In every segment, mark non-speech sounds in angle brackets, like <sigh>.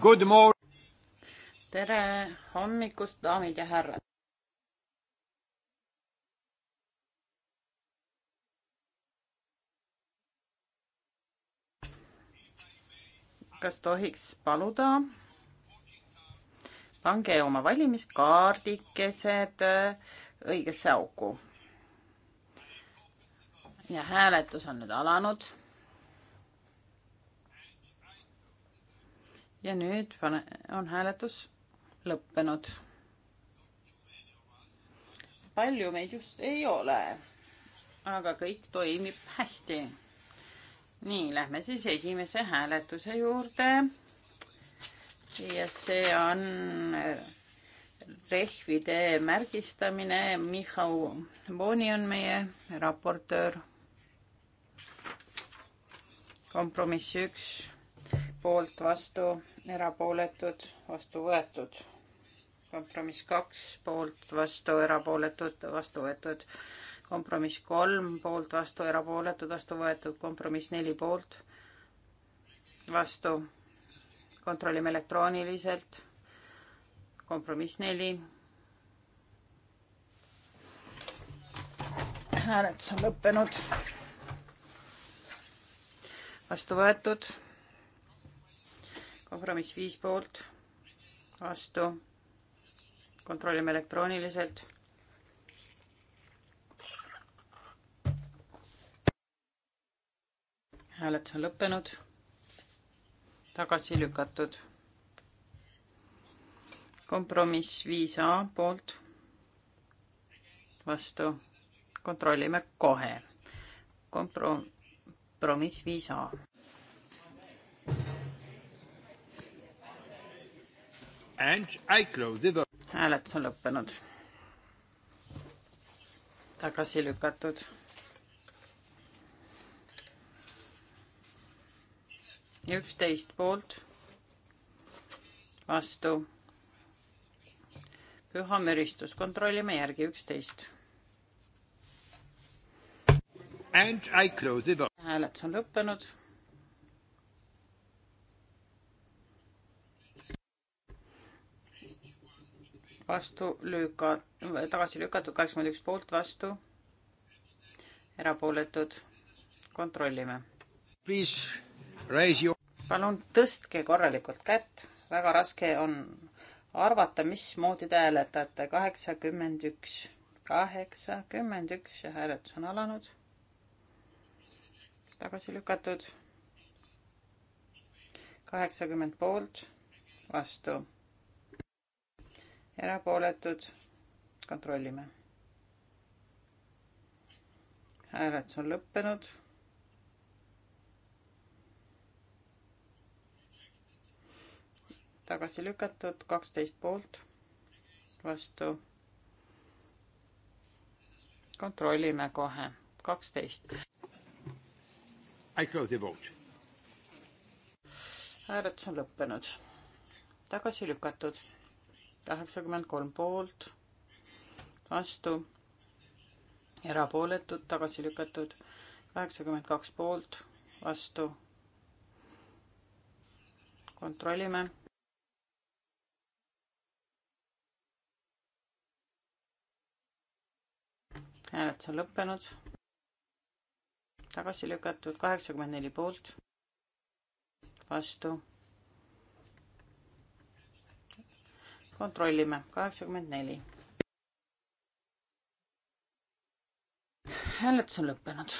Good morning. tere hommikust, daamid ja härrad. kas tohiks paluda? pange oma valimiskaardikesed äh, õigesse auku. ja hääletus on nüüd alanud ja nüüd pane, on hääletus lõppenud. palju meid just ei ole, aga kõik toimib hästi. nii, lähme siis esimese hääletuse juurde. ja see on äh, rehvide märgistamine. Michal Boni on meie raportöör. kompromiss üks, poolt, vastu erapooletud, vastu võetud. kompromiss kaks, poolt, vastu, erapooletud, vastu võetud. kompromiss kolm, poolt, vastu, erapooletud, vastu võetud. kompromiss neli, poolt, vastu. kontrollime elektrooniliselt. kompromiss neli. hääletus on lõppenud. vastu võetud kompromiss viis poolt, vastu, kontrollime elektrooniliselt. hääletus on lõppenud, tagasi lükatud. kompromiss viis A poolt, vastu, kontrollime kohe. kompro-, kompromiss viis A. hääletus on lõppenud. tagasi lükatud. üksteist poolt, vastu. püha müristus, kontrollime järgi üksteist. hääletus on lõppenud vastu lüka-, tagasi lükatud, kaheksakümmend üks poolt vastu, erapooletud. kontrollime. palun tõstke korralikult kätt, väga raske on arvata, mismoodi te hääletate. kaheksakümmend üks, kaheksakümmend üks ja hääletus on alanud. tagasi lükatud. kaheksakümmend poolt, vastu erapooletud, kontrollime. hääletus on lõppenud. tagasi lükatud kaksteist poolt, vastu. kontrollime kohe, kaksteist. I close the vote. hääletus on lõppenud, tagasi lükatud kaheksakümmend kolm poolt, vastu, erapooletud, tagasi lükatud, kaheksakümmend kaks poolt, vastu. kontrollime. hääletus on lõppenud. tagasi lükatud kaheksakümmend neli poolt, vastu kontrollime, kaheksakümmend neli. hääletus on lõppenud.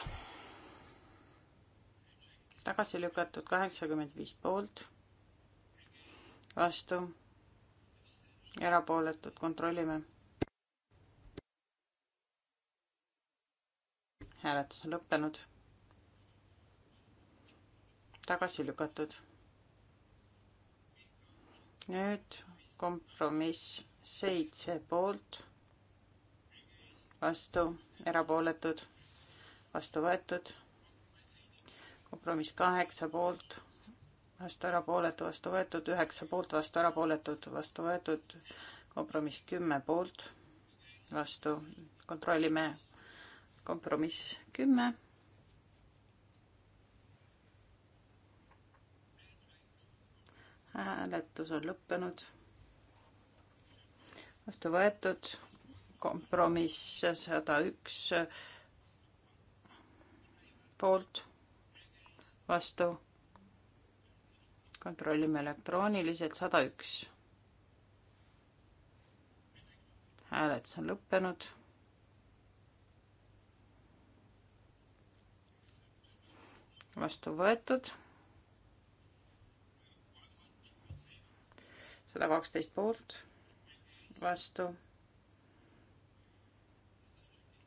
tagasi lükatud kaheksakümmend viis poolt, vastu, erapooletud, kontrollime. hääletus on lõppenud. tagasi lükatud. nüüd kompromiss seitse poolt, vastu, erapooletud, vastu võetud. kompromiss kaheksa poolt, vastu, erapooletu, vastu võetud, üheksa poolt, vastu, erapooletud, vastu võetud. kompromiss kümme poolt, vastu, kontrollime. kompromiss kümme hääletus on lõppenud vastu võetud, kompromiss sada üks poolt, vastu. kontrollime elektrooniliselt, sada üks. hääletus on lõppenud. vastu võetud sada kaksteist poolt, vastu.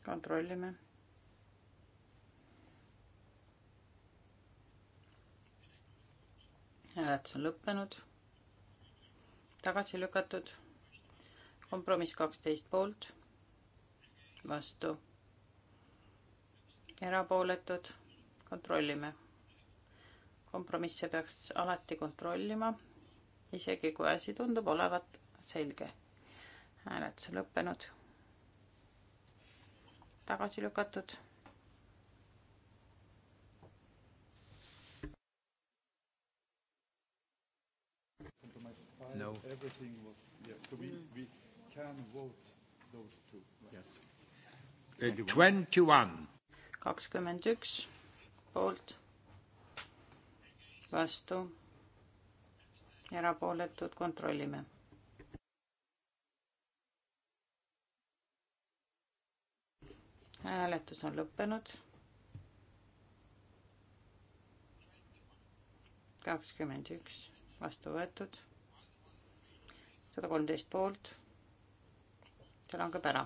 kontrollime. hääletus on lõppenud. tagasi lükatud. kompromiss kaksteist poolt, vastu, erapooletud, kontrollime kompromisse peaks alati kontrollima, isegi kui asi tundub olevat selge hääletus on lõppenud. tagasi lükatud No. Everything was, yeah. So we, we can vote those two. Right? Yes. Uh, 21. 21 poolt, vastu, erapooletud, kontrollime hääletus on lõppenud. kakskümmend üks vastu võetud. sada kolmteist poolt. see langeb ära.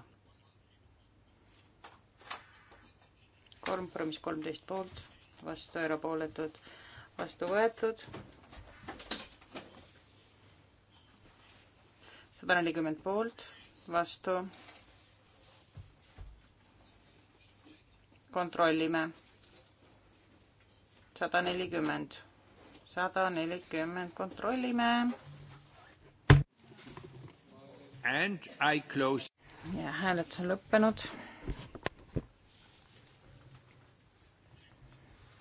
kompromiss kolmteist poolt, vastu erapooletud, vastu võetud. sada nelikümmend poolt, vastu kontrollime. sada nelikümmend, sada nelikümmend, kontrollime. And I close. ja hääletus on lõppenud.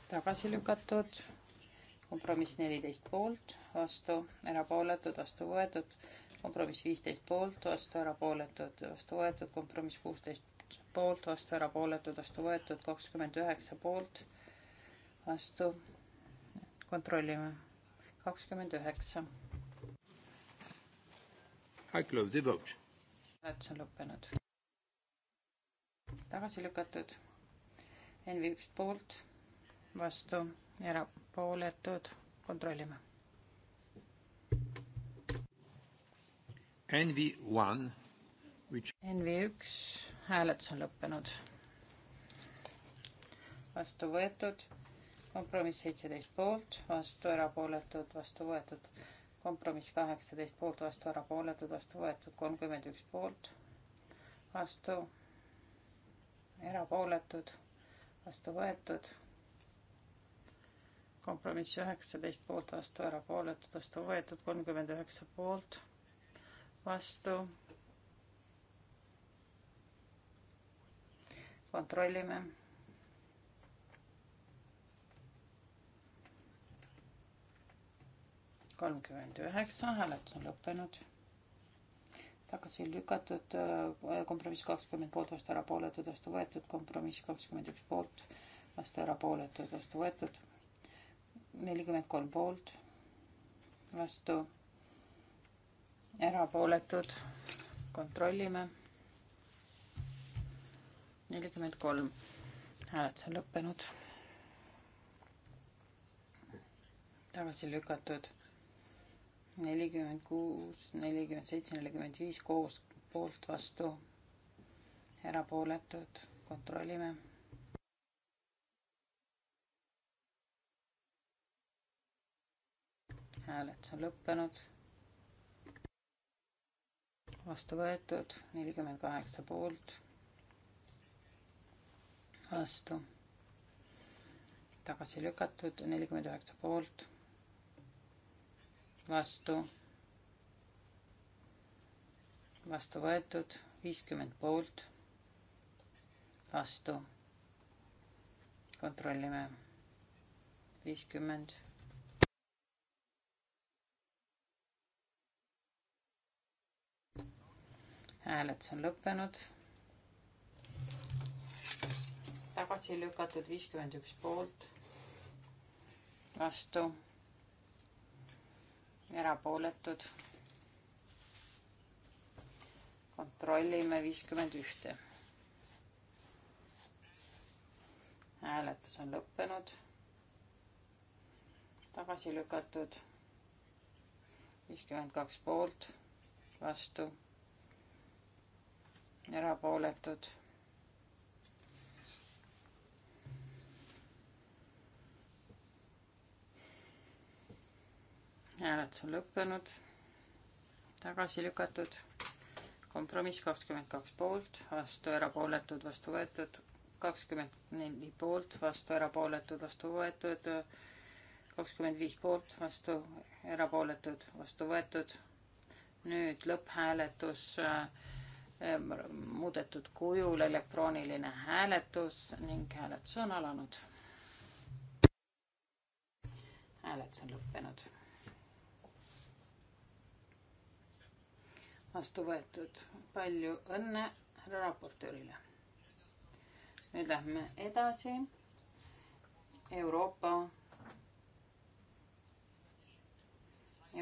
tagasi lükatud, kompromiss neliteist poolt, vastu, erapooletud, vastu võetud kompromiss viisteist poolt, vastu erapooletud, vastu võetud, kompromiss kuusteist poolt, vastu, erapooletud, vastu võetud, kakskümmend üheksa poolt, vastu. kontrollime, kakskümmend üheksa. I close the vote. hääletus on lõppenud. tagasi lükatud. NV üks poolt, vastu, erapooletud, kontrollime. NV one NV1 hääletus on lõppenud. vastu võetud, kompromiss seitseteist poolt, vastu erapooletud, vastu võetud, kompromiss kaheksateist poolt, vastu erapooletud, vastu võetud, kolmkümmend üks poolt, vastu erapooletud, vastu võetud kompromiss üheksateist poolt, vastu erapooletud, vastu võetud kolmkümmend üheksa poolt, vastu kontrollime. kolmkümmend üheksa, hääletus on lõppenud. tagasi lükatud äh, kompromiss kakskümmend poolt, vastu erapooletud, vastu võetud, kompromiss kakskümmend üks poolt, vastu erapooletud, vastu võetud. nelikümmend kolm poolt, vastu erapooletud, kontrollime nelikümmend kolm. hääletus on lõppenud. tagasi lükatud. nelikümmend kuus, nelikümmend seitse, nelikümmend viis koos, poolt, vastu, erapooletud, kontrollime hääletus on lõppenud. vastu võetud nelikümmend kaheksa poolt, vastu, tagasi lükatud, nelikümmend üheksa poolt, vastu, vastu võetud, viiskümmend poolt, vastu, kontrollime, viiskümmend hääletus on lõppenud tagasi lükatud, viiskümmend üks poolt, vastu, erapooletud. kontrollime viiskümmend ühte. hääletus on lõppenud, tagasi lükatud, viiskümmend kaks poolt, vastu, erapooletud hääletus on lõppenud, tagasi lükatud, kompromiss kakskümmend kaks poolt, vastu erapooletud, vastu võetud, kakskümmend neli poolt, vastu erapooletud, vastu võetud, kakskümmend viis poolt, vastu erapooletud, vastu võetud. nüüd lõpphääletus äh, muudetud kujul elektrooniline hääletus ning hääletus on alanud. hääletus on lõppenud vastu võetud. palju õnne härra raportöörile. nüüd lähme edasi. Euroopa,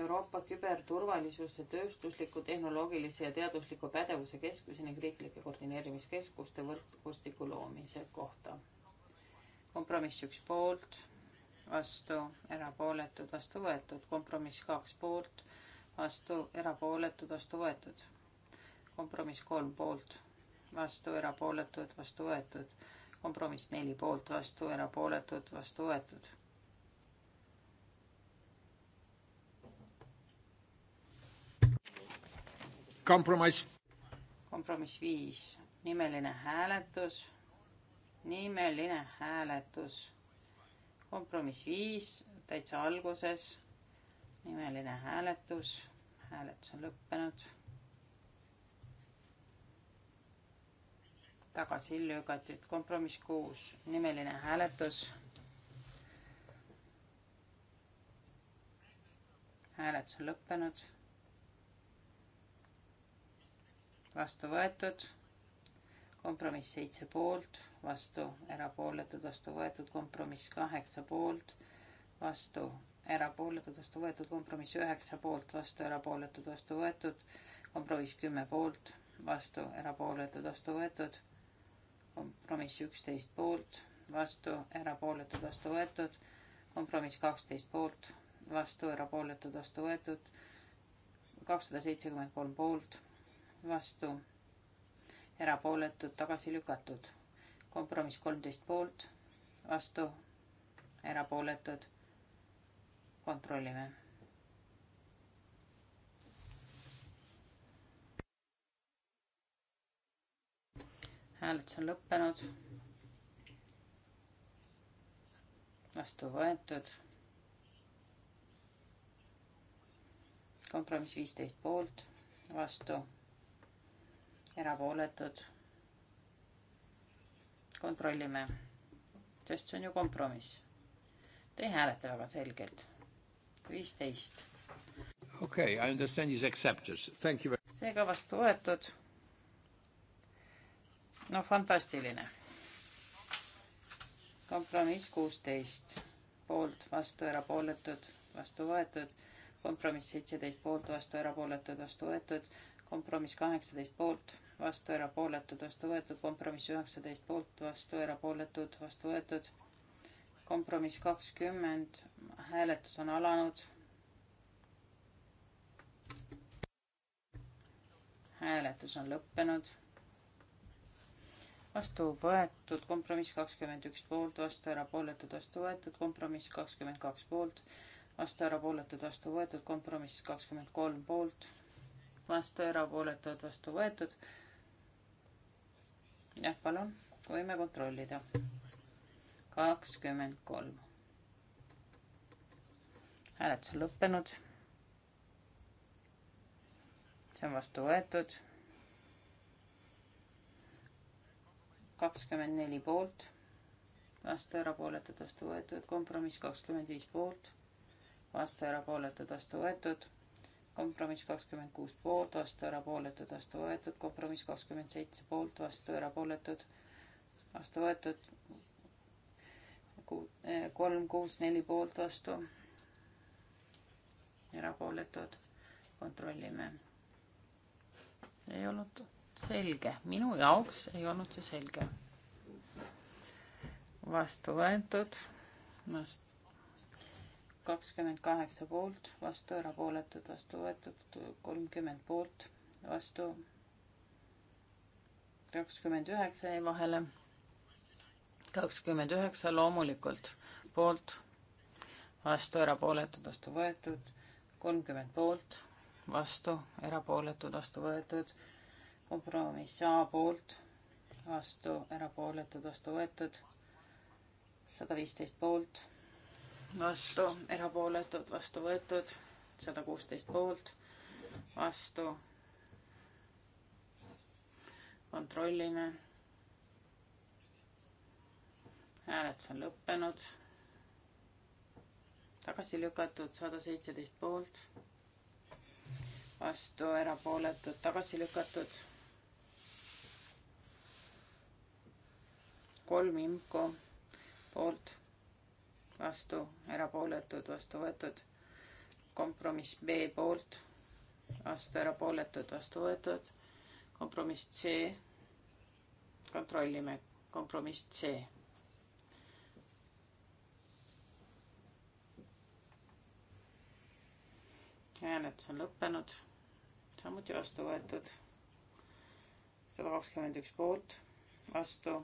Euroopa küberturvalisuse tööstusliku, tehnoloogilise ja teadusliku pädevuse keskuse ning riiklike koordineerimiskeskuste võrgustiku loomise kohta. kompromiss üks poolt, vastu, erapooletud, vastu võetud, kompromiss kaks poolt vastu, erapooletud, vastu võetud. kompromiss kolm poolt, vastu, erapooletud, vastu võetud. kompromiss neli poolt, vastu, erapooletud, vastu võetud. kompromiss. kompromiss viis, nimeline hääletus, nimeline hääletus kompromiss viis täitsa alguses nimeline hääletus, hääletus on lõppenud. tagasi lükatud kompromiss kuus, nimeline hääletus. hääletus on lõppenud. vastu võetud kompromiss seitse poolt, vastu erapooletud, vastu võetud, kompromiss kaheksa poolt, vastu erapooletud, vastu võetud, kompromiss üheksa poolt, vastu erapooletud, vastu võetud, kompromiss kümme poolt, vastu erapooletud, vastu võetud, kompromiss üksteist poolt, vastu erapooletud, vastu võetud, kompromiss kaksteist poolt, vastu erapooletud, vastu võetud, kakssada seitsekümmend kolm poolt, vastu erapooletud, tagasi lükatud, kompromiss kolmteist poolt, vastu erapooletud kontrollime. hääletus on lõppenud. vastu võetud. kompromiss viisteist poolt, vastu, erapooletud. kontrollime, sest see on ju kompromiss. Te ei hääleta väga selgelt viisteist. okei okay,, I understand is accepted, thank you. seega vastu võetud. no fantastiline. kompromiss kuusteist, poolt, vastu, erapooletud, vastu võetud. kompromiss seitseteist, poolt, vastu, erapooletud, vastu võetud. kompromiss kaheksateist, poolt vastu, erapooletud, vastu võetud, kompromiss üheksateist poolt, vastu, erapooletud, vastu võetud, kompromiss kakskümmend, hääletus on alanud. hääletus on lõppenud. vastu võetud kompromiss kakskümmend üks poolt, vastu erapooletud, vastu võetud kompromiss kakskümmend kaks poolt, vastu erapooletud, vastu võetud kompromiss kakskümmend kolm poolt, vastu erapooletud, vastu võetud. jah, palun, võime kontrollida kakskümmend kolm. hääletus on lõppenud. see on vastu võetud. kakskümmend neli poolt, vastu erapooletud, vastu võetud, kompromiss kakskümmend viis poolt, vastu erapooletud, vastu võetud kompromiss kakskümmend kuus poolt, vastu erapooletud, vastu võetud, kompromiss kakskümmend seitse poolt, vastu erapooletud, vastu võetud, Eh, kolm, kuus, neli poolt vastu, erapooletud, kontrollime. ei olnud selge, minu jaoks ei olnud see selge. vastu võetud, vast kakskümmend kaheksa poolt, vastu erapooletud, vastu võetud kolmkümmend poolt, vastu kakskümmend üheksa jäi vahele kakskümmend üheksa loomulikult poolt, vastu, erapooletud, vastu võetud, kolmkümmend poolt, vastu, erapooletud, vastu võetud, kompromiss A poolt, vastu, erapooletud, vastu võetud, sada viisteist poolt, vastu, erapooletud, vastu võetud, sada kuusteist poolt, vastu, kontrollime hääletus on lõppenud. tagasi lükatud sada seitseteist poolt, vastu erapooletud, tagasi lükatud. kolm IMCO poolt, vastu erapooletud, vastu võetud. kompromiss B poolt, vastu erapooletud, vastu võetud. kompromiss C, kontrollime, kompromiss C hääletus on lõppenud, samuti vastu võetud. sada kakskümmend üks poolt, vastu,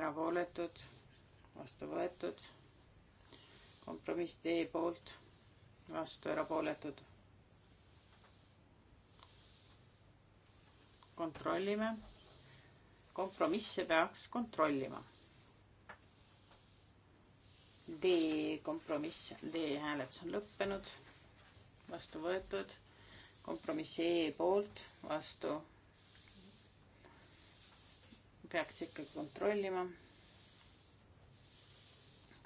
erapooletud, vastu võetud. kompromiss D poolt, vastu, erapooletud. kontrollime kompromisse peaks kontrollima D kompromiss, D hääletus on lõppenud, vastu võetud, kompromissi E poolt, vastu. peaks ikkagi kontrollima.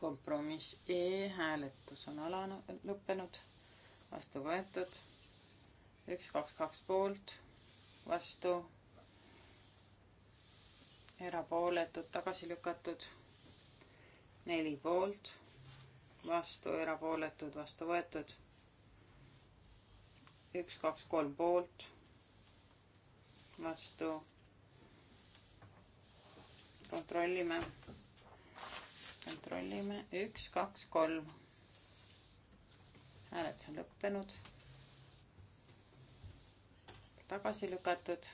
kompromiss E hääletus on alanud, lõppenud, vastu võetud, üks, kaks, kaks poolt, vastu, erapooletud, tagasi lükatud neli poolt, vastu erapooletud, vastu võetud. üks, kaks, kolm poolt, vastu. kontrollime, kontrollime, üks, kaks, kolm. hääletus on lõppenud. tagasi lükatud,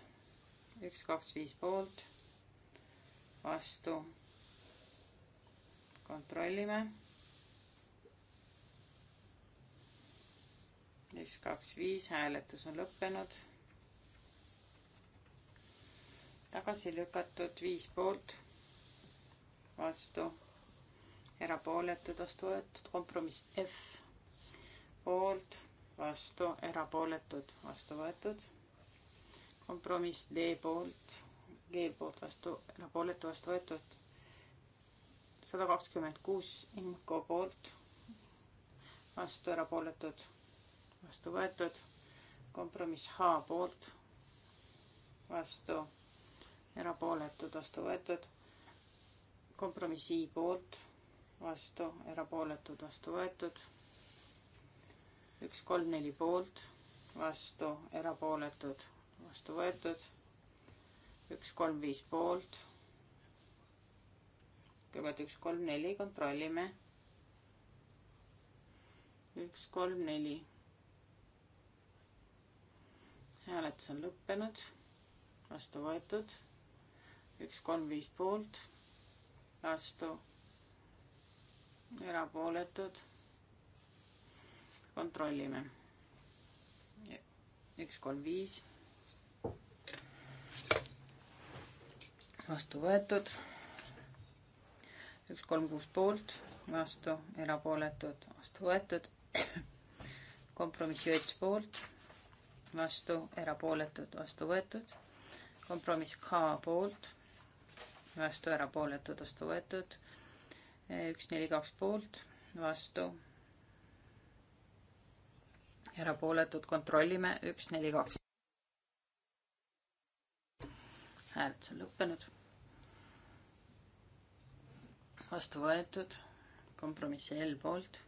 üks, kaks, viis poolt, vastu kontrollime. üks, kaks, viis, hääletus on lõppenud. tagasi lükatud viis poolt, vastu, erapooletud, vastu võetud, kompromiss F poolt, vastu, erapooletud, vastu võetud kompromiss D poolt, G poolt vastu, erapooletu vastu võetud sada kakskümmend kuus Inko poolt, vastu erapooletud, vastu võetud, kompromiss H poolt, vastu erapooletud, vastu võetud, kompromiss I poolt, vastu erapooletud, vastu võetud, üks kolm neli poolt, vastu erapooletud, vastu võetud, üks kolm viis poolt kõigepealt üks, kolm, neli, kontrollime. üks, kolm, neli. hääletus on lõppenud, vastu võetud, üks, kolm, viis poolt, vastu, erapooletud. kontrollime. üks, kolm, viis. vastu võetud üks, kolm, kuus poolt, vastu, erapooletud, vastu võetud. <coughs> kompromiss J poolt, vastu, erapooletud, vastu võetud. kompromiss K poolt, vastu, erapooletud, vastu võetud. üks, neli, kaks poolt, vastu erapooletud kontrollime, üks, neli, kaks. hääletus on lõppenud vastu võetud, kompromissi L poolt,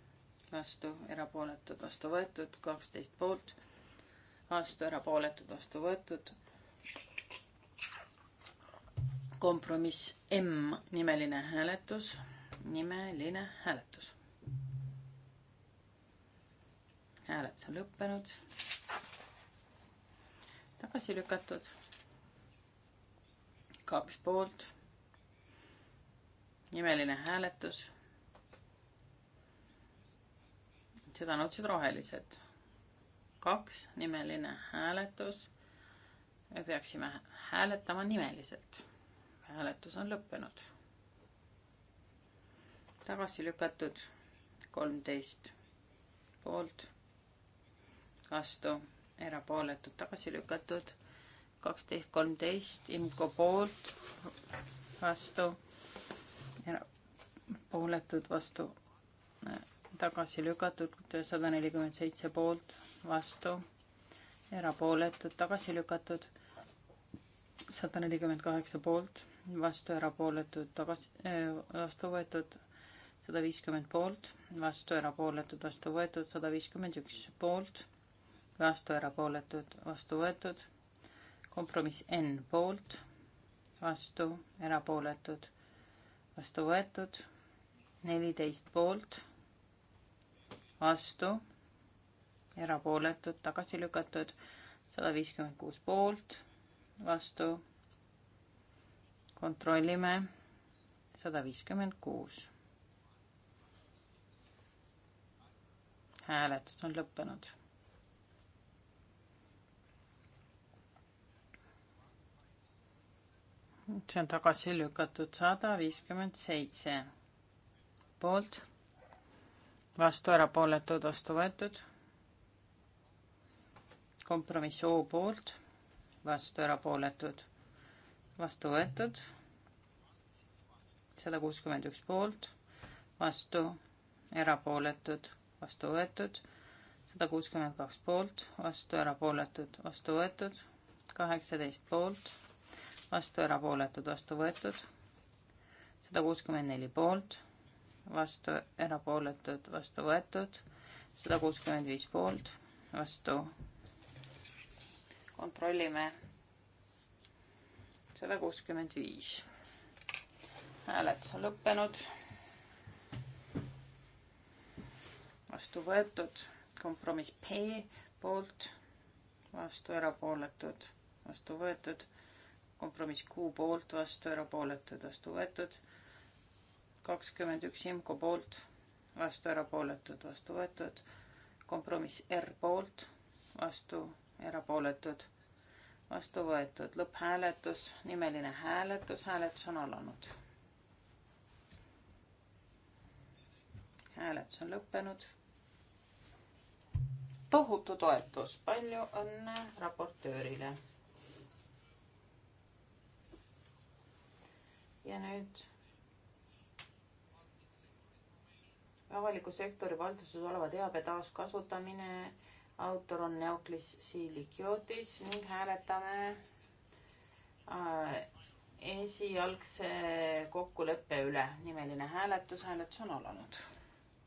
vastu erapooletud, vastu võetud, kaksteist poolt, vastu erapooletud, vastu võetud. kompromiss M nimeline hääletus, nimeline hääletus. hääletus on lõppenud, tagasi lükatud, kaks poolt nimeline hääletus. seda nõudsid rohelised. kaks nimeline hääletus. me peaksime hääletama nimeliselt. hääletus on lõppenud. tagasi lükatud kolmteist poolt, vastu, erapooletud, tagasi lükatud kaksteist, kolmteist, IMCO poolt, vastu erapooletud, vastu tagasi lükatud, sada nelikümmend seitse poolt, vastu erapooletud, tagasi lükatud, sada nelikümmend kaheksa poolt, vastu erapooletud, tagasi, eh, vastu võetud, sada viiskümmend poolt, vastu erapooletud, vastu võetud, sada viiskümmend üks poolt, vastu erapooletud, vastu võetud, kompromiss N poolt, vastu erapooletud, vastu võetud neliteist poolt, vastu, erapooletud, tagasi lükatud, sada viiskümmend kuus poolt, vastu, kontrollime, sada viiskümmend kuus. hääletus on lõppenud see on tagasi lükatud sada viiskümmend seitse poolt, vastu, erapooletud, vastu võetud. kompromiss O poolt, vastu, erapooletud, vastu võetud. sada kuuskümmend üks poolt, vastu, erapooletud, vastu võetud. sada kuuskümmend kaks poolt, vastu, erapooletud, vastu võetud. kaheksateist poolt, vastu, erapooletud, vastu võetud sada kuuskümmend neli poolt, vastu, erapooletud, vastu võetud, sada kuuskümmend viis poolt, vastu. kontrollime. sada kuuskümmend viis. hääletus on lõppenud. vastu võetud, kompromiss P poolt, vastu erapooletud, vastu võetud, kompromiss Q poolt, vastu erapooletud, vastu võetud kakskümmend üks Imko poolt, vastu erapooletud, vastu võetud. kompromiss R poolt, vastu erapooletud, vastu võetud. lõpphääletus, nimeline hääletus, hääletus on alanud. hääletus on lõppenud. tohutu toetus, palju õnne raportöörile. ja nüüd avaliku sektori valduses oleva teabe taaskasutamine. autor on Neoklis Silikiotis ning hääletame äh, esialgse kokkuleppe üle. nimeline hääletus, hääletus on alanud.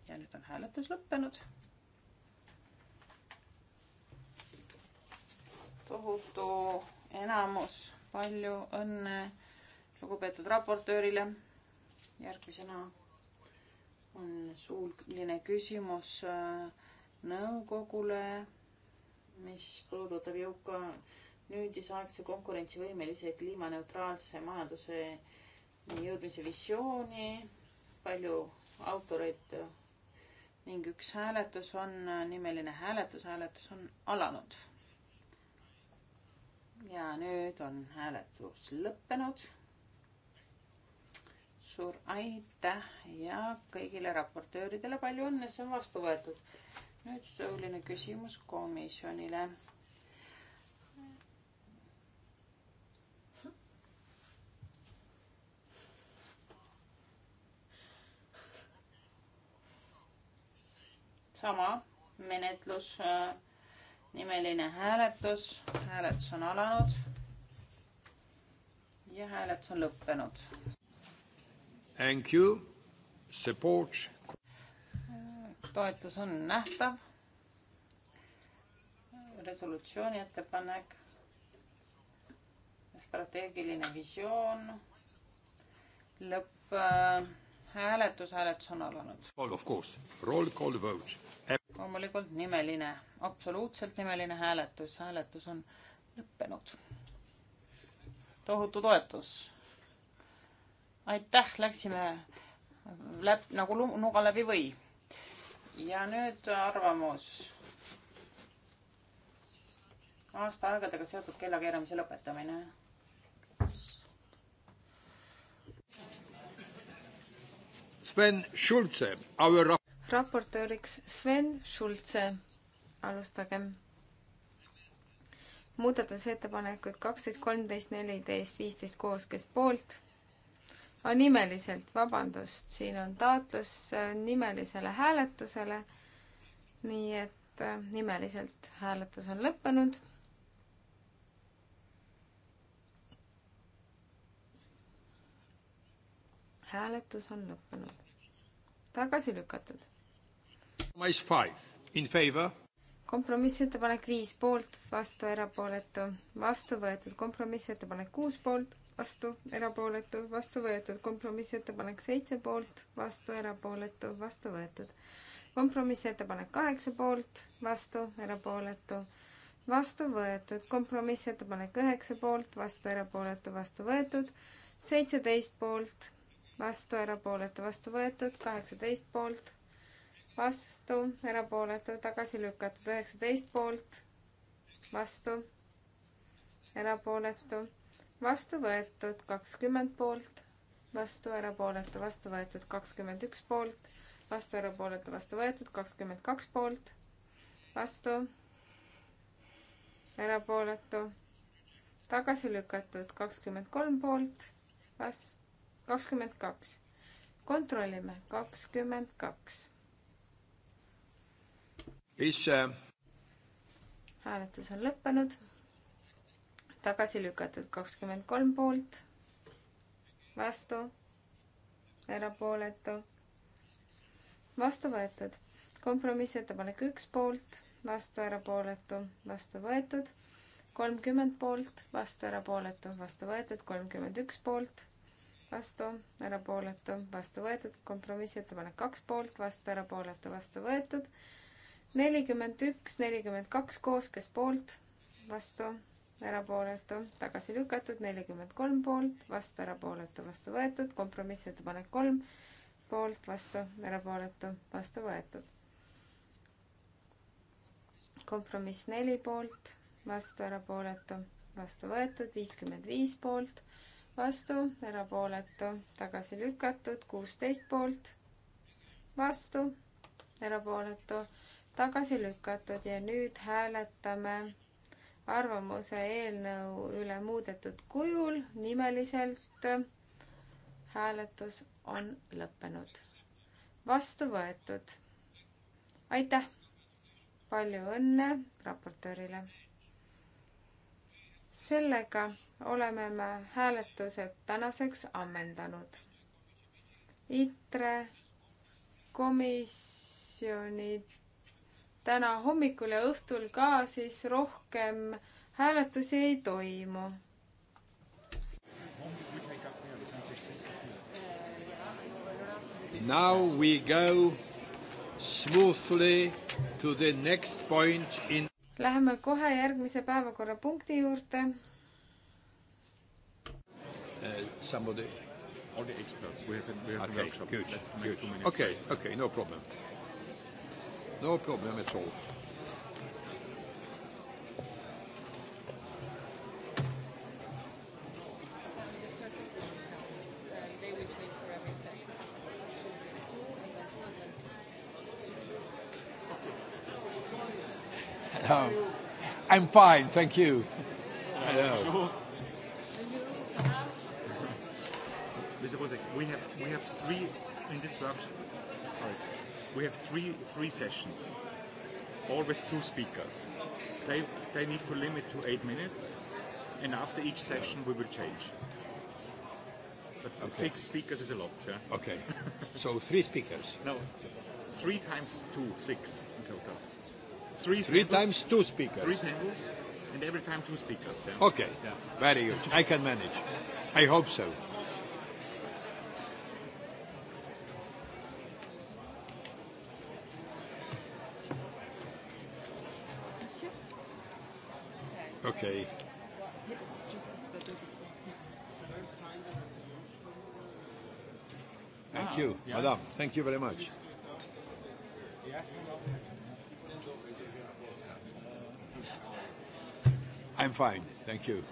ja nüüd on hääletus lõppenud. tohutu enamus, palju õnne lugupeetud raportöörile. järgmisena on suuline küsimus äh, nõukogule, mis puudutab jõuka nüüdisaegse konkurentsivõimelise kliimaneutraalse majanduse jõudmise visiooni. palju autoreid äh, ning üks hääletus on äh, nimeline hääletus, hääletus on alanud. ja nüüd on hääletus lõppenud suur aitäh ja kõigile raportööridele palju õnne, see on vastu võetud. nüüd suuline küsimus komisjonile. sama menetlus, nimeline hääletus, hääletus on alanud ja hääletus on lõppenud. Thank you. Support. toetus on nähtav. resolutsiooni ettepanek, strateegiline visioon, lõpphääletus, äh, hääletus on alanud. Of course, roll call vote. loomulikult nimeline, absoluutselt nimeline hääletus, hääletus on lõppenud. tohutu toetus aitäh, läksime läb-, nagu nuga läbi või. ja nüüd arvamus. aastaaegadega seotud kellakeeramise lõpetamine. Sven Schulze, our raportööriks Sven Schulze. alustagem. muudatusettepanekud kaksteist, kolmteist, neliteist, viisteist koos, kes poolt nimeliselt, vabandust, siin on taotlus äh, nimelisele hääletusele. nii et äh, nimeliselt hääletus on lõppenud. hääletus on lõppenud. tagasi lükatud. kompromissettepanek viis poolt, vastu erapooletu, vastu võetud kompromissettepanek kuus poolt vastu, erapooletu, vastu võetud. kompromissettepanek seitse poolt, vastu, erapooletu, vastu võetud. kompromissettepanek kaheksa poolt, vastu, erapooletu vastu võetud, kompromissettepanek üheksa poolt, vastu erapooletu, vastu võetud, seitseteist poolt, vastu erapooletu, vastu võetud, kaheksateist poolt, vastu erapooletu, tagasi lükatud, üheksateist poolt, vastu erapooletu, vastu võetud kakskümmend poolt, vastu erapooletu, vastu võetud kakskümmend üks poolt, vastu erapooletu, vastu võetud kakskümmend kaks poolt, vastu erapooletu, tagasi lükatud kakskümmend kolm poolt, vastu kakskümmend kaks. kontrollime, kakskümmend kaks. hääletus on lõppenud tagasi lükatud kakskümmend kolm poolt, vastu, erapooletu, vastu võetud. kompromissettepanek üks poolt, vastu, erapooletu, vastu võetud kolmkümmend poolt, vastu erapooletu, vastu võetud kolmkümmend üks poolt, vastu erapooletu, vastu võetud, kompromissettepanek kaks poolt, vastu erapooletu, vastu võetud, nelikümmend üks, nelikümmend kaks koos, kes poolt, vastu erapooletu, tagasi lükatud, nelikümmend kolm poolt, vastu, erapooletu, vastu võetud, kompromissettepanek kolm, poolt, vastu, erapooletu, vastu võetud. kompromiss neli poolt, vastu, erapooletu, vastu võetud, viiskümmend viis poolt, vastu, erapooletu, tagasi lükatud, kuusteist poolt, vastu, erapooletu, tagasi lükatud ja nüüd hääletame arvamuse eelnõu üle muudetud kujul nimeliselt. hääletus on lõppenud. vastu võetud. aitäh! palju õnne raportöörile! sellega oleme me hääletused tänaseks ammendanud. ITRE komisjonid täna hommikul ja õhtul ka siis rohkem hääletusi ei toimu. Now we go smoothly to the next point in Läheme kohe järgmise päevakorrapunkti juurde uh,. Somebody. All the experts, we have, we have okay, a workshop. Good, That's good. Okay, okay, no problem. No problem at all. No. <laughs> I'm fine, thank you. I know. Mr. Bozek, we have we have three in this round. Sorry we have three, three sessions, always two speakers. They, they need to limit to eight minutes, and after each session yeah. we will change. But okay. six speakers is a lot. Yeah? Okay. <laughs> so three speakers. No, three times two, six in total. Three, three panels, times two speakers. Three panels, and every time two speakers. Yeah? Okay. Yeah. Very good. I can manage. I hope so. Thank you, madam. Thank you very much. I'm fine. Thank you.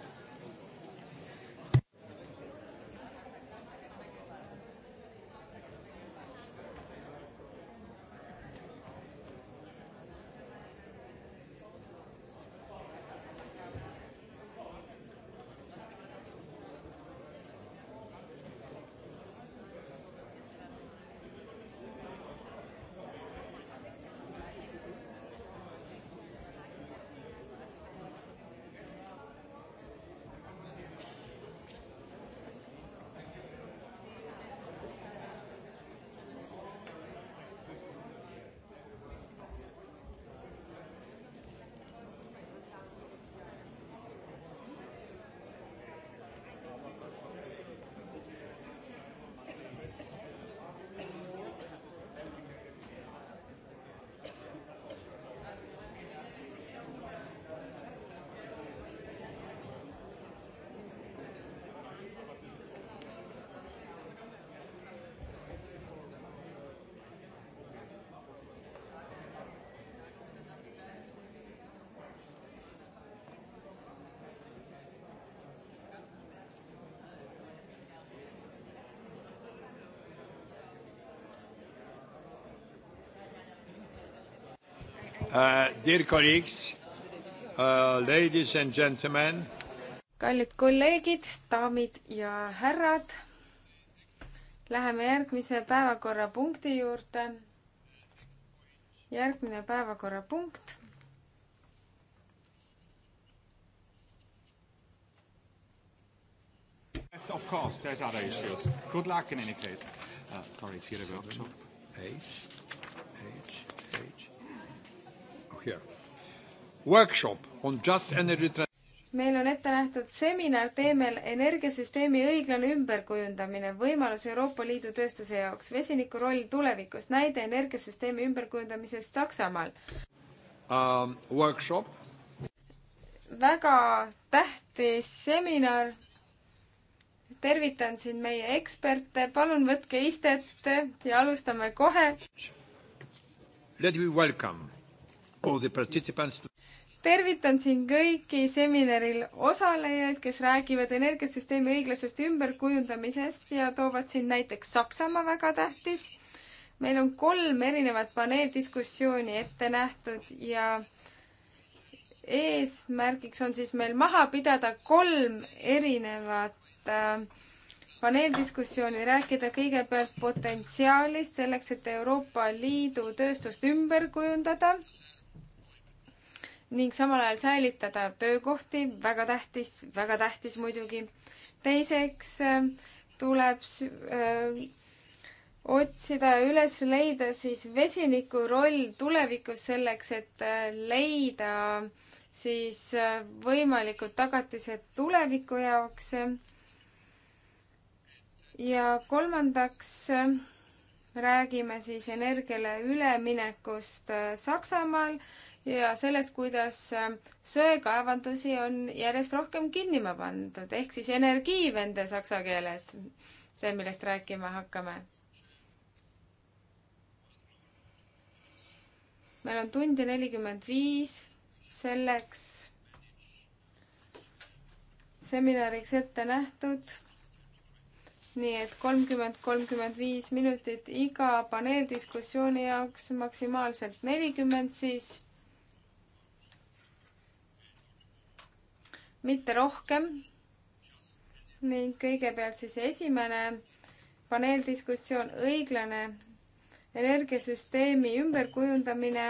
Uh, dear colleagues, uh, ladies and gentlemen. kallid kolleegid, daamid ja härrad. Läheme järgmise päevakorrapunkti juurde. järgmine päevakorrapunkt. Yes, of course, there's other issues. Good luck in any case. Uh, sorry, it's here a workshop. H, H, H meil on ette nähtud seminar teemal energiasüsteemi õiglane ümberkujundamine, võimalus Euroopa Liidu tööstuse jaoks, vesiniku roll tulevikus, näide energiasüsteemi ümberkujundamisest Saksamaal um,. Workshop. väga tähtis seminar. tervitan siin meie eksperte, palun võtke istet ja alustame kohe. Let me welcome tervitan siin kõiki seminaril osalejaid, kes räägivad energiasüsteemi õiglasest ümberkujundamisest ja toovad siin näiteks Saksamaa väga tähtis. meil on kolm erinevat paneeldiskussiooni ette nähtud ja eesmärgiks on siis meil maha pidada kolm erinevat äh, paneeldiskussiooni, rääkida kõigepealt potentsiaalist selleks, et Euroopa Liidu tööstust ümber kujundada ning samal ajal säilitada töökohti, väga tähtis, väga tähtis muidugi. teiseks äh, tuleb öö, äh, otsida üles, leida siis vesiniku roll tulevikus selleks, et äh, leida siis võimalikud tagatised tuleviku jaoks. ja kolmandaks räägime siis energiale üleminekust Saksamaal ja sellest, kuidas äh, söekaevandusi on järjest rohkem kinni pandud, ehk siis energiivende saksa keeles, see, millest rääkima hakkame. meil on tund ja nelikümmend viis selleks seminariks ette nähtud nii et kolmkümmend, kolmkümmend viis minutit iga paneeldiskussiooni jaoks, maksimaalselt nelikümmend siis. mitte rohkem. ning kõigepealt siis esimene paneeldiskussioon õiglane energiasüsteemi ümberkujundamine,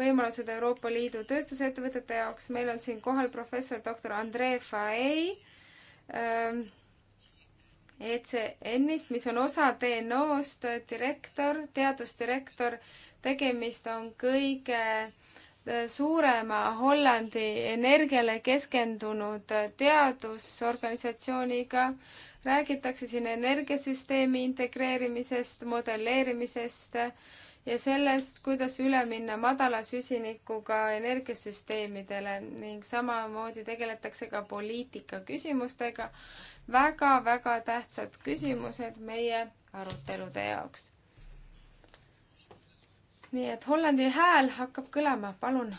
võimalused Euroopa Liidu tööstusettevõtete jaoks. meil on siin kohal professor doktor Andrei Faei ähm, ECN-ist, mis on osa DNO-st, direktor, teadusdirektor. tegemist on kõige suurema Hollandi energiale keskendunud teadusorganisatsiooniga. räägitakse siin energiasüsteemi integreerimisest, modelleerimisest ja sellest, kuidas üle minna madala süsinikuga energiasüsteemidele ning samamoodi tegeletakse ka poliitika küsimustega väga,. väga-väga tähtsad küsimused meie arutelude jaoks nii et Hollandi hääl hakkab kõlama, palun.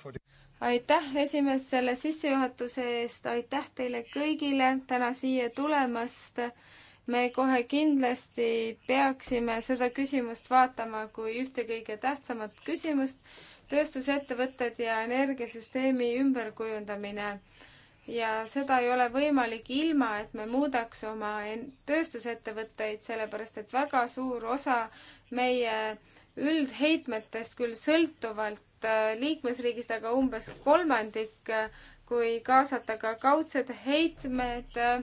For... aitäh, esimees, selle sissejuhatuse eest, aitäh teile kõigile täna siia tulemast. me kohe kindlasti peaksime seda küsimust vaatama kui ühte kõige tähtsamat küsimust, tööstusettevõtted ja energiasüsteemi ümberkujundamine ja seda ei ole võimalik ilma, et me muudaks oma tööstusettevõtteid, sellepärast et väga suur osa meie üldheitmetest küll sõltuvalt äh, liikmesriigist, aga umbes kolmandik, äh, kui kaasata ka kaudsed heitmed, äh,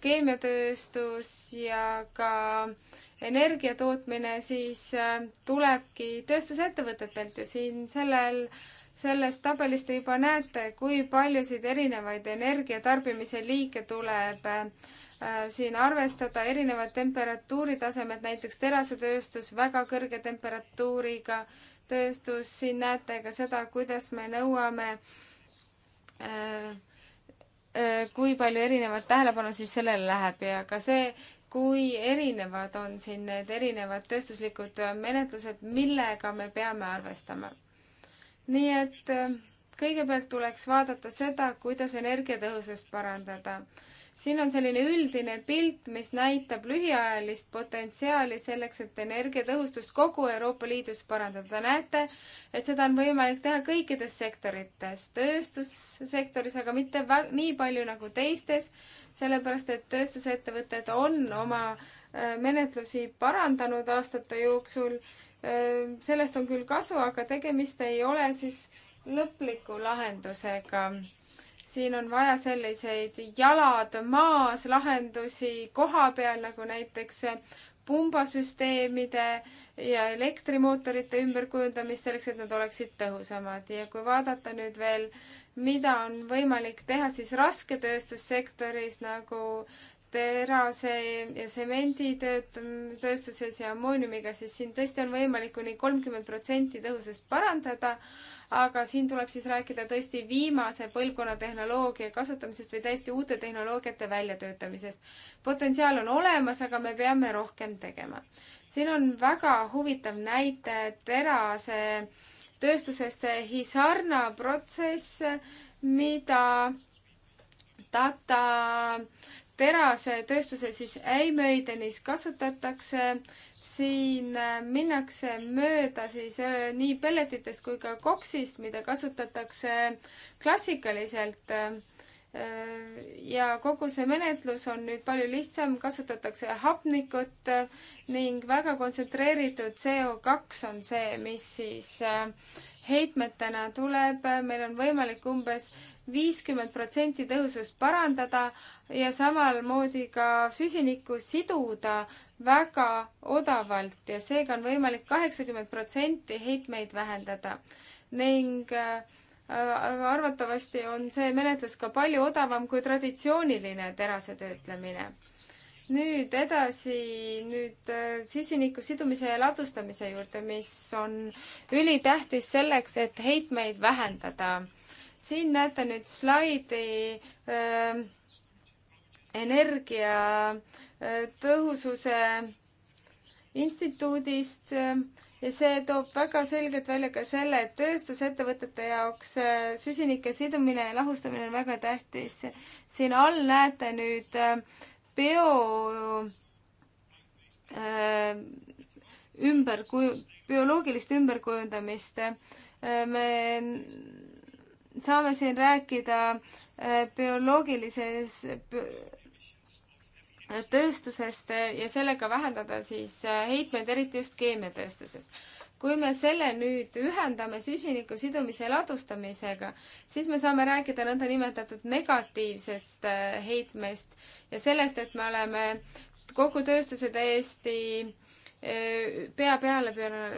keemiatööstus ja ka energia tootmine, siis tulebki tööstusettevõtetelt ja siin sellel äh, sellest tabelist te juba näete, kui paljusid erinevaid energiatarbimise liike tuleb äh, siin arvestada, erinevad temperatuuritasemed, näiteks terasetööstus väga kõrge temperatuuriga tööstus, siin näete ka seda, kuidas me nõuame äh, äh, kui palju erinevat tähelepanu siis sellele läheb ja ka see, kui erinevad on siin need erinevad tööstuslikud menetlused, millega me peame arvestama nii et äh, kõigepealt tuleks vaadata seda, kuidas energiatõhusust parandada. siin on selline üldine pilt, mis näitab lühiajalist potentsiaali selleks, et energiatõhustust kogu Euroopa Liidus parandada. näete, et seda on võimalik teha kõikides sektorites, tööstussektoris, aga mitte nii palju nagu teistes, sellepärast et tööstusettevõtted on oma äh, menetlusi parandanud aastate jooksul sellest on küll kasu, aga tegemist ei ole siis lõpliku lahendusega. siin on vaja selliseid jalad maas lahendusi koha peal, nagu näiteks pumbasüsteemide ja elektrimootorite ümberkujundamist selleks, et nad oleksid tõhusamad ja kui vaadata nüüd veel, mida on võimalik teha, siis rasketööstussektoris nagu terase ja semendi tööstuses ja ammooniumiga, siis siin tõesti on võimalik kuni kolmkümmend protsenti tõhusust parandada, aga siin tuleb siis rääkida tõesti viimase põlvkonna tehnoloogia kasutamisest või täiesti uute tehnoloogiate väljatöötamisest. potentsiaal on olemas, aga me peame rohkem tegema. siin on väga huvitav näide terase tööstusesse Hisarna protsess, mida Tata terasetööstuse siis Äimöidenis kasutatakse, siin äh, minnakse mööda siis äh, nii pelletitest kui ka koksist, mida kasutatakse klassikaliselt. Äh, ja kogu see menetlus on nüüd palju lihtsam, kasutatakse hapnikut ning väga kontsentreeritud CO2 on see, mis siis heitmetena tuleb, meil on võimalik umbes viiskümmend protsenti tõhusust parandada ja samamoodi ka süsinikku siduda väga odavalt ja seega on võimalik kaheksakümmend protsenti heitmeid vähendada. ning äh, arvatavasti on see menetlus ka palju odavam kui traditsiooniline terase töötlemine. nüüd edasi, nüüd äh, süsiniku sidumise ja ladustamise juurde, mis on ülitähtis selleks, et heitmeid vähendada siin näete nüüd slaidi äh, energia äh, tõhususe instituudist äh, ja see toob väga selgelt välja ka selle, et tööstusettevõtete jaoks äh, süsinike sidumine ja lahustamine on väga tähtis. siin all näete nüüd äh, bio äh, ümberkuju-, bioloogilist ümberkujundamist. me saame siin rääkida äh, bioloogilises tööstusest äh, ja sellega vähendada siis äh, heitmeid, eriti just keemiatööstuses. kui me selle nüüd ühendame süsiniku sidumise ja ladustamisega, siis me saame rääkida nõndanimetatud negatiivsest heitmest ja sellest, et me oleme kogu tööstuse täiesti äh, pea peale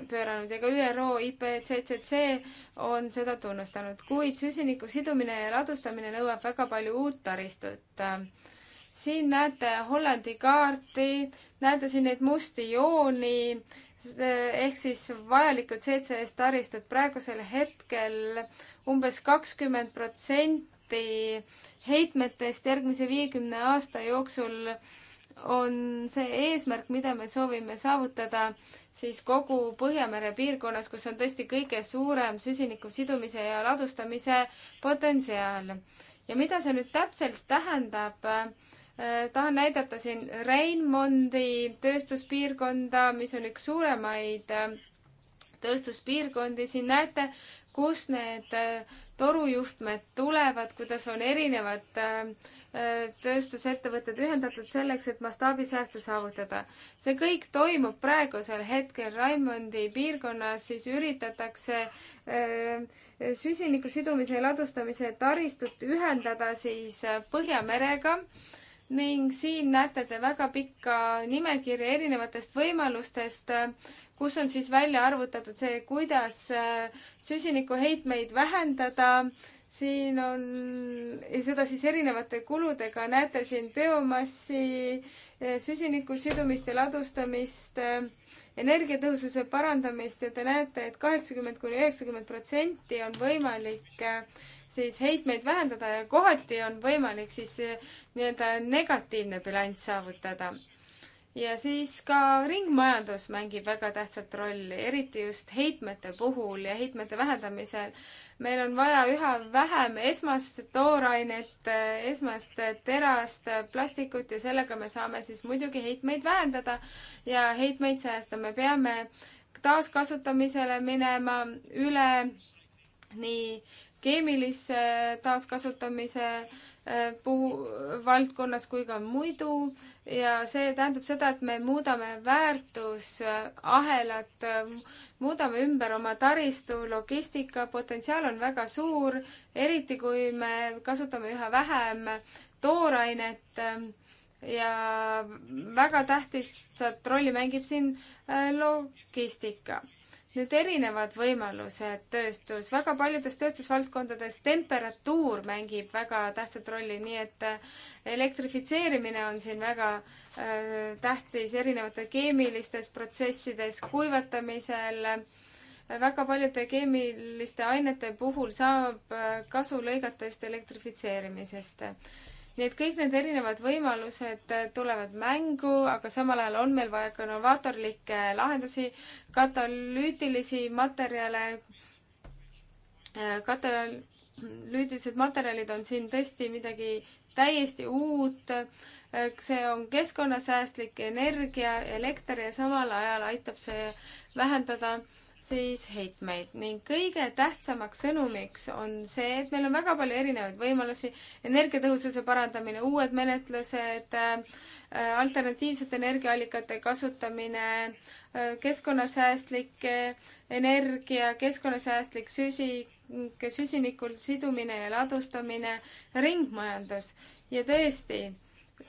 pööranud ja ka ÜRO IPCC on seda tunnustanud, kuid süsiniku sidumine ja ladustamine nõuab väga palju uut taristut. siin näete Hollandi kaarti, näete siin neid musti jooni ehk siis vajalikud CCS taristud praegusel hetkel umbes kakskümmend protsenti heitmetest järgmise viiekümne aasta jooksul on see eesmärk, mida me soovime saavutada siis kogu Põhjamere piirkonnas, kus on tõesti kõige suurem süsiniku sidumise ja ladustamise potentsiaal. ja mida see nüüd täpselt tähendab? Äh, tahan näidata siin Reinmondi tööstuspiirkonda, mis on üks suuremaid äh, tööstuspiirkondi. siin näete, kust need äh, torujuhtmed tulevad, kuidas on erinevad äh, tööstusettevõtted ühendatud selleks, et mastaabisääste saavutada. see kõik toimub praegusel hetkel Raimondi piirkonnas, siis üritatakse äh, süsiniku sidumise ja ladustamise taristut ühendada siis Põhjamerega ning siin näete te väga pikka nimekirja erinevatest võimalustest kus on siis välja arvutatud see, kuidas äh, süsinikuheitmeid vähendada. siin on, seda siis erinevate kuludega, näete siin biomassi, äh, süsiniku sidumist ja ladustamist, äh, energiatõhususe parandamist ja te näete et, et kaheksakümmend kuni üheksakümmend protsenti on võimalik siis heitmeid vähendada ja kohati on võimalik siis nii-öelda negatiivne bilanss saavutada ja siis ka ringmajandus mängib väga tähtsat rolli, eriti just heitmete puhul ja heitmete vähendamisel. meil on vaja üha vähem esmast toorainet, esmast terast, plastikut ja sellega me saame siis muidugi heitmeid vähendada ja heitmeid säästa. me peame taaskasutamisele minema üle nii keemilisse taaskasutamise eh, puhu, valdkonnas kui ka muidu ja see tähendab seda, et me muudame väärtusahelat, muudame ümber oma taristu, logistika, potentsiaal on väga suur, eriti kui me kasutame üha vähem toorainet ähm, ja väga tähtsat rolli mängib siin äh, logistika nüüd erinevad võimalused tööstus, väga paljudes tööstusvaldkondades temperatuur mängib väga tähtsat rolli, nii et äh, elektrifitseerimine on siin väga äh, tähtis erinevate keemilistes protsessides, kuivatamisel äh,, väga paljude keemiliste ainete puhul saab äh, kasu lõigata just elektrifitseerimisest nii et kõik need erinevad võimalused äh, tulevad mängu, aga samal ajal on meil vaja ka novaatorlikke lahendusi, katalüütilisi materjale, äh, katalüütilised materjalid on siin tõesti midagi täiesti uut, äh, see on keskkonnasäästlik energia, elekter ja samal ajal aitab see vähendada äh, siis heitmeid ning kõige tähtsamaks sõnumiks on see, et meil on väga palju erinevaid võimalusi, energiatõhususe parandamine, uued menetlused, äh, alternatiivsete energiaallikate kasutamine, äh, keskkonnasäästlik äh, energia, keskkonnasäästlik süsik, süsinikul sidumine ja ladustamine, ringmajandus ja tõesti,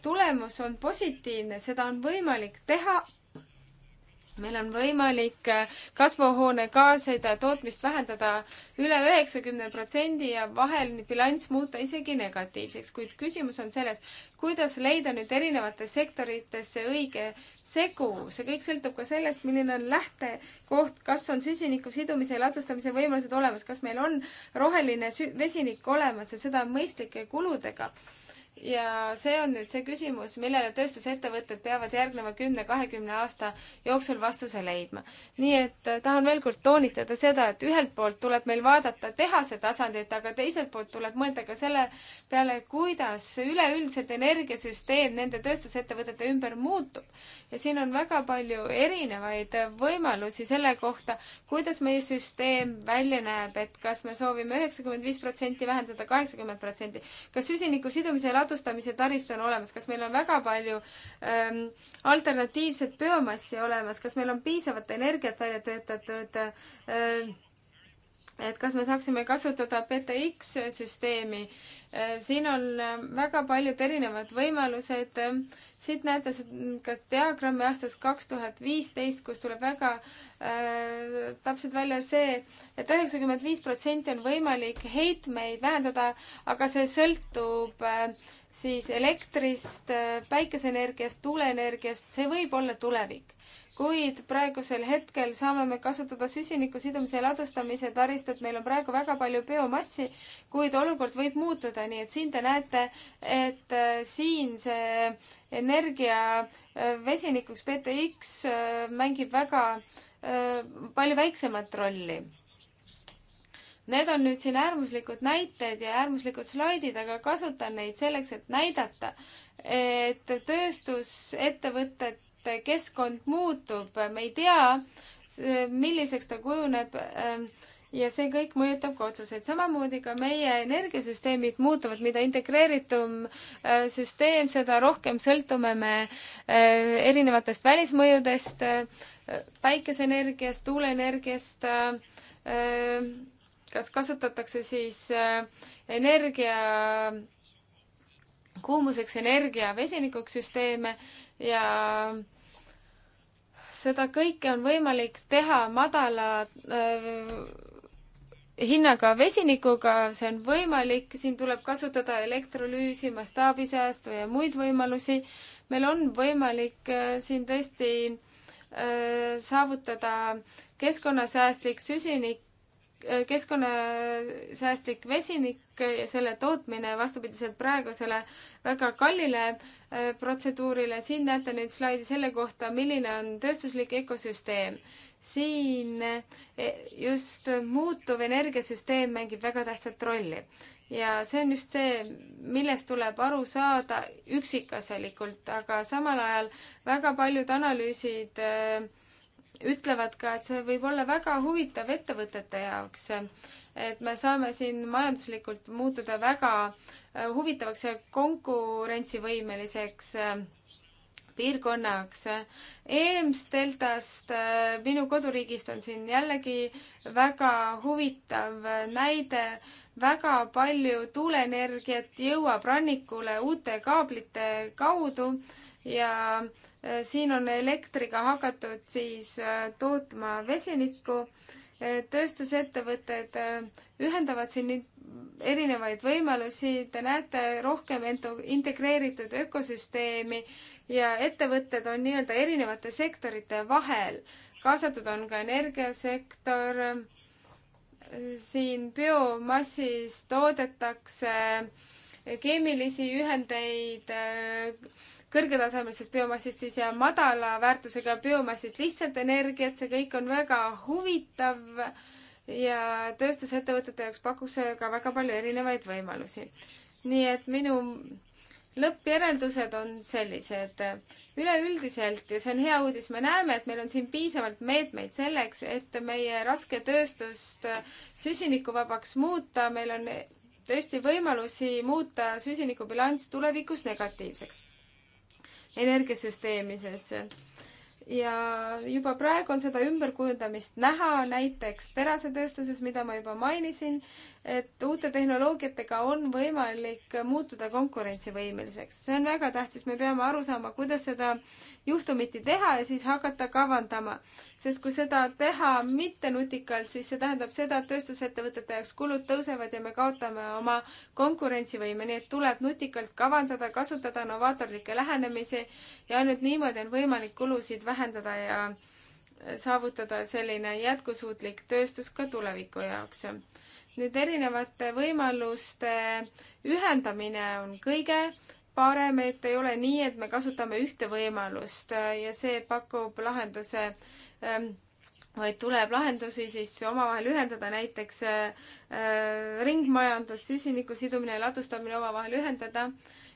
tulemus on positiivne, seda on võimalik teha, meil on võimalik äh, kasvuhoonegaaside tootmist vähendada üle üheksakümne protsendi ja vahel bilanss muuta isegi negatiivseks, kuid küsimus on selles, kuidas leida nüüd erinevates sektorites see õige segu, see kõik sõltub ka sellest, milline on lähtekoht, kas on süsiniku sidumise ja ladustamise võimalused olemas, kas meil on roheline vesiniku olemas ja seda mõistlike kuludega ja see on nüüd see küsimus, millele tööstusettevõtted peavad järgneva kümne-kahekümne aasta jooksul vastuse leidma. nii et äh, tahan veel kord toonitada seda, et ühelt poolt tuleb meil vaadata tehase tasandit, aga teiselt poolt tuleb mõelda ka selle peale, kuidas üleüldiselt energiasüsteem nende tööstusettevõtete ümber muutub. ja siin on väga palju erinevaid äh, võimalusi selle kohta, kuidas meie süsteem välja näeb, et kas me soovime üheksakümmend viis protsenti vähendada, kaheksakümmend protsenti, kas süsiniku sidumise ja ladustamise ladustamise taristu on olemas, kas meil on väga palju ähm, alternatiivset biomassi olemas, kas meil on piisavat energiat välja töötatud äh,, et kas me saaksime kasutada BTX süsteemi äh,. siin on ähm, väga paljud erinevad võimalused äh,. siit näete ka diagrammi aastast kaks tuhat viisteist, kus tuleb väga äh, täpselt välja see et, et üheksakümmend viis protsenti on võimalik heitmeid vähendada, aga see sõltub äh, siis elektrist, päikeseenergiast, tuuleenergiast, see võib olla tulevik. kuid praegusel hetkel saame me kasutada süsiniku sidumise ja ladustamise taristut, meil on praegu väga palju biomassi, kuid olukord võib muutuda, nii et siin te näete, et äh, siin see energia äh, vesinikuks BTX äh, mängib väga palju väiksemat rolli Need on nüüd siin äärmuslikud näited ja äärmuslikud slaidid, aga kasutan neid selleks, et näidata, et tööstusettevõtete keskkond muutub, me ei tea, milliseks ta kujuneb ähm, ja see kõik mõjutab ka otsuseid. samamoodi ka meie energiasüsteemid muutuvad, mida integreeritum äh, süsteem, seda rohkem sõltume me äh, erinevatest välismõjudest, äh, päikeseenergiast, tuuleenergiast, kas kasutatakse siis äh, energia kuumuseks energia vesinikuks süsteeme ja seda kõike on võimalik teha madala öö, äh, hinnaga vesinikuga, see on võimalik, siin tuleb kasutada elektrolüüsi, mastaabisäästu ja muid võimalusi. meil on võimalik öö, äh, siin tõesti öö, saavutada keskkonnasäästlik süsinik keskkonnasäästlik vesinik ja selle tootmine vastupidiselt praegusele väga kallile äh, protseduurile. siin näete nüüd slaidi selle kohta, milline on tööstuslik ökosüsteem. siin äh, just muutuv energiasüsteem mängib väga tähtsat rolli ja see on just see, millest tuleb aru saada üksikasjalikult, aga samal ajal väga paljud analüüsid äh, ütlevad ka, et see võib olla väga huvitav ettevõtete jaoks. et me saame siin majanduslikult muutuda väga äh, huvitavaks ja konkurentsivõimeliseks äh, piirkonnaks. EEMS deltast, äh, minu koduriigist on siin jällegi väga huvitav näide. väga palju tuuleenergiat jõuab rannikule uute kaablite kaudu ja äh, siin on elektriga hakatud siis äh, tootma vesinikku. Äh, tööstusettevõtted ühendavad siin erinevaid võimalusi, te näete rohkem integreeritud ökosüsteemi ja ettevõtted on nii-öelda erinevate sektorite vahel. kaasatud on ka energiasektor, siin biomassis toodetakse keemilisi ühendeid kõrgetasemelisest biomassist siis ja madala väärtusega biomassist lihtsalt energiat, see kõik on väga huvitav ja tööstusettevõtete jaoks pakub see ka väga palju erinevaid võimalusi. nii et minu lõppjäreldused on sellised. üleüldiselt ja see on hea uudis, me näeme, et meil on siin piisavalt meetmeid selleks, et meie rasketööstust süsinikuvabaks muuta, meil on tõesti võimalusi muuta süsinikubilanss tulevikus negatiivseks energiasüsteemides. ja juba praegu on seda ümberkujundamist näha näiteks terasetööstuses, mida ma juba mainisin, et uute tehnoloogiatega on võimalik muutuda konkurentsivõimeliseks. see on väga tähtis, me peame aru saama, kuidas seda juhtumiti teha ja siis hakata kavandama. sest kui seda teha mitte nutikalt, siis see tähendab seda, et tööstusettevõtete jaoks kulud tõusevad ja me kaotame oma konkurentsivõime, nii et tuleb nutikalt kavandada, kasutada novaatorlikke lähenemisi ja ainult niimoodi on võimalik kulusid vähendada ja saavutada selline jätkusuutlik tööstus ka tuleviku jaoks nüüd erinevate võimaluste ühendamine on kõige parem, et ei ole nii, et me kasutame ühte võimalust äh, ja see pakub lahenduse, ähm, vaid tuleb lahendusi siis omavahel ühendada, näiteks äh, äh, ringmajandus, süsiniku sidumine ja ladustamine omavahel ühendada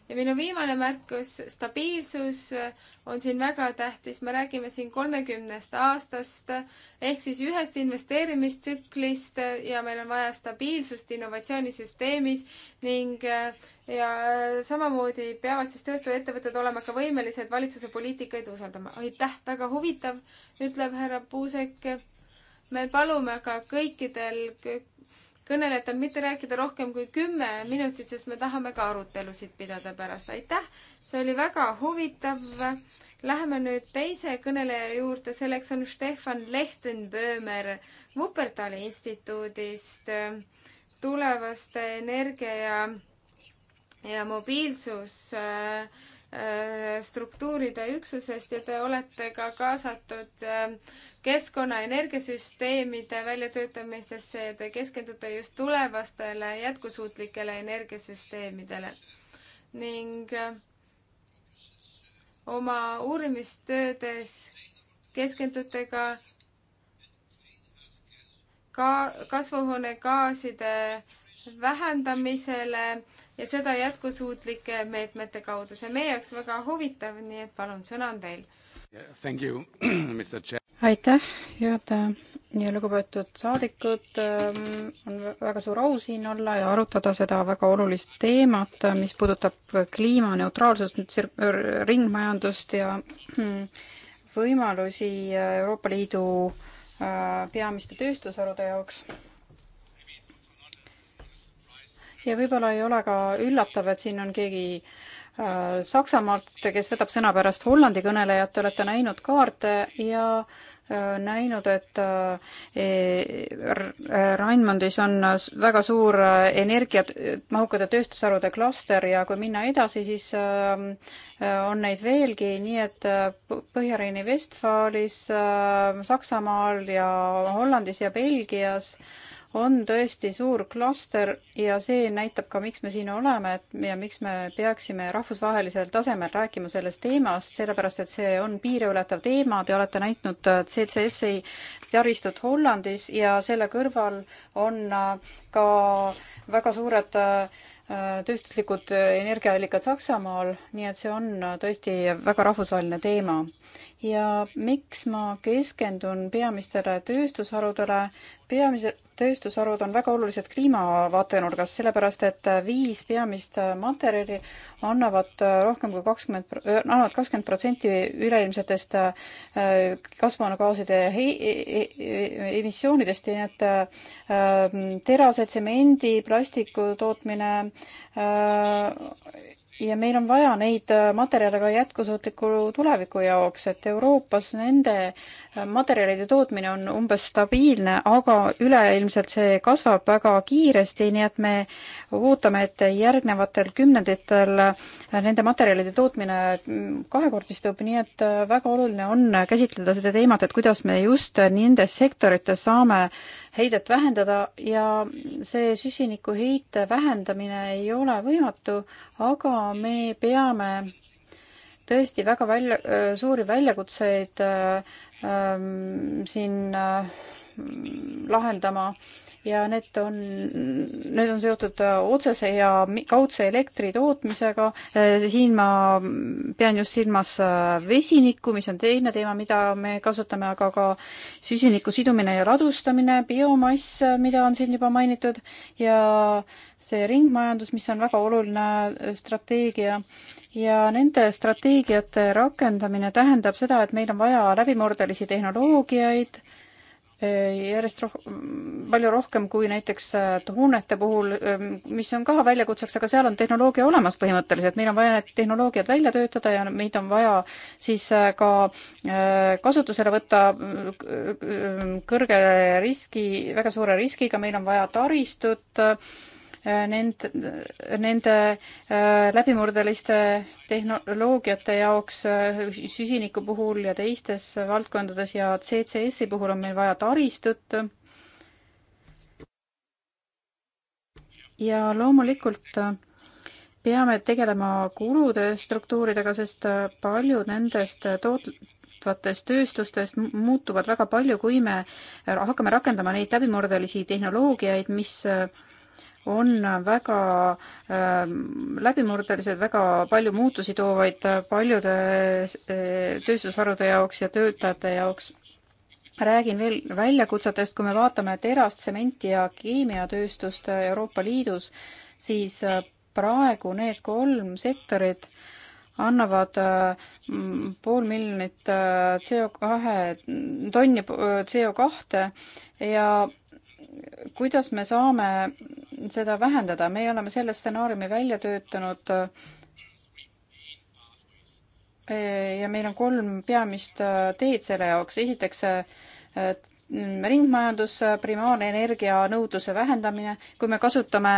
ja minu viimane märkus, stabiilsus äh, on siin väga tähtis, me räägime siin kolmekümnest aastast äh, ehk siis ühest investeerimistsüklist äh, ja meil on vaja stabiilsust innovatsioonisüsteemis ning ja samamoodi peavad siis tööstusettevõtted olema ka võimelised valitsuse poliitikaid usaldama. aitäh, väga huvitav, ütleb härra Puusek. me palume ka kõikidel kõnelejatel mitte rääkida rohkem kui kümme minutit, sest me tahame ka arutelusid pidada pärast. aitäh, see oli väga huvitav. Läheme nüüd teise kõneleja juurde, selleks on Stefan Lehtenböömer Wuppertali instituudist tulevaste energia ja, ja mobiilsus äh, Äh, struktuuride üksusest ja te olete ka kaasatud äh, keskkonna energiasüsteemide väljatöötamistesse ja te keskendute just tulevastele jätkusuutlikele energiasüsteemidele. ning äh, oma uurimistöödes keskendute ka ka kasvuhoonegaaside vähendamisele ja seda jätkusuutlike meetmete kaudu. see on meie jaoks väga huvitav, nii et palun, sõna on teil. <clears throat> aitäh, juhataja ja lugupeetud saadikud. Ähm, on väga suur au siin olla ja arutada seda väga olulist teemat, mis puudutab kliimaneutraalsust, ringmajandust ja hmm, võimalusi Euroopa Liidu äh, peamiste tööstusharude jaoks ja võib-olla ei ole ka üllatav, et siin on keegi äh, Saksamaalt, kes võtab sõna pärast Hollandi kõnelejat, te olete näinud kaarte ja äh, näinud, et äh, e, Raimondis on väga suur energiamahukate tööstusharude klaster ja kui minna edasi, siis on neid veelgi, nii et Põhja-Rheini-Vestfaalis, Saksamaal ja Hollandis ja Belgias äh, on tõesti suur klaster ja see näitab ka, miks me siin oleme, et ja miks me peaksime rahvusvahelisel tasemel rääkima sellest teemast, sellepärast et see on piireületav teema, te olete näitnud äh, CCS-i taristut Hollandis ja selle kõrval on äh, ka väga suured äh, tööstuslikud energiaallikad Saksamaal, nii et see on tõesti väga rahvusvaheline teema. ja miks ma keskendun peamistele tööstusharudele, peamised tööstusharud on väga olulised kliimavaatenurgast, sellepärast et viis peamist materjali annavad rohkem kui kakskümmend, annavad kakskümmend protsenti üleilmsetest äh, kasvuhoonegaaside e-, e-, e-, emissioonidest, nii et äh, terase, tsemendi, plastiku tootmine äh, ja meil on vaja neid äh, materjale ka jätkusuutliku tuleviku jaoks, et Euroopas nende äh, materjalide tootmine on umbes stabiilne, aga üleilmselt see kasvab väga kiiresti, nii et me ootame, et järgnevatel kümnenditel äh, nende materjalide tootmine mm, kahekordistub, nii et väga oluline on käsitleda seda teemat, et kuidas me just nendes sektorites saame heidet vähendada ja see süsinikuheite vähendamine ei ole võimatu, aga me peame tõesti väga välja, suuri väljakutseid ähm, siin äh, lahendama ja need on, need on seotud otsese ja kaudse elektri tootmisega. Eh, siin ma pean just silmas eh, vesinikku, mis on teine teema, mida me kasutame, aga ka süsiniku sidumine ja ladustamine, biomass, eh, mida on siin juba mainitud ja see ringmajandus, mis on väga oluline strateegia ja nende strateegiate rakendamine tähendab seda, et meil on vaja läbimurdelisi tehnoloogiaid järjest roh-, palju rohkem kui näiteks hoonete äh, puhul, ähm, mis on ka väljakutseks, aga seal on tehnoloogia olemas põhimõtteliselt, meil on vaja need tehnoloogiad välja töötada ja meid on vaja siis äh, ka äh, kasutusele võtta kõrge riski, väga suure riskiga, meil on vaja taristut, nend-, nende äh, läbimurdeliste tehnoloogiate jaoks äh, süsiniku puhul ja teistes valdkondades ja CCS-i puhul on meil vaja taristut. ja loomulikult äh, peame tegelema kulude struktuuridega, sest paljud nendest toot-, tootvatest tööstustest muutuvad väga palju, kui me hakkame rakendama neid läbimurdelisi tehnoloogiaid, mis on väga ähm, läbimurdelised, väga palju muutusi toovaid paljude äh, tööstusharude jaoks ja töötajate jaoks. räägin veel väljakutsetest, kui me vaatame terast, tsementi ja keemiatööstust Euroopa Liidus, siis äh, praegu need kolm sektorit annavad äh, pool miljonit CO2, tonni CO2 ja kuidas me saame seda vähendada, meie oleme selle stsenaariumi välja töötanud e, ja meil on kolm peamist e, teed selle jaoks, esiteks e, ringmajandus, primaarne energianõudluse vähendamine, kui me kasutame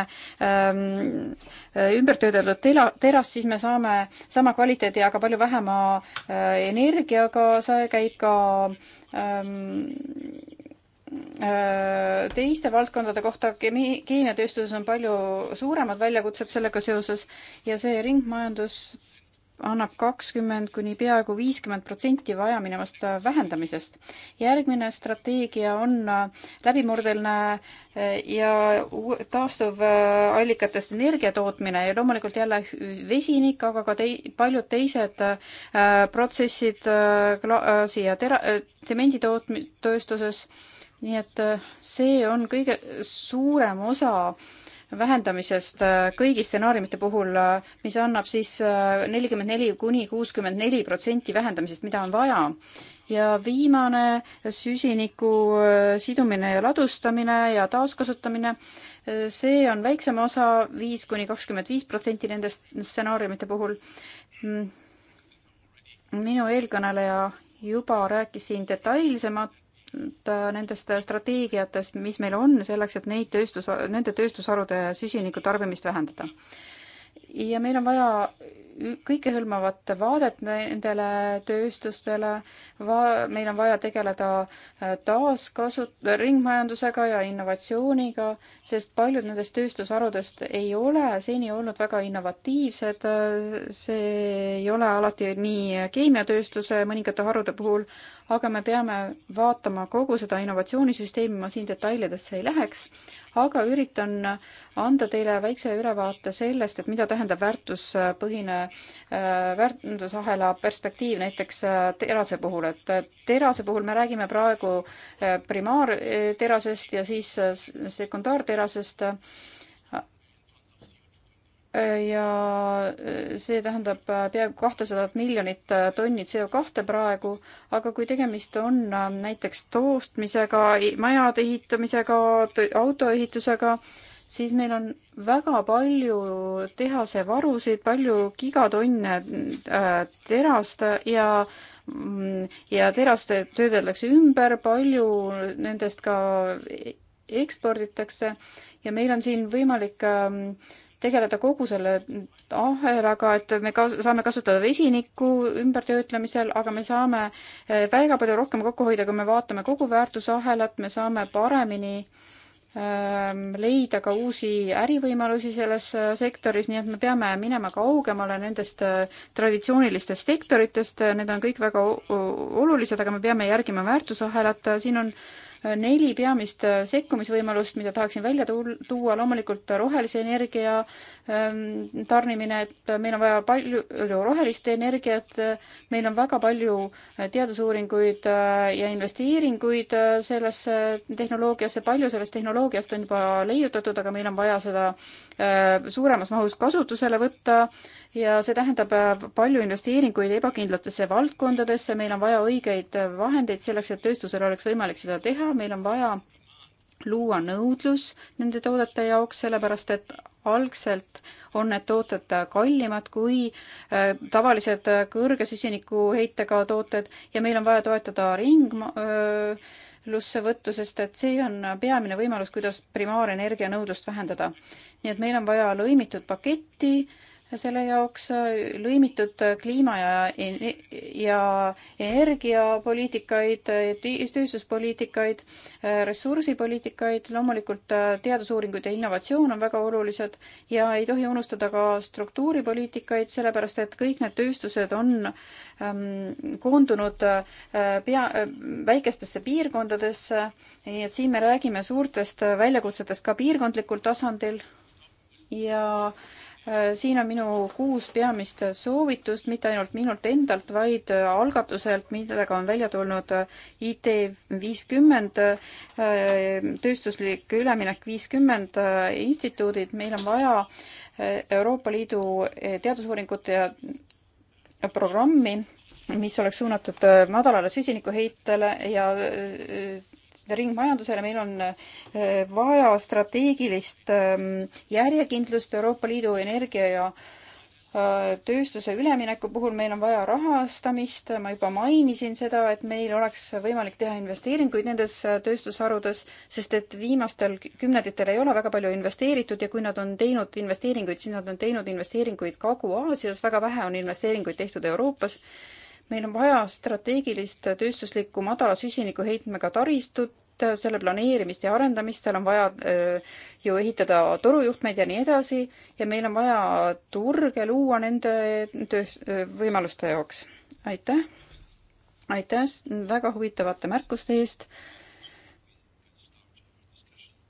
ähm, ümbertöödeldud tela, terast, siis me saame sama kvaliteedi, aga palju vähema äh, energiaga, see käib ka ähm, Äh, teiste valdkondade kohta keemi-, keemiatööstuses on palju suuremad väljakutsed sellega seoses ja see ringmajandus annab kakskümmend kuni peaaegu viiskümmend protsenti vajaminevast äh, vähendamisest. järgmine strateegia on äh, läbimurdeline ja taastuvallikatest energia tootmine ja loomulikult jälle vesinik, aga ka tei-, paljud teised äh, protsessid klaasi äh, ja tera- äh,, tsemendi tootmi-, tööstuses äh, nii et äh, see on kõige suurem osa vähendamisest äh, kõigi stsenaariumite puhul, äh, mis annab siis nelikümmend neli kuni kuuskümmend neli protsenti vähendamisest, mida on vaja. ja viimane, süsiniku sidumine ja ladustamine ja taaskasutamine, see on väiksem osa, viis kuni kakskümmend viis protsenti nende stsenaariumite puhul. Mm, minu eelkõneleja juba rääkis siin detailsemalt nendest strateegiatest, mis meil on selleks, et neid tööstus, nende tööstusharude süsiniku tarbimist vähendada. ja meil on vaja kõikehõlmavat vaadet nendele tööstustele, va-, meil on vaja tegeleda äh, taaskasut-, ringmajandusega ja innovatsiooniga, sest paljud nendest tööstusharudest ei ole seni olnud väga innovatiivsed, äh, see ei ole alati nii keemiatööstuse mõningate harude puhul, aga me peame vaatama kogu seda innovatsioonisüsteemi, ma siin detailidesse ei läheks, aga üritan anda teile väikse ülevaate sellest, et mida tähendab väärtuspõhine äh, väärtusahela perspektiiv näiteks äh, terase puhul, et äh, terase puhul me räägime praegu primaarterasest ja siis sekundaarterasest ja äh, see tähendab äh, peaaegu kahtesadat miljonit äh, tonni CO2 praegu, aga kui tegemist on näiteks toostmisega, majade ehitamisega, autoehitusega, siis meil on väga palju tehasevarusid, palju gigatonne terast ja mm, ja terast töödeldakse ümber, palju nendest ka e-, eksporditakse ja meil on siin võimalik äh, tegeleda kogu selle ahelaga, et me ka-, saame kasutada vesinikku ümbertöötlemisel, aga me saame eh, väga palju rohkem kokku hoida, kui me vaatame kogu väärtusahelat, me saame paremini ehm, leida ka uusi ärivõimalusi selles eh, sektoris, nii et me peame minema kaugemale nendest eh, traditsioonilistest sektoritest, need on kõik väga olulised, aga me peame järgima väärtusahelat, siin on neli peamist äh, sekkumisvõimalust, mida tahaksin välja tuua, loomulikult rohelise energia ähm, tarnimine, et meil on vaja palju rohelist energiat, meil on väga palju äh, teadusuuringuid äh, ja investeeringuid sellesse tehnoloogiasse, palju sellest tehnoloogiast on juba leiutatud, aga meil on vaja seda suuremas mahus kasutusele võtta ja see tähendab äh, palju investeeringuid ebakindlatesse valdkondadesse, meil on vaja õigeid äh, vahendeid selleks, et tööstusel oleks võimalik seda teha, meil on vaja luua nõudlus nende toodete jaoks, sellepärast et algselt on need tooted äh, kallimad kui tavalised kõrge süsinikuheitega tooted ja meil on vaja toetada ring- öö, kasutussevõttu, sest et see on peamine võimalus, kuidas primaarenergia nõudlust vähendada. nii et meil on vaja lõimitud paketti, selle jaoks äh, lõimitud äh, kliima ja, ja energiapoliitikaid, äh, tööstuspoliitikaid, ressursipoliitikaid, loomulikult teadusuuringud ja innovatsioon on väga olulised ja ei tohi unustada ka struktuuripoliitikaid, sellepärast et kõik need tööstused on ähm, koondunud äh, pea äh,, väikestesse piirkondadesse, nii et siin me räägime suurtest väljakutsetest ka piirkondlikul tasandil ja äh, Äh, siin on minu kuus peamist soovitust, mitte ainult minult endalt, vaid äh, algatuselt, millega on välja tulnud äh, IT viiskümmend, tööstuslik üleminek viiskümmend instituudid, meil on vaja Euroopa Liidu teadusuuringute ja programmi, mis oleks suunatud madalale süsinikuheitele ja keskenduda ringmajandusele, meil on äh, vaja strateegilist ähm, järjekindlust Euroopa Liidu energia ja äh, tööstuse ülemineku puhul meil on vaja rahastamist, ma juba mainisin seda, et meil oleks võimalik teha investeeringuid nendes äh, tööstusharudes, sest et viimastel kümnenditel ei ole väga palju investeeritud ja kui nad on teinud investeeringuid, siis nad on teinud investeeringuid Kagu-Aasias, väga vähe on investeeringuid tehtud Euroopas meil on vaja strateegilist tööstuslikku madala süsinikuheitmega taristut, selle planeerimist ja arendamist, seal on vaja äh, ju ehitada torujuhtmeid ja nii edasi ja meil on vaja turge luua nende töös, äh, võimaluste jaoks. aitäh, aitäh väga huvitavate märkuste eest.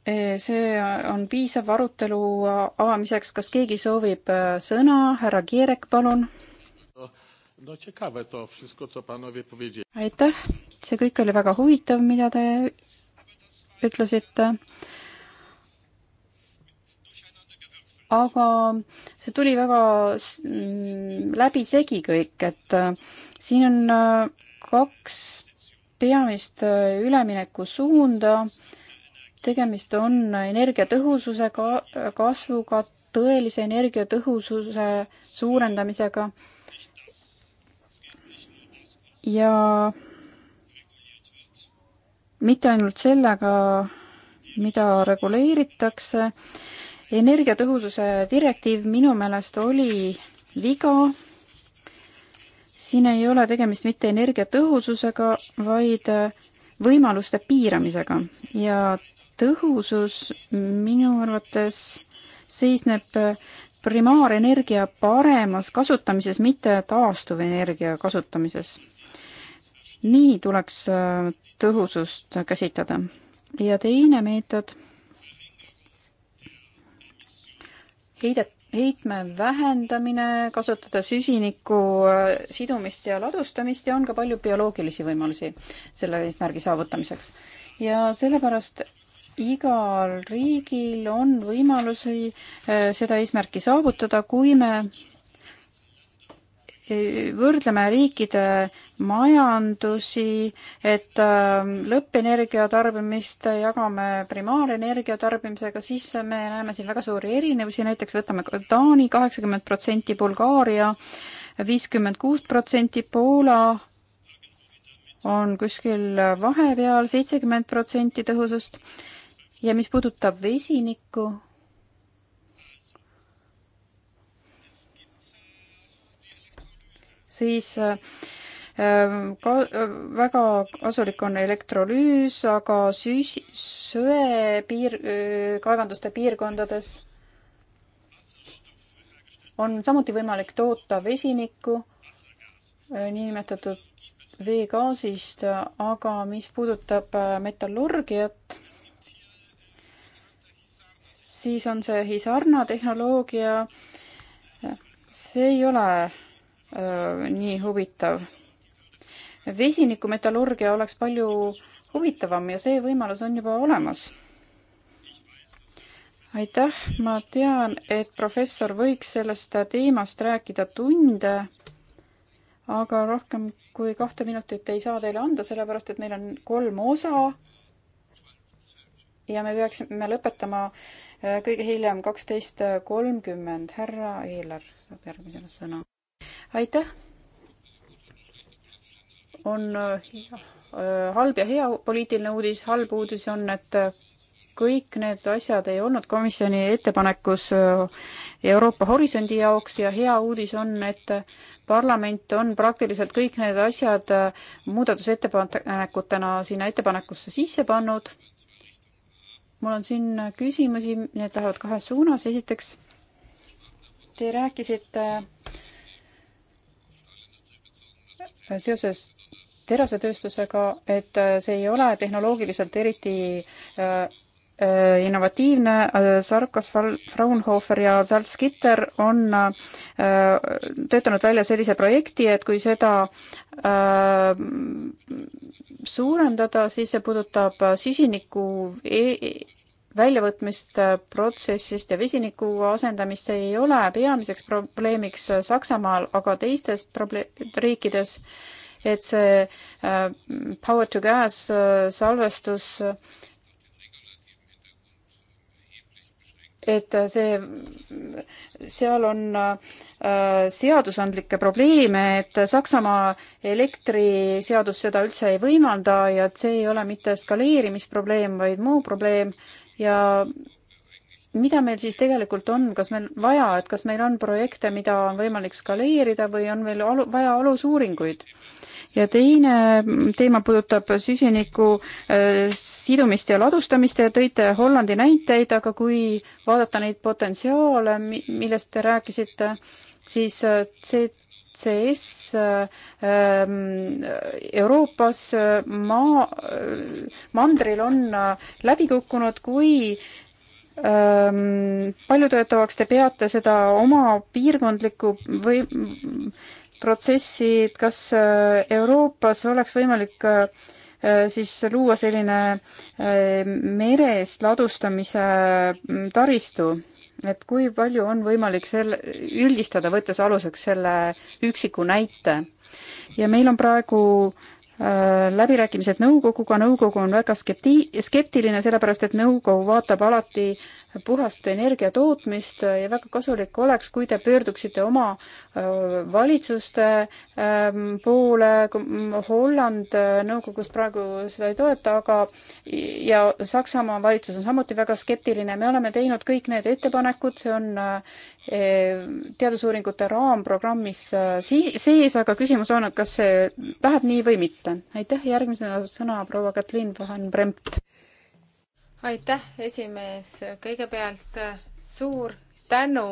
Äh, see on piisav arutelu avamiseks, kas keegi soovib sõna, härra Kierek, palun aitäh, see kõik oli väga huvitav, mida te ütlesite. aga see tuli väga mm, läbisegi kõik, et äh, siin on äh, kaks peamist äh, üleminekusuunda. tegemist on energiatõhususe ka kasvuga, tõelise energiatõhususe suurendamisega ja mitte ainult sellega, mida reguleeritakse. energiatõhususe direktiiv minu meelest oli viga. siin ei ole tegemist mitte energiatõhususega, vaid võimaluste piiramisega ja tõhusus minu arvates seisneb primaarenergia paremas kasutamises, mitte taastuvenergia kasutamises nii tuleks äh, tõhusust käsitleda. ja teine meetod, heidet, heitme vähendamine, kasutada süsiniku äh, sidumist ja ladustamist ja on ka palju bioloogilisi võimalusi selle eesmärgi saavutamiseks. ja sellepärast igal riigil on võimalusi äh, seda eesmärki saavutada, kui me võrdleme riikide majandusi, et ähm, lõppenergia tarbimist jagame primaarenergia tarbimisega, siis me näeme siin väga suuri erinevusi, näiteks võtame Taani kaheksakümmend protsenti, Bulgaaria viiskümmend kuus protsenti, Poola on kuskil vahepeal seitsekümmend protsenti tõhusust ja mis puudutab vesinikku, siis äh, Ehm, ka ehm, väga kasulik on elektrolüüs, aga süs-, söe piir, kaevanduste piirkondades on samuti võimalik toota vesinikku niinimetatud veegaasist, aga mis puudutab metallurgiat, siis on see Hisarna tehnoloogia. see ei ole öö, nii huvitav vesinikumetallurgia oleks palju huvitavam ja see võimalus on juba olemas. aitäh, ma tean, et professor võiks sellest teemast rääkida tunde, aga rohkem kui kahte minutit ei saa teile anda, sellepärast et meil on kolm osa. ja me peaksime lõpetama äh, kõige hiljem kaksteist kolmkümmend. härra Eelar saab järgmisena sõna. aitäh on äh, halb ja hea poliitiline uudis, halb uudis on, et äh, kõik need asjad ei olnud komisjoni ettepanekus äh, Euroopa Horisondi jaoks ja hea uudis on, et parlament on praktiliselt kõik need asjad muudatusettepanekutena sinna ettepanekusse sisse pannud. mul on siin küsimusi, need lähevad kahes suunas, esiteks te rääkisite seoses terasetööstusega, et äh, see ei ole tehnoloogiliselt eriti äh, äh, innovatiivne, Sarkas, Fraunhofer ja Salzgitter on töötanud välja sellise projekti, et kui seda suurendada, siis see puudutab süsiniku e, e- väljavõtmist protsessist ja vesiniku asendamist, see ei ole peamiseks probleemiks Saksamaal, aga teistes proble-, riikides äh, et see äh, power to gas äh, salvestus, et äh, see, seal on seadusandlikke probleeme, et Saksamaa elektriseadus seda üldse ei võimalda ja et see ei ole mitte eskaleerimisprobleem, vaid muu probleem ja mida meil siis tegelikult on, kas meil vaja, et kas meil on projekte, mida on võimalik skaleerida või on meil alu, vaja alusuuringuid? ja teine teema puudutab süsiniku äh, sidumist ja ladustamist ja tõite Hollandi näiteid, aga kui vaadata neid potentsiaale, millest te rääkisite, siis see äh, CS ähm, Euroopas äh, maa, äh, mandril on läbi kukkunud, kui Ehm, paljutöötavaks te peate seda oma piirkondlikku või protsessi, et kas äh, Euroopas oleks võimalik äh, äh, siis luua selline merest ladustamise mm, taristu, et kui palju on võimalik selle, üldistada, võttes aluseks selle üksiku näite. ja meil on praegu äh, Äh, läbirääkimised nõukoguga, nõukogu on väga skepti-, skeptiline, sellepärast et nõukogu vaatab alati puhast energia tootmist ja väga kasulik oleks, kui te pöörduksite oma valitsuste poole, Holland nõukogust praegu seda ei toeta, aga ja Saksamaa valitsus on samuti väga skeptiline, me oleme teinud kõik need ettepanekud, see on e, teadusuuringute raamprogrammis sees, aga küsimus on, et kas see läheb nii või mitte. aitäh, järgmisena sõna proua Katrin Vahen-Brempt aitäh, esimees, kõigepealt äh, suur tänu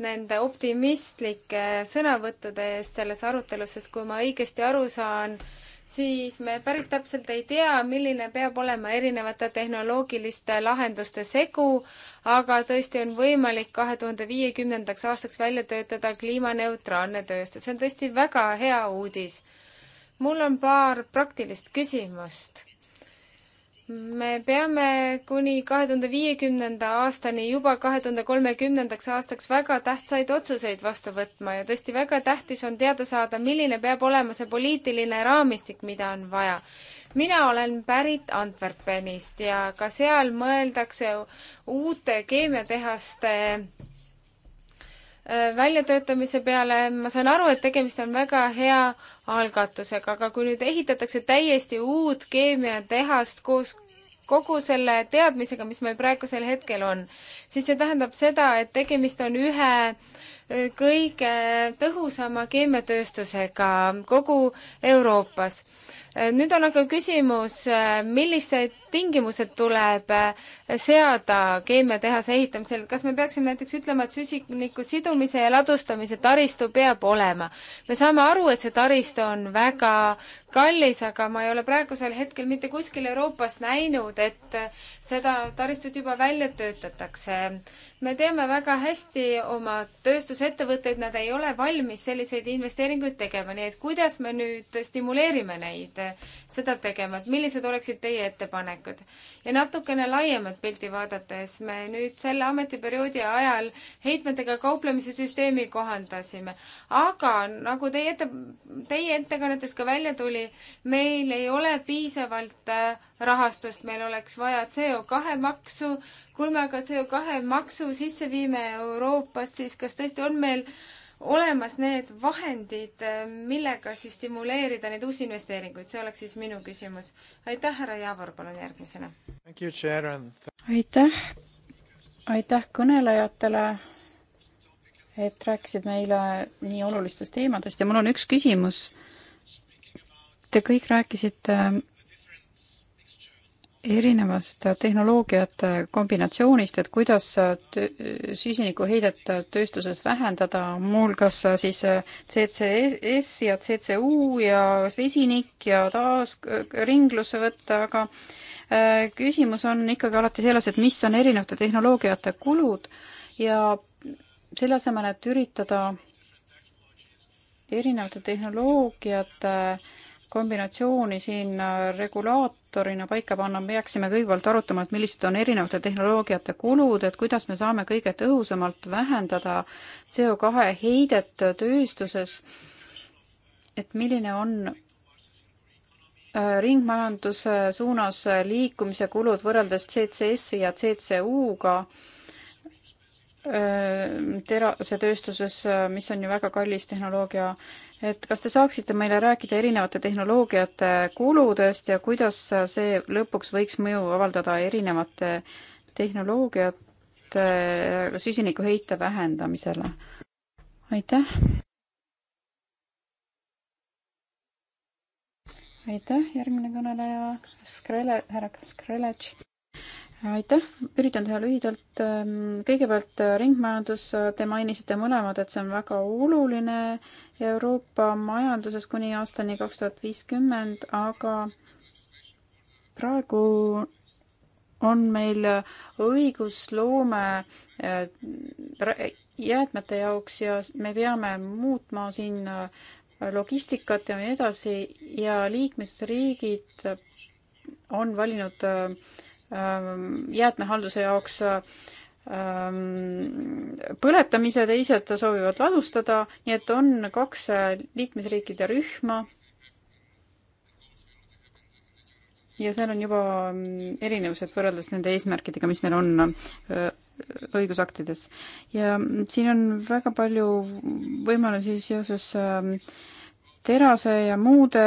nende optimistlike sõnavõttude eest selles arutelus, sest kui ma õigesti aru saan, siis me päris täpselt ei tea, milline peab olema erinevate tehnoloogiliste lahenduste segu, aga tõesti on võimalik kahe tuhande viiekümnendaks aastaks välja töötada kliimaneutraalne tööstus. see on tõesti väga hea uudis. mul on paar praktilist küsimust me peame kuni kahe tuhande viiekümnenda aastani, juba kahe tuhande kolmekümnendaks aastaks väga tähtsaid otsuseid vastu võtma ja tõesti väga tähtis on teada saada, milline peab olema see poliitiline raamistik, mida on vaja. mina olen pärit Antwerpenist ja ka seal mõeldakse uute keemiatehaste äh, väljatöötamise peale, ma saan aru, et tegemist on väga hea algatusega, aga kui nüüd ehitatakse täiesti uut keemiatehast koos kogu selle teadmisega, mis meil praegusel hetkel on, siis see tähendab seda, et tegemist on ühe kõige tõhusama keemiatööstusega kogu Euroopas Äh, nüüd on aga küsimus, äh, millised tingimused tuleb äh, seada keemiatehase ehitamisel, kas me peaksime näiteks ütlema, et süsiniku sidumise ja ladustamise taristu peab olema? me saame aru, et see taristu on väga kallis, aga ma ei ole praegusel hetkel mitte kuskil Euroopas näinud, et seda taristut juba välja töötatakse. me teame väga hästi oma tööstusettevõtteid, nad ei ole valmis selliseid investeeringuid tegema, nii et kuidas me nüüd stimuleerime neid seda tegema, et millised oleksid teie ettepanekud? ja natukene laiemat pilti vaadates, me nüüd selle ametiperioodi ajal heitmetega kauplemise süsteemi kohandasime, aga nagu teie ette, teie ettekannetes ka välja tuli, rolli. meil ei ole piisavalt äh, rahastust, meil oleks vaja CO2 maksu. kui me aga CO2 maksu sisse viime Euroopas, siis kas tõesti on meil olemas need vahendid, äh, millega siis stimuleerida neid uusi investeeringuid, see oleks siis minu küsimus. aitäh, härra Javor, palun järgmisena. aitäh, aitäh kõnelejatele, et rääkisid meile nii olulistest teemadest ja mul on üks küsimus Te kõik rääkisite äh, erinevast tehnoloogiate kombinatsioonist, et kuidas äh, süsinikuheidet äh, tööstuses vähendada, muuhulgas siis CCS ja CCU ja vesinik ja taas ringlusse võtta, aga küsimus on ikkagi alati selles, et mis on erinevate tehnoloogiate kulud ja selle asemel, et üritada erinevate tehnoloogiate äh, kombinatsiooni siin äh, regulaatorina paika panna, me peaksime kõigepealt arutama, et millised on erinevate tehnoloogiate kulud, et kuidas me saame kõige tõhusamalt vähendada CO2 heidet tööstuses, et milline on äh, ringmajanduse suunas liikumise kulud võrreldes CCS-i ja CCU-ga äh, terasetööstuses, mis on ju väga kallis tehnoloogia et kas te saaksite meile rääkida erinevate tehnoloogiate kuludest ja kuidas see lõpuks võiks mõju avaldada erinevate tehnoloogiate äh, süsinikuheite vähendamisele? aitäh! aitäh, järgmine kõneleja, Skrele-, härra Skreletš aitäh, üritan teha lühidalt. Ehm, kõigepealt äh, ringmajandus, äh, te mainisite mõlemad, et see on väga oluline Euroopa majanduses kuni aastani kaks tuhat viiskümmend, aga praegu on meil õigusloome äh, jäätmete jaoks ja me peame muutma siin logistikat ja nii edasi ja liikmesriigid on valinud äh, Ähm, jäätmehalduse jaoks ähm, põletamise, teised soovivad ladustada, nii et on kaks äh, liikmesriikide rühma. ja seal on juba ähm, erinevused võrreldes nende eesmärkidega, mis meil on äh, õigusaktides. ja siin on väga palju võimalusi seoses äh, terase ja muude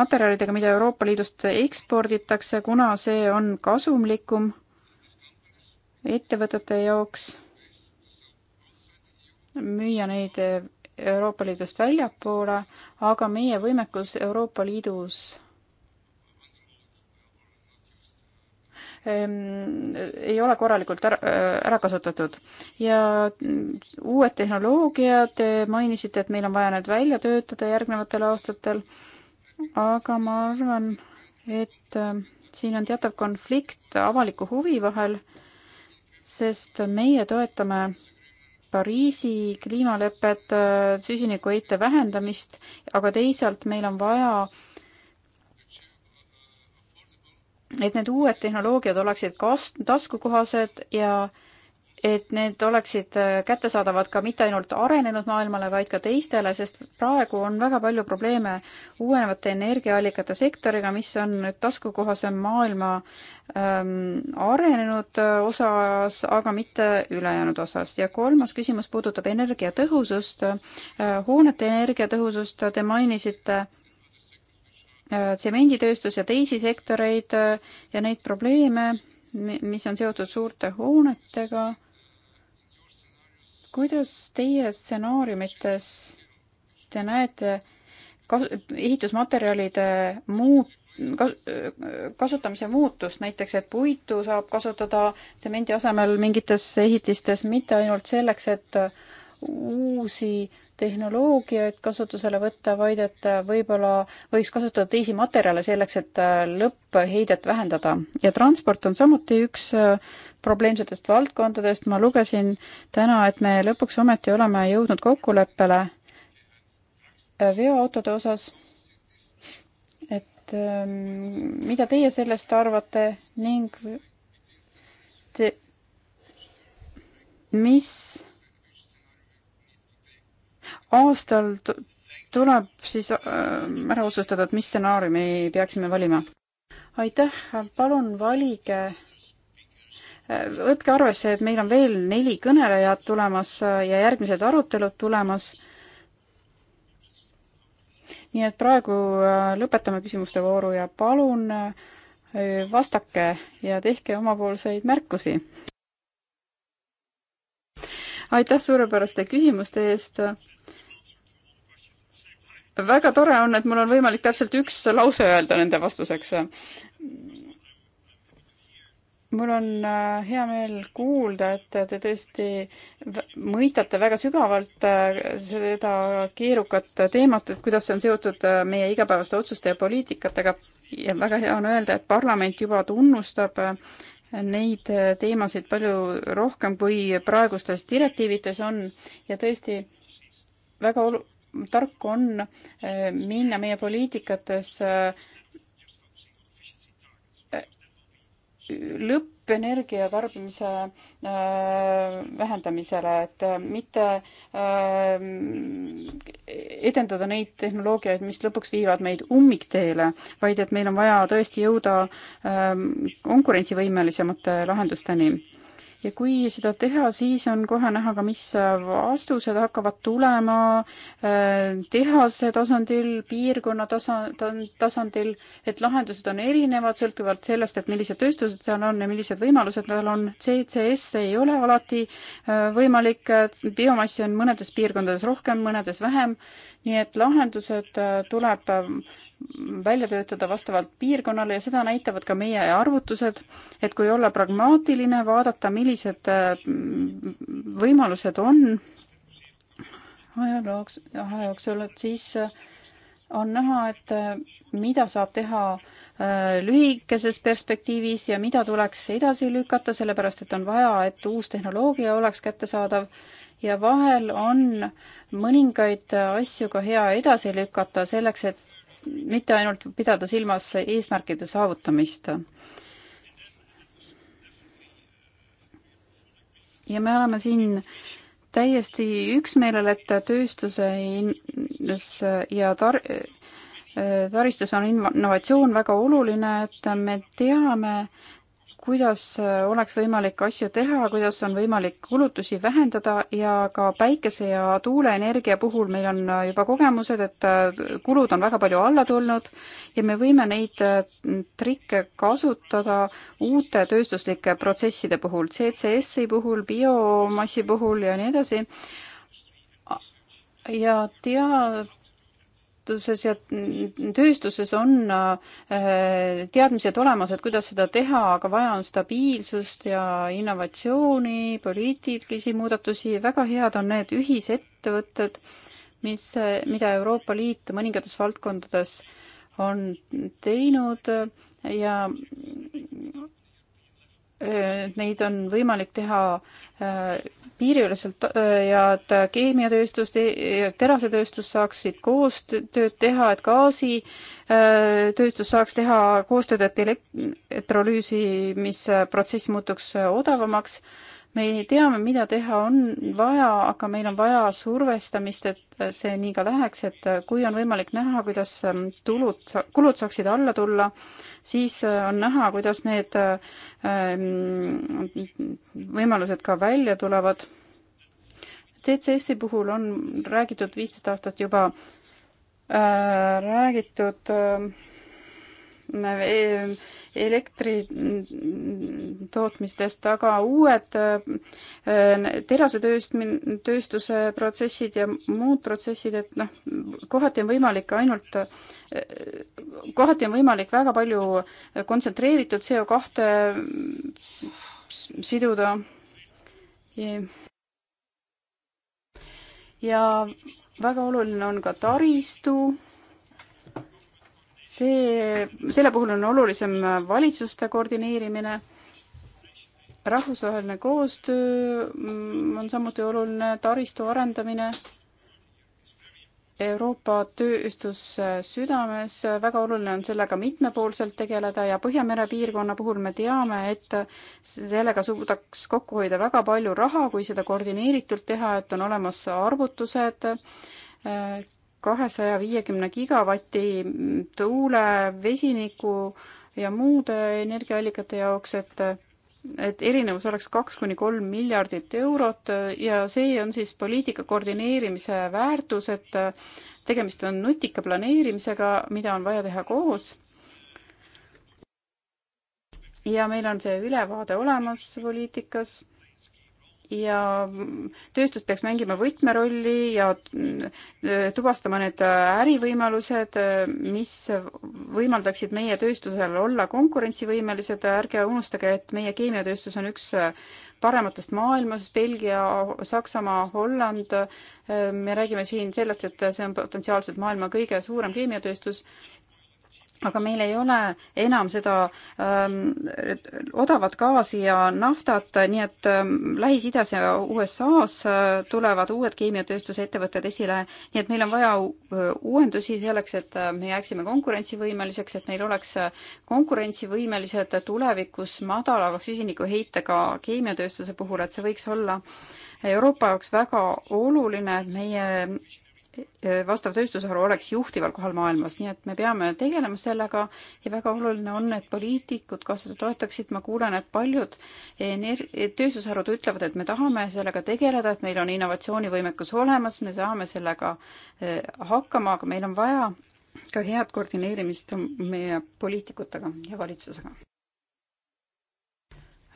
materjalidega, mida Euroopa Liidust eksporditakse, kuna see on kasumlikum ettevõtete jaoks müüa neid Euroopa Liidust väljapoole, aga meie võimekus Euroopa Liidus Ehm, ei ole korralikult ära, äh, ära kasutatud. ja uued tehnoloogiad, mainisite, et meil on vaja need välja töötada järgnevatel aastatel, aga ma arvan, et äh, siin on teatav konflikt avaliku huvi vahel, sest meie toetame Pariisi kliimalepet, äh, süsinikuheite vähendamist, aga teisalt meil on vaja äh, et need uued tehnoloogiad oleksid kas-, taskukohased ja et need oleksid äh, kättesaadavad ka mitte ainult arenenud maailmale, vaid ka teistele, sest praegu on väga palju probleeme uuenevate energiaallikate sektoriga, mis on nüüd taskukohasem maailma ähm, arenenud äh, osas, aga mitte ülejäänud osas. ja kolmas küsimus puudutab energiatõhusust äh,, hoonete energiatõhusust, te mainisite äh, Äh, tsemenditööstus ja teisi sektoreid äh, ja neid probleeme, mis on seotud suurte hoonetega. kuidas teie stsenaariumites te näete kas-, ehitusmaterjalide muut-, kasutamise muutust, näiteks et puitu saab kasutada tsemendi asemel mingites ehitistes mitte ainult selleks, et uusi tehnoloogiaid kasutusele võtta, vaid et äh, võib-olla võiks kasutada teisi materjale selleks, et äh, lõppheidet vähendada. ja transport on samuti üks äh, probleemsetest valdkondadest, ma lugesin täna, et me lõpuks ometi oleme jõudnud kokkuleppele veoautode osas, et ähm, mida teie sellest arvate ning te, mis aastal tuleb siis äh, ära otsustada, et mis stsenaariumi peaksime valima. aitäh, palun valige äh, võtke arvesse, et meil on veel neli kõnelejat tulemas äh, ja järgmised arutelud tulemas. nii et praegu lõpetame küsimuste vooru ja palun vastake ja tehke omapoolseid märkusi aitäh suurepäraste küsimuste eest. väga tore on, et mul on võimalik täpselt üks lause öelda nende vastuseks. mul on äh, hea meel kuulda, et te tõesti mõistate väga sügavalt äh, seda keerukat teemat, et kuidas see on seotud äh, meie igapäevaste otsuste ja poliitikatega ja väga hea on öelda, et parlament juba tunnustab neid äh, teemasid palju rohkem, kui praegustes direktiivides on ja tõesti väga olu-, tark on äh, minna meie poliitikates äh, lõpp, energia tarbimise äh, vähendamisele, et äh, mitte äh, edendada neid tehnoloogiaid, mis lõpuks viivad meid ummikteele, vaid et meil on vaja tõesti jõuda ähm, konkurentsivõimelisemate lahendusteni ja kui seda teha, siis on kohe näha ka, mis vastused hakkavad tulema äh, tehase tasandil, piirkonna tasa-, tasandil, et lahendused on erinevad, sõltuvalt sellest, et millised tööstused seal on ja millised võimalused tal on. CCS ei ole alati äh, võimalik, biomassi on mõnedes piirkondades rohkem, mõnedes vähem, nii et lahendused äh, tuleb välja töötada vastavalt piirkonnale ja seda näitavad ka meie arvutused, et kui olla pragmaatiline, vaadata, millised mm, võimalused on ajalooks, aja jooksul, et siis äh, on näha, et äh, mida saab teha äh, lühikeses perspektiivis ja mida tuleks edasi lükata, sellepärast et on vaja, et uus tehnoloogia oleks kättesaadav ja vahel on mõningaid asju ka hea edasi lükata selleks, et mitte ainult pidada silmas eesmärkide saavutamist. ja me oleme siin täiesti üksmeelel, et tööstuse ja tar-, äh, taristus on innovatsioon väga oluline, et me teame, kuidas äh, oleks võimalik asju teha, kuidas on võimalik kulutusi vähendada ja ka päikese- ja tuuleenergia puhul meil on äh, juba kogemused, et äh, kulud on väga palju alla tulnud ja me võime neid trikke kasutada uute tööstuslike protsesside puhul, CCS-i puhul, biomassi puhul ja nii edasi. ja tead, ettevõtluses ja tööstuses on äh, teadmised olemas, et kuidas seda teha, aga vaja on stabiilsust ja innovatsiooni, poliitilisi muudatusi, väga head on need ühisettevõtted, mis, mida Euroopa Liit mõningates valdkondades on teinud ja neid on võimalik teha äh, piiriüleselt äh, ja et keemiatööstus, e-, terasetööstus saaksid koostööd teha, et gaasitööstus äh, saaks teha koostööd, et elektrolüüsimisprotsess muutuks odavamaks me teame, mida teha on vaja, aga meil on vaja survestamist, et see nii ka läheks, et kui on võimalik näha, kuidas ähm, tulud, kulud saaksid alla tulla, siis äh, on näha, kuidas need ähm, võimalused ka välja tulevad. CCS-i puhul on räägitud viisteist aastat juba, äh, räägitud äh, E-, elektri tootmistest, aga uued e, terasetööst-, tööstuse protsessid ja muud protsessid, et noh, kohati on võimalik ainult, e, kohati on võimalik väga palju kontsentreeritud CO kahte siduda. ja väga oluline on ka taristu see, selle puhul on olulisem valitsuste koordineerimine, rahvusvaheline koostöö mm, on samuti oluline, taristu arendamine, Euroopa tööstus südames, väga oluline on sellega mitmepoolselt tegeleda ja Põhjamere piirkonna puhul me teame, et sellega suudaks kokku hoida väga palju raha, kui seda koordineeritult teha, et on olemas arvutused, kahesaja viiekümne gigavati tuule, vesiniku ja muude energiaallikate jaoks, et et erinevus oleks kaks kuni kolm miljardit eurot ja see on siis poliitika koordineerimise väärtus, et tegemist on nutika planeerimisega, mida on vaja teha koos. ja meil on see ülevaade olemas poliitikas ja tööstus peaks mängima võtmerolli ja mm, tuvastama need ärivõimalused, mis võimaldaksid meie tööstusel olla konkurentsivõimelised, ärge unustage, et meie keemiatööstus on üks parematest maailmas, Belgia, Saksamaa, Holland, me räägime siin sellest, et see on potentsiaalselt maailma kõige suurem keemiatööstus aga meil ei ole enam seda ähm, odavat gaasi ja naftat, nii et ähm, Lähis-Idas ja USA-s äh, tulevad uued keemiatööstusettevõtted esile, nii et meil on vaja äh, uuendusi selleks, et äh, me jääksime konkurentsivõimeliseks, et meil oleks äh, konkurentsivõimelised tulevikus madala süsinikuheitega keemiatööstuse puhul, et see võiks olla Euroopa jaoks väga oluline, et meie Äh, vastav tööstusharu oleks juhtival kohal maailmas, nii et me peame tegelema sellega ja väga oluline on, et poliitikud ka seda toetaksid, ma kuulen, et paljud ener-, tööstusharud ütlevad, et me tahame sellega tegeleda, et meil on innovatsioonivõimekus olemas, me saame sellega äh, hakkama, aga meil on vaja ka head koordineerimist meie poliitikutega ja valitsusega.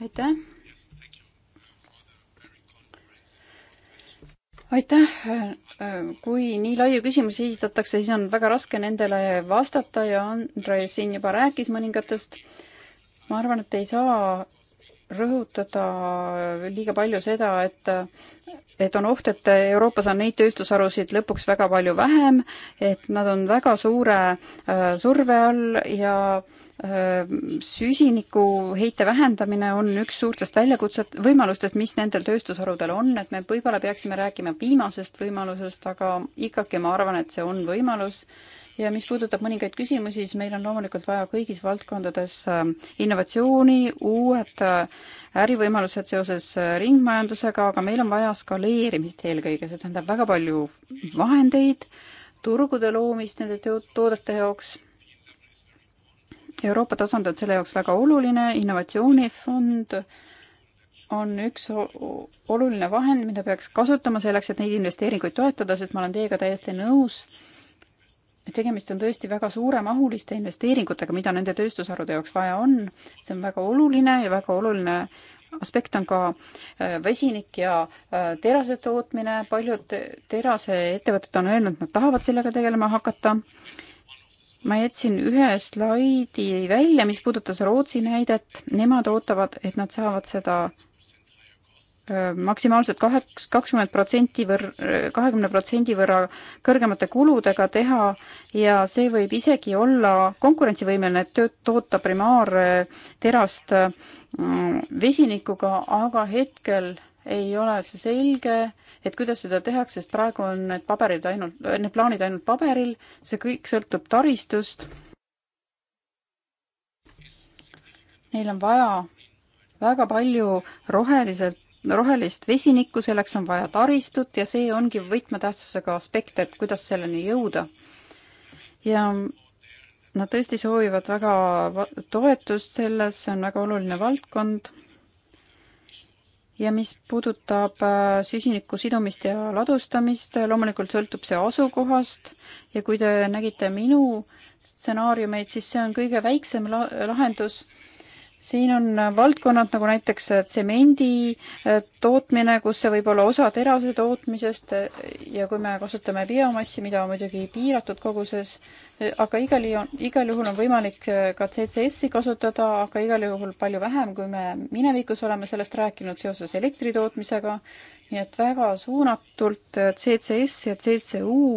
aitäh! aitäh kui nii laiu küsimusi esitatakse, siis on väga raske nendele vastata ja Andre siin juba rääkis mõningatest. ma arvan, et ei saa rõhutada liiga palju seda, et et on oht, et Euroopas on neid tööstusharusid lõpuks väga palju vähem, et nad on väga suure äh, surve all ja äh, süsinikuheite vähendamine on üks suurtest väljakutset, võimalustest, mis nendel tööstusharudel on, et me võib-olla peaksime rääkima viimasest võimalusest, aga ikkagi ma arvan, et see on võimalus. ja mis puudutab mõningaid küsimusi, siis meil on loomulikult vaja kõigis valdkondades innovatsiooni, uued ärivõimalused seoses ringmajandusega, aga meil on vaja skaleerimist eelkõige, see tähendab väga palju vahendeid, turgude loomist nende toodete jaoks Euroopa tasand on selle jaoks väga oluline, innovatsioonifond on üks oluline vahend, mida peaks kasutama selleks, et neid investeeringuid toetada, sest ma olen teiega täiesti nõus, tegemist on tõesti väga suuremahuliste investeeringutega, mida nende tööstusharude jaoks vaja on. see on väga oluline ja väga oluline aspekt on ka äh, vesinik ja äh, terase tootmine, paljud teraseettevõtted on öelnud, nad tahavad sellega tegelema hakata ma jätsin ühe slaidi välja, mis puudutas Rootsi näidet, nemad ootavad, et nad saavad seda maksimaalselt kaheks, kakskümmend protsenti võr-, kahekümne protsendi võrra kõrgemate kuludega teha ja see võib isegi olla konkurentsivõimeline, et tööd toota primaarterast mm, vesinikuga, aga hetkel äh, ei ole see selge, et kuidas seda tehakse, sest praegu on need paberid ainult, need plaanid ainult paberil, see kõik sõltub taristust. Neil on vaja väga palju roheliselt, rohelist vesinikku, selleks on vaja taristut ja see ongi võtmetähtsusega aspekt, et kuidas selleni jõuda. ja nad tõesti soovivad väga toetust selles, see on väga oluline valdkond ja mis puudutab äh, süsiniku sidumist ja ladustamist, loomulikult sõltub see asukohast ja kui te nägite minu stsenaariumeid, siis see on kõige väiksem la lahendus siin on äh, valdkonnad nagu näiteks äh, tsemendi äh, tootmine, kus see võib olla osa terase tootmisest ja kui me kasutame biomassi, mida muidugi piiratud koguses, aga igal juhul, igal juhul on võimalik ka CCS-i kasutada, aga igal juhul palju vähem, kui me minevikus oleme sellest rääkinud seoses elektri tootmisega. nii et väga suunatult CCS ja CCU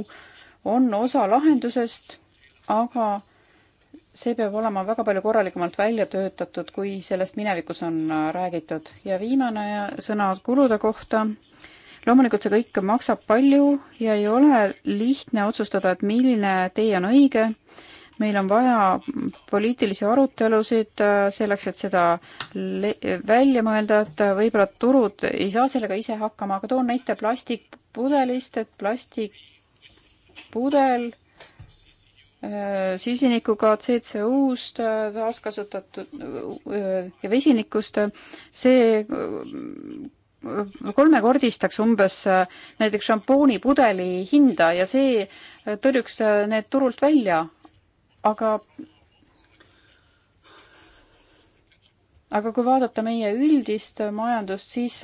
on osa lahendusest, aga see peab olema väga palju korralikumalt välja töötatud, kui sellest minevikus on äh, räägitud. ja viimane sõna kulude kohta. loomulikult see kõik maksab palju ja ei ole lihtne otsustada, et milline tee on õige. meil on vaja poliitilisi arutelusid äh, selleks, et seda välja mõelda, et äh, võib-olla turud ei saa sellega ise hakkama, aga toon näite plastikpudelist, et plastikpudel süsinikuga, CCU-st, äh, taaskasutatud äh, ja vesinikust, see äh, kolmekordistaks umbes näiteks šampoonipudeli hinda ja see tõrjuks need turult välja. aga, aga kui vaadata meie üldist majandust, siis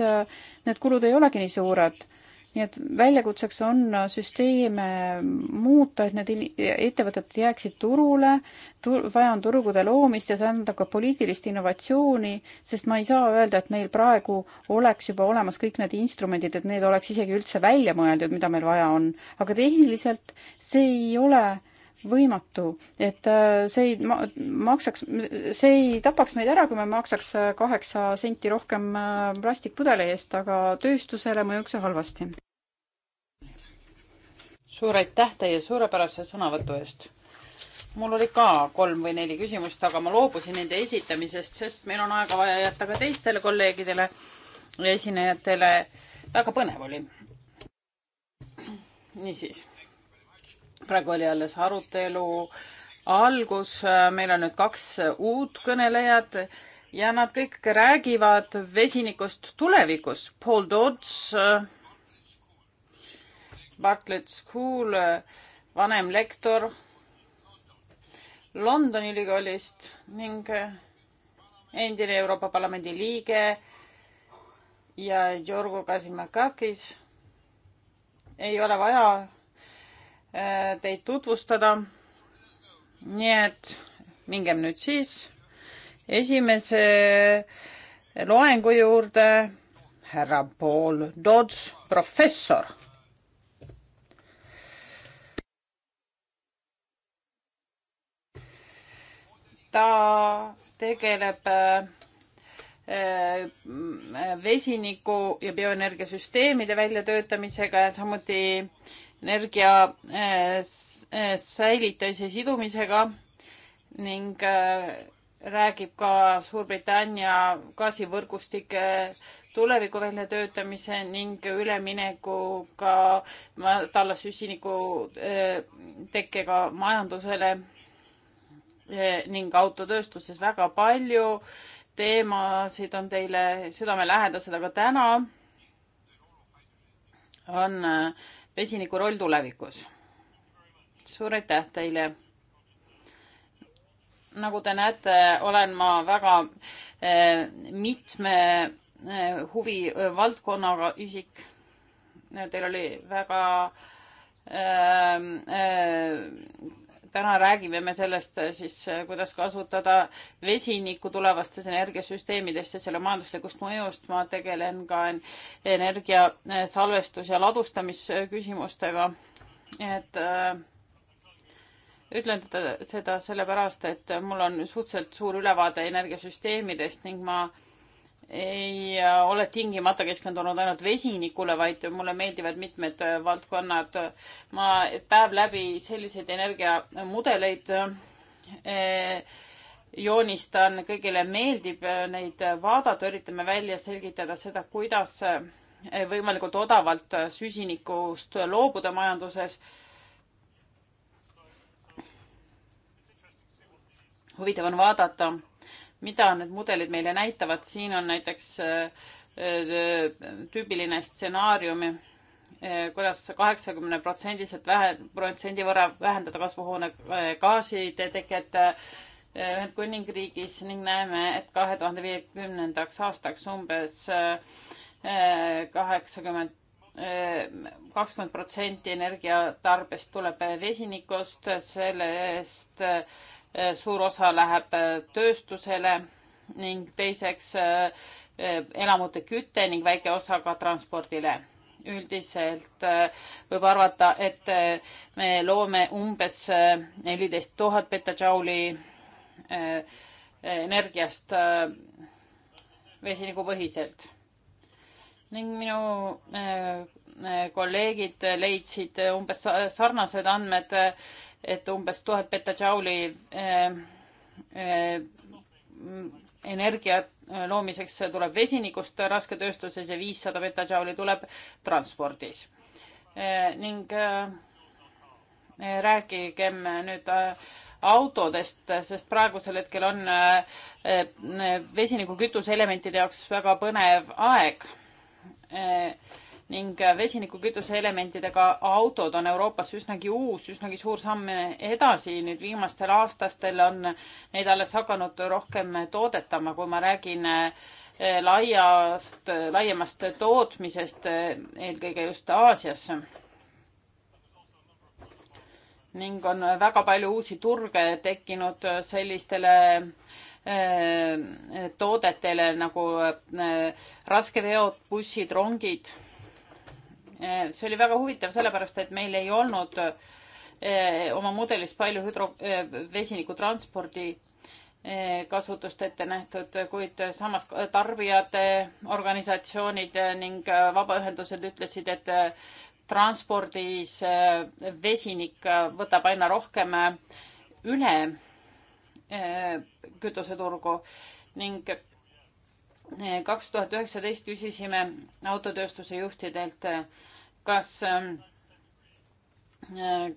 need kulud ei olegi nii suured nii et väljakutseks on äh, süsteeme muuta, et need ettevõtted jääksid turule tur, vaja on turgude loomist ja see tähendab ka poliitilist innovatsiooni, sest ma ei saa öelda, et meil praegu oleks juba olemas kõik need instrumendid, et need oleks isegi üldse välja mõeldud, mida meil vaja on. aga tehniliselt see ei ole äh, võimatu, et äh, see ei ma-, maksaks, see ei tapaks meid ära, kui me maksaks äh, kaheksa senti rohkem äh, plastikpudeli eest, aga tööstusele mõjuks see halvasti. suur aitäh teie suurepärase sõnavõtu eest. mul oli ka kolm või neli küsimust, aga ma loobusin nende esitamisest, sest meil on aega vaja jätta ka teistele kolleegidele ja esinejatele. väga põnev oli. niisiis praegu oli alles arutelu algus, meil on nüüd kaks uut kõnelejat ja nad kõik räägivad vesinikust tulevikus. Paul Dodds, Bartlett School, vanem lektor Londoni ülikoolist ning endine Euroopa Parlamendi liige ja Jorgo Kasimakakis. ei ole vaja Äh, teid tutvustada. nii et mingem nüüd siis esimese loengu juurde. härra Paul Dodds, professor. ta tegeleb äh, vesiniku ja bioenergiasüsteemide väljatöötamisega ja samuti energia eh, eh, säilitamise sidumisega ning eh, räägib ka Suurbritannia gaasivõrgustike tuleviku väljatöötamise ning üleminekuga madala süsiniku tekkega majandusele ning autotööstuses väga palju teemasid on teile südamelähedased, aga täna on vesiniku roll tulevikus. suur aitäh teile. nagu te näete, olen ma väga eh, mitme eh, huvivaldkonnaga eh, isik. Teil oli väga täna räägime me sellest äh, siis, äh, kuidas kasutada vesinikku tulevastes energiasüsteemides ja selle majanduslikust mõjust. ma tegelen ka energia äh, salvestus ja ladustamisküsimustega. et ütlen seda sellepärast, et mul on suhteliselt suur ülevaade energiasüsteemidest ning ma äh, ei äh, ole tingimata keskendunud ainult vesinikule, vaid mulle meeldivad mitmed äh, valdkonnad. ma päev läbi selliseid energiamudeleid äh, joonistan, kõigile meeldib neid vaadata, üritame välja selgitada seda, kuidas võimalikult odavalt süsinikust loobuda majanduses. huvitav on vaadata mida need mudelid meile näitavad, siin on näiteks äh, äh, tüüpiline stsenaarium, äh, kuidas kaheksakümne protsendiliselt vähe, protsendi võrra vähendada kasvuhoonegaaside teket Ühendkuningriigis ning näeme, et kahe tuhande viiekümnendaks aastaks umbes kaheksakümmend, kakskümmend protsenti energiatarbest tuleb vesinikust, sellest Eh, suur osa läheb eh, tööstusele ning teiseks eh, elamute küte ning väike osa ka transpordile. üldiselt võib arvata, et me loome umbes neliteist tuhat petajouli energiast vesinikupõhiselt. ning minu kolleegid leidsid umbes sarnased andmed et umbes tuhat petajouli äh, eh, äh, eh, energia eh, loomiseks tuleb vesinikust rasketööstuses ja viissada petajouli tuleb transpordis äh,. ning rääkigem nüüd autodest, sest praegusel hetkel on vesinikukütuse elementide jaoks väga põnev aeg ning vesinikukütuse elementidega autod on Euroopas üsnagi uus, üsnagi suur samm edasi. nüüd viimastel aastastel on neid alles hakanud rohkem toodetama, kui ma räägin eh, laiast, laiemast tootmisest, eh, eelkõige just Aasias. ning on väga palju uusi turge tekkinud sellistele eh, toodetele nagu raskeveod, bussid, rongid Eh, see oli väga huvitav, sellepärast et meil ei olnud eh, oma mudelis palju hüdro, eh, vesinikutranspordi kasutust ette nähtud, kuid samas tarbijate organisatsioonid ning vabaühendused ütlesid, et transpordis vesinik võtab aina rohkem üle kütuseturgu ning kaks tuhat üheksateist küsisime autotööstuse juhtidelt, kas, ähm,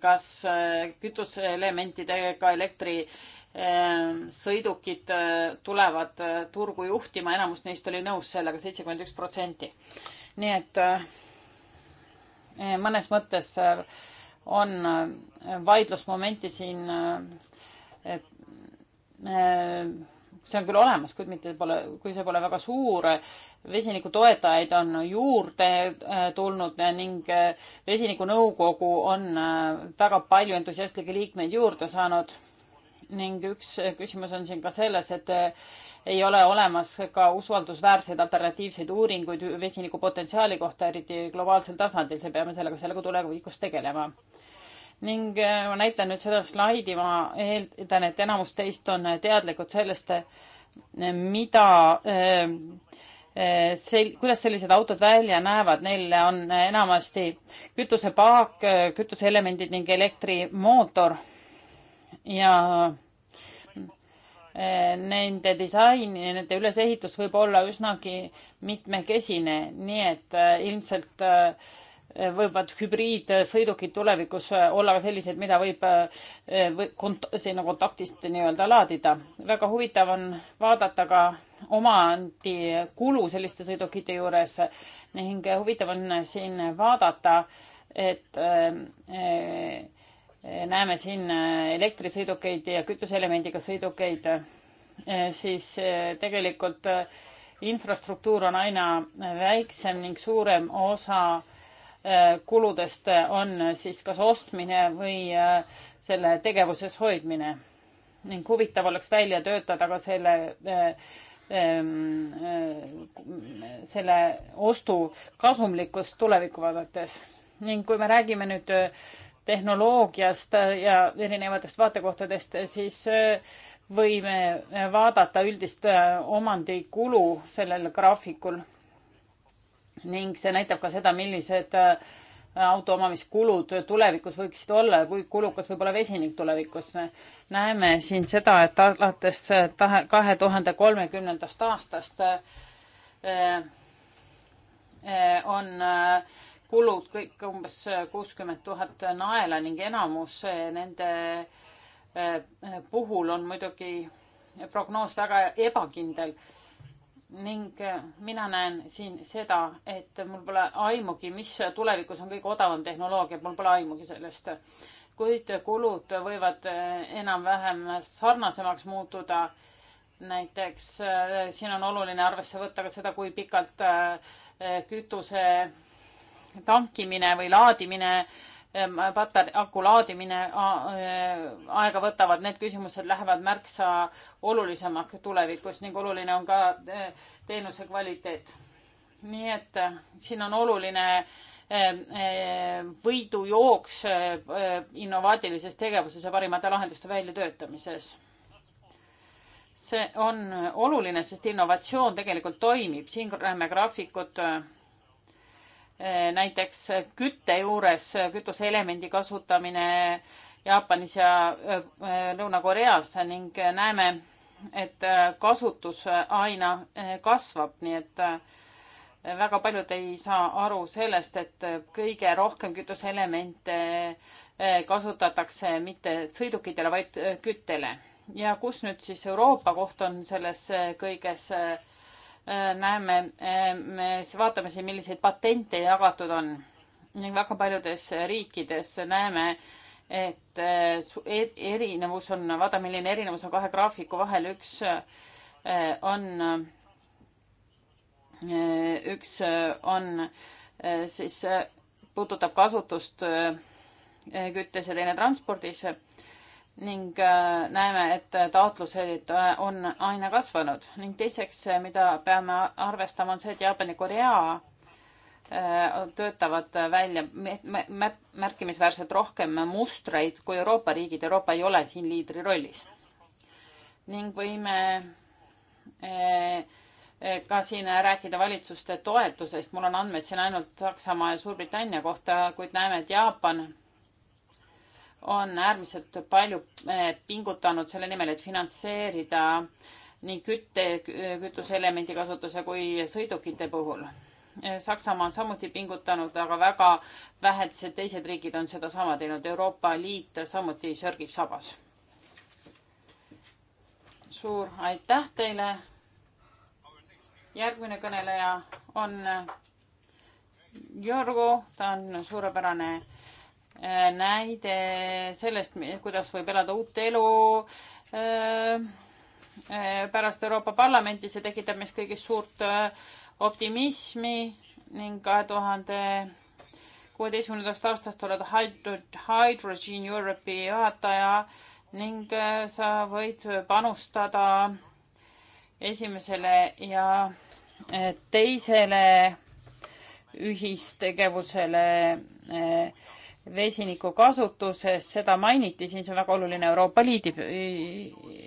kas äh, kütuseelementidega elektrisõidukid ähm, äh, tulevad äh, turgu juhtima, enamus neist oli nõus sellega, seitsekümmend üks protsenti. nii et mõnes mõttes on vaidlusmomenti siin see on küll olemas, kuid mitte pole, kui see pole väga suur, vesiniku toetajaid on juurde äh, tulnud ning äh, vesiniku nõukogu on äh, väga palju entusiastlikke liikmeid juurde saanud. ning üks küsimus on siin ka selles, et ei ole olemas ka usaldusväärseid alternatiivseid uuringuid vesiniku potentsiaali kohta, eriti globaalsel tasandil, see peame sellega, sellega tulevikus tegelema ning ma näitan nüüd seda slaidi, ma eeldan, et enamus teist on teadlikud sellest, mida äh, Eh, sel-, kuidas sellised autod välja näevad, neil on enamasti kütusepaak, eh, kütuseelemendid ning elektrimootor ja eh, nende disain ja nende ülesehitus võib olla üsnagi mitmekesine, nii et ilmselt äh, võivad hübriidsõidukid tulevikus olla ka sellised, mida võib, eh, võib kont-, sinna kontaktist nii-öelda laadida. väga huvitav on vaadata ka omandikulu selliste sõidukite juures ning huvitav on siin vaadata, et eh, näeme siin elektrisõidukeid ja kütuseelemendiga sõidukeid, eh, siis tegelikult infrastruktuur on aina väiksem ning suurem osa Äh, kuludest äh, on siis kas ostmine või äh, selle tegevuses hoidmine. ning huvitav oleks välja töötada ka selle ähm, selle ostu kasumlikkust tulevikku vaadates ning kui me räägime nüüd tehnoloogiast ja erinevatest vaatekohtadest, siis võime vaadata üldist omandikulu sellel graafikul ning see näitab ka seda, millised äh, auto omamiskulud tulevikus võiksid olla ja kui kulukas võib olla vesinik tulevikus. näeme siin seda, et alates äh, kahe tuhande kolmekümnendast aastast äh, on kulud kõik umbes kuuskümmend tuhat naela ning enamus nende puhul on muidugi prognoos väga ebakindel ning äh, mina näen siin seda, et mul pole aimugi, mis tulevikus on kõige odavam tehnoloogia, mul pole aimugi sellest. kuid kulud võivad äh, enam-vähem sarnasemaks muutuda. näiteks äh, siin on oluline arvesse võtta ka seda, kui pikalt kütuse tankimine või laadimine patar-, aku laadimine e, aega võtavad, need küsimused lähevad märksa olulisemaks tulevikus ning oluline on ka e, teenuse kvaliteet. nii et e, siin on oluline võidujooks innovaatilises tegevuses ja parimate lahenduste väljatöötamises. see on oluline, sest innovatsioon tegelikult toimib, siin näeme graafikut Eh, näiteks kütte juures eh, kütuseelemendi kasutamine Jaapanis ja eh, Lõuna-Koreas ning näeme, et kasutus aina kasvab, nii et väga paljud ei saa aru sellest, et kõige rohkem kütuseelemente kasutatakse mitte sõidukitele, vaid küttele. ja kus nüüd siis Euroopa koht on selles kõiges äh, näeme, me vaatame siin, milliseid patente jagatud on ning väga paljudes riikides näeme, et erinevus on, vaata, milline erinevus on kahe graafiku vahel, üks eh, on, eh, üks on eh, siis puudutab kasutust küttes ja teine transpordis ning äh, näeme, et taotlused äh, on aina kasvanud ning teiseks, äh, mida peame arvestama, on see, et Jaapan ja Korea töötavad välja märkimisväärselt rohkem mustreid kui Euroopa riigid. Euroopa ei ole siin liidri rollis. ning võime ka siin rääkida valitsuste toetusest. mul on andmed siin ainult Saksamaa ja Suurbritannia kohta, kuid näeme, et Jaapan on äärmiselt palju eh, pingutanud selle nimel, et finantseerida nii kütte, kütuseelemendi kasutuse kui sõidukite puhul. Eh, Saksamaa on samuti pingutanud, aga väga vähesed teised riigid on sedasama teinud. Euroopa Liit samuti sörgib sabas. suur aitäh teile. järgmine kõneleja on Jorgo, ta on suurepärane näide sellest, kuidas võib elada uut elu äh, äh, pärast Euroopa Parlamenti, see tekitab meis kõigis suurt äh, optimismi ning kahe tuhande kuueteistkümnendast aastast oled Hydrogen Europe'i juhataja ning sa võid panustada esimesele ja teisele ühistegevusele eh, vesiniku kasutuses, seda mainiti, siin see on väga oluline Euroopa Liidi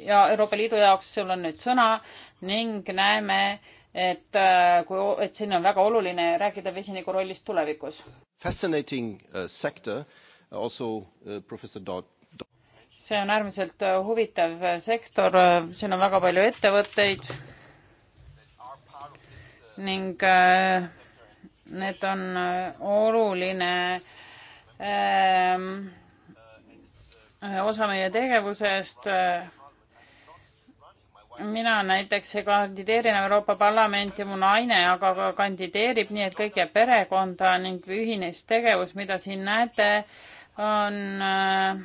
ja Euroopa Liidu jaoks sul on nüüd sõna ning näeme, et äh, kui, et siin on väga oluline rääkida vesiniku rollist tulevikus. Fascinating äh, sector, also äh, professor Dodd see on äärmiselt huvitav sektor, siin on väga palju ettevõtteid ning need on oluline äh, Ehm, osa meie tegevusest. Eh, mina näiteks kandideerin Euroopa Parlamenti, mu naine aga ka kandideerib, nii et kõige perekonda ning ühinestegevus, mida siin näete, on eh,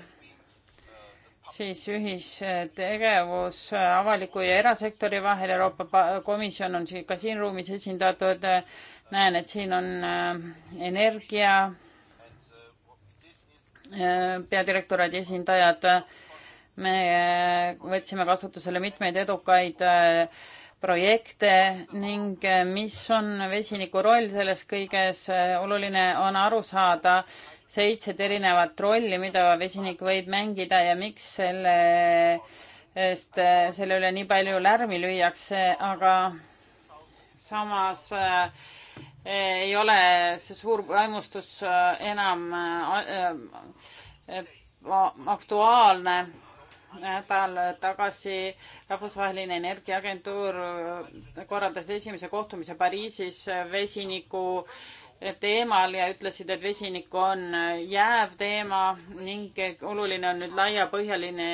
siis ühistegevus avaliku ja erasektori vahel. Euroopa Komisjon on siin ka siin ruumis esindatud. näen, et siin on eh, energia Äh, peadirektoraadi esindajad. me võtsime kasutusele mitmeid edukaid äh, projekte ning äh, mis on vesiniku roll selles kõiges, oluline on aru saada seitset erinevat rolli, mida vesinik võib mängida ja miks selle sest selle üle nii palju lärmi lüüakse, aga samas äh, ei ole see suur vaimustus äh, enam äh, äh, aktuaalne. nädal tagasi Rahvusvaheline Energiaagentuur korraldas esimese kohtumise Pariisis vesiniku teemal ja ütlesid, et vesinik on jääv teema ning oluline on nüüd laiapõhjaline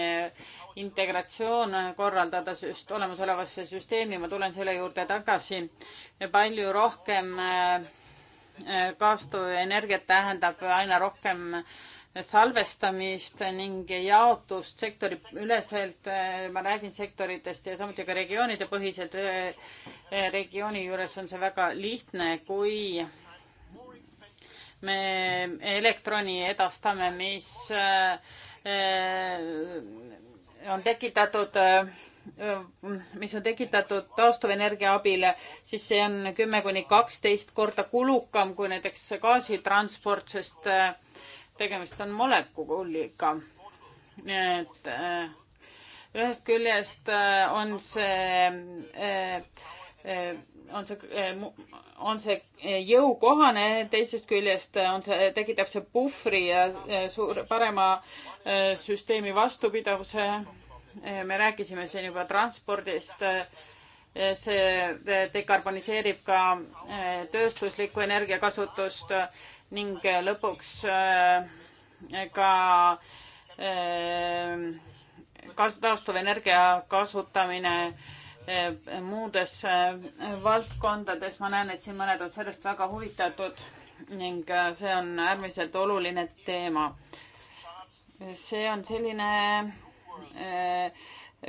integratsioon korraldada süst, olemasolevasse süsteemi, ma tulen selle juurde tagasi, palju rohkem kaastuvenergiat äh, äh, tähendab aina rohkem salvestamist ning jaotust sektoriüleselt, äh, ma räägin sektoritest ja samuti ka regioonide põhiselt. regiooni juures on see väga lihtne, kui me elektroni edastame, mis on tekitatud, äh, mis on tekitatud taastuvenergia abil, siis see on kümme kuni kaksteist korda kulukam kui näiteks gaasitransport, sest äh, tegemist on molekuliga. nii et äh, ühest küljest on see, on see on see eh, jõukohane, teisest küljest eh, on see, eh, tekitab see puhvri ja suur, parema süsteemi vastupidavuse. me rääkisime siin juba transpordist. see dekarboniseerib ka tööstuslikku energiakasutust ning lõpuks ka kas taastuvenergia kasutamine äh, Eh, muudes eh, valdkondades. ma näen, et siin mõned on sellest väga huvitatud ning eh, see on äärmiselt oluline teema. see on selline äh,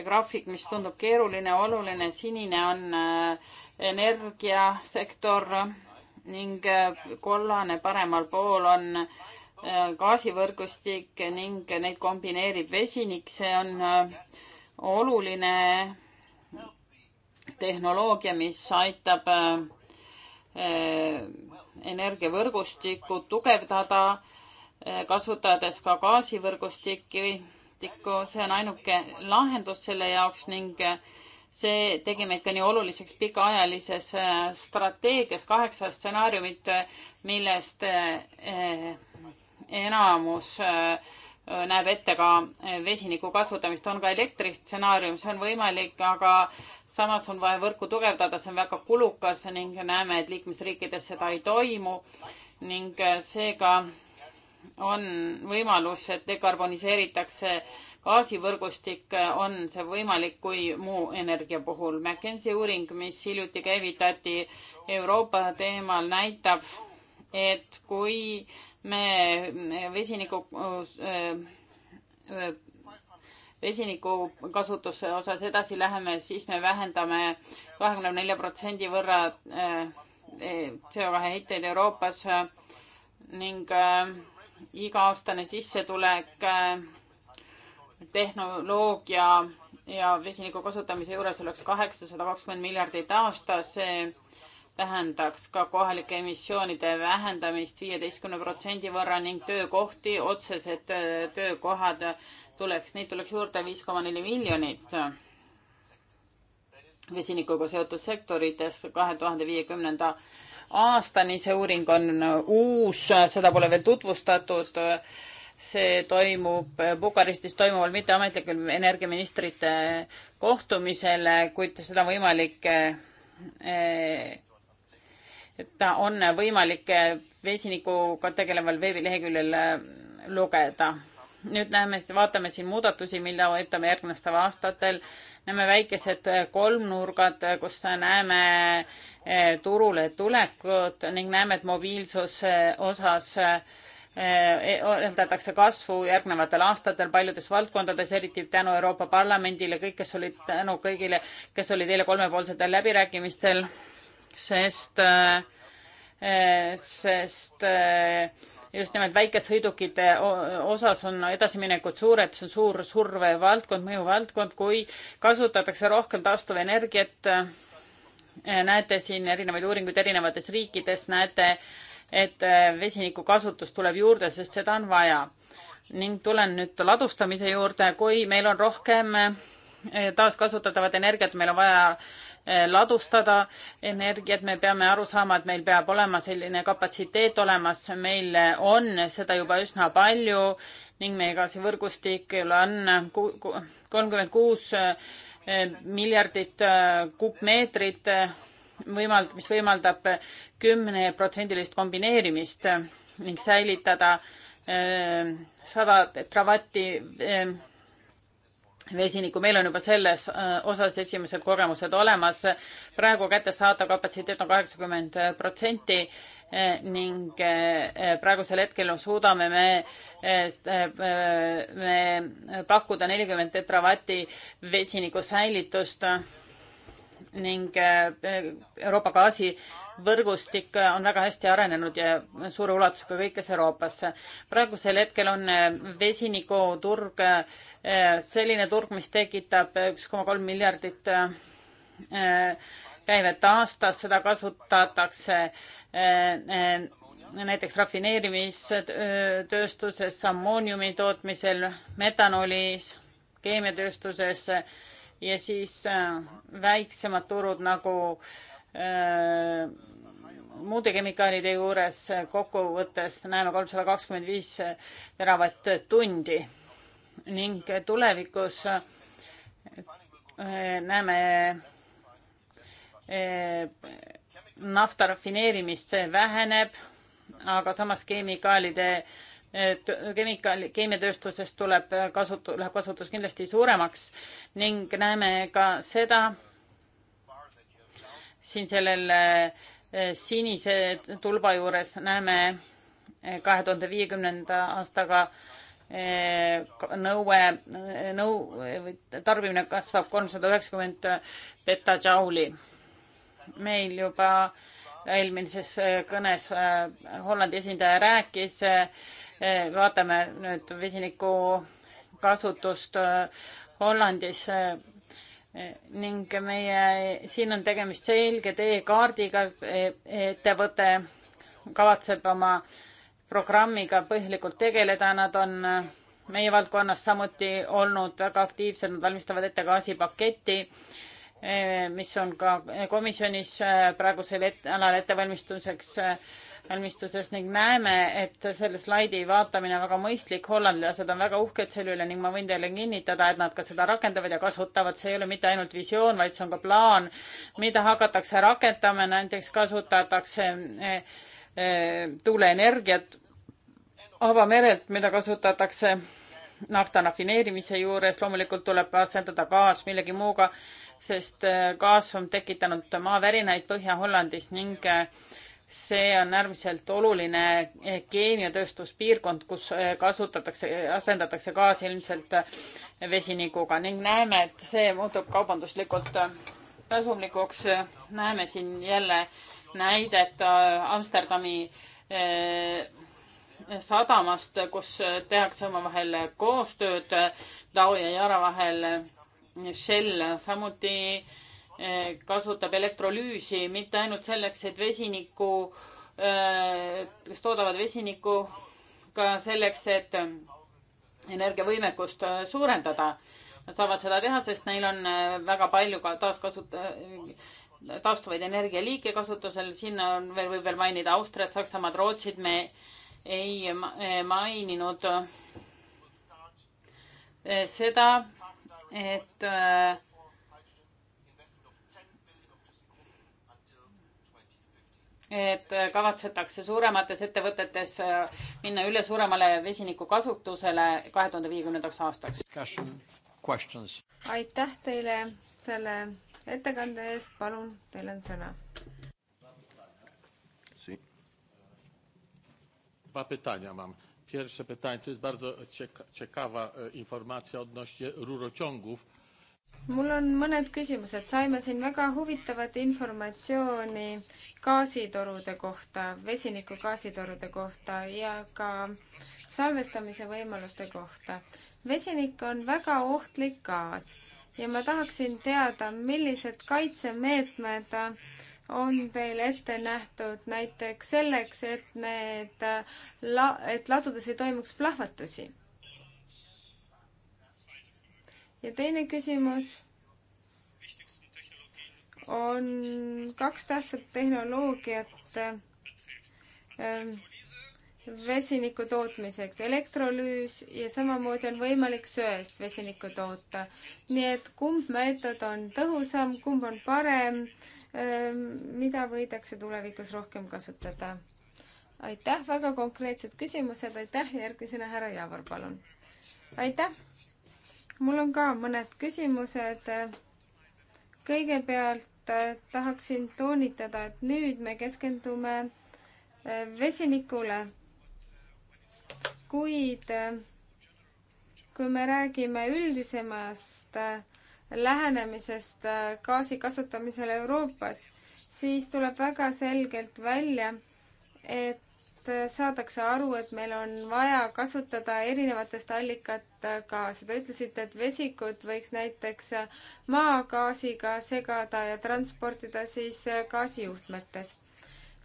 graafik, mis tundub keeruline, oluline, sinine on äh, energiasektor ning äh, kollane paremal pool on gaasivõrgustik ning neid kombineerib vesinik, see on oluline tehnoloogia, mis aitab äh, äh, energiavõrgustikku tugevdada, äh, kasutades ka gaasivõrgustikku. see on ainuke lahendus selle jaoks ning see tegi meid ka nii oluliseks pikaajalises strateegias, kaheksa stsenaariumit, millest enamus Äh, näeb ette ka äh, vesiniku kasutamist, on ka elektristsenaarium, see on võimalik, aga samas on vaja võrku tugevdada, see on väga kulukas ning näeme, et liikmesriikides seda ei toimu ning äh, seega on võimalus, et dekarboniseeritakse gaasivõrgustik, on see võimalik kui muu energia puhul. McKenzie uuring, mis hiljuti käivitati Euroopa teemal, näitab, et kui äh, me vesiniku äh, vesiniku kasutuse osas edasi läheme, siis me vähendame kahekümne nelja protsendi võrra äh, äh, CO2 heiteid Euroopas ning iga-aastane sissetulek tehnoloogia ja vesiniku kasutamise juures oleks kaheksasada kakskümmend miljardit aastas. see tähendaks ka kohalike emissioonide vähendamist viieteistkümne protsendi võrra ning töökohti, otsesed äh, töökohad tuleks, neid tuleks juurde viis koma neli miljonit vesinikuga seotud sektorites kahe tuhande viiekümnenda aastani. see uuring on uus, seda pole veel tutvustatud. see toimub Bukarestis toimuval mitteametlikul energiaministrite kohtumisel, kuid seda on võimalik äh, et ta on võimalik vesinikuga tegeleval veebileheküljel äh, lugeda. nüüd näeme, vaatame siin muudatusi, mille ootame järgmistel aastatel. näeme väikesed äh, kolmnurgad, äh, kus näeme turule tulekut ning näeme, et mobiilsuse osas eeldatakse kasvu järgnevatel aastatel paljudes valdkondades, eriti tänu Euroopa Parlamendile, kõik, kes olid, tänu kõigile, kes olid eile kolmepoolsetel läbirääkimistel sest, äh, sest äh, just nimelt väikesõidukite osas on edasiminekud suured, see on suur survevaldkond, mõjuvaldkond, kui kasutatakse rohkem taastuvenergiat. Äh, näete siin erinevaid uuringuid erinevates riikides, näete, et vesiniku kasutus tuleb juurde, sest seda on vaja. ning tulen nüüd ladustamise juurde, kui meil on rohkem taaskasutatavat energiat, meil on vaja Eh, ladustada energiat, me peame aru saama, et meil peab olema selline kapatsiteet olemas, meil on seda juba üsna palju ning meie gaasivõrgustikul on kolmkümmend kuus eh, miljardit eh, kuupmeetrit võimald-, mis võimaldab kümneprotsendilist kombineerimist ning säilitada sada travatti vesinikku, meil on juba selles äh, osas esimesed kogemused olemas. praegu kättesaadav kapatsiteet on kaheksakümmend äh, protsenti äh, ning praegusel hetkel noh, suudame me, me pakkuda nelikümmend tetravatti vesiniku säilitust ning Euroopa gaasi võrgustik on väga hästi arenenud ja suure ulatusega kõikes Euroopasse. praegusel hetkel on eh, vesinikuturg eh, selline turg, mis tekitab üks koma kolm miljardit eh, käivet aastas, seda kasutatakse näiteks rafineerimistööstuses, ammooniumi tootmisel, metanoolis, keemiatööstuses ja siis väiksemad turud nagu äh, muude kemikaalide juures kokkuvõttes näeme kolmsada kakskümmend viis teravatt-tundi ning tulevikus eh, näeme eh, nafta rafineerimist, see väheneb, aga samas kemikaalide, eh, kemikaal, keemiatööstusest tuleb kasutu-, läheb kasutus kindlasti suuremaks ning näeme ka seda siin sellel Eh, sinise tulba juures näeme eh, kahe tuhande viiekümnenda aastaga eh, nõue, nõu, tarbimine kasvab kolmsada üheksakümmend petajouli. meil juba eelmises kõnes Hollandi esindaja rääkis, vaatame nüüd vesiniku kasutust Hollandis ning meie, siin on tegemist selge teekaardiga, ettevõte kavatseb oma programmiga põhjalikult tegeleda, nad on meie valdkonnas samuti olnud väga aktiivsed, nad valmistavad ette gaasipaketti, mis on ka komisjonis praegusel et, alal ettevalmistuseks äh, ettevalmistuses ning näeme, et selle slaidi vaatamine on väga mõistlik, hollandlased on väga uhked selle üle ning ma võin teile kinnitada, et nad ka seda rakendavad ja kasutavad, see ei ole mitte ainult visioon, vaid see on ka plaan, mida hakatakse rakendama, näiteks kasutatakse eh, eh, tuuleenergiat avamerelt, mida kasutatakse nafta rafineerimise juures, loomulikult tuleb asendada gaas millegi muuga, sest eh, gaas on tekitanud maavärinaid Põhja-Hollandis ning see on äärmiselt oluline keemiatööstuspiirkond, kus eh, kasutatakse, asendatakse gaas ilmselt eh, vesinikuga ning näeme, et see muutub kaubanduslikult kasumlikuks. Eh, näeme siin jälle näidet Amsterdami sadamast, kus tehakse omavahel koostööd Lao ja Yara vahel. Shell samuti äh, Eh, kasutab elektrolüüsi mitte ainult selleks, et vesiniku, eh, kes toodavad vesinikku, ka selleks, et eh, energiavõimekust suurendada. Nad saavad seda teha, sest neil on väga palju ka taaskasut-, taastuvaid energialiike kasutusel, sinna on veel, võib veel mainida Austriat, Saksamaad, Rootsit me ei maininud seda, et äh, et kavatsetakse suuremates ettevõtetes äh, minna üle suuremale vesiniku kasutusele kahe tuhande viiekümnendaks aastaks. aitäh teile selle ettekande eest, palun, teil on sõna. Dwa pytania mam. Pierwsze pytanie to jest bardzo cieka ciekawa e, informacja odnośnie rurociągów mul on mõned küsimused. saime siin väga huvitavat informatsiooni gaasitorude kohta, vesiniku gaasitorude kohta ja ka salvestamise võimaluste kohta. vesinik on väga ohtlik gaas ja ma tahaksin teada, millised kaitsemeetmed on teil ette nähtud näiteks selleks, et need la-, et ladudes ei toimuks plahvatusi ja teine küsimus on kaks tähtsat tehnoloogiat ähm, vesiniku tootmiseks, elektrolüüs ja samamoodi on võimalik söest vesinikku toota. nii et kumb meetod on tõhusam, kumb on parem, ähm, mida võidakse tulevikus rohkem kasutada? aitäh, väga konkreetsed küsimused, aitäh, järgmisena härra Javor, palun. aitäh mul on ka mõned küsimused. kõigepealt äh, tahaksin toonitada, et nüüd me keskendume äh, vesinikule. kuid äh, kui me räägime üldisemast lähenemisest gaasi kasutamisel Euroopas, siis tuleb väga selgelt välja, et saadakse aru, et meil on vaja kasutada erinevatest allikatega, seda ütlesite, et vesikut võiks näiteks maagaasiga segada ja transportida siis gaasijuhtmetes.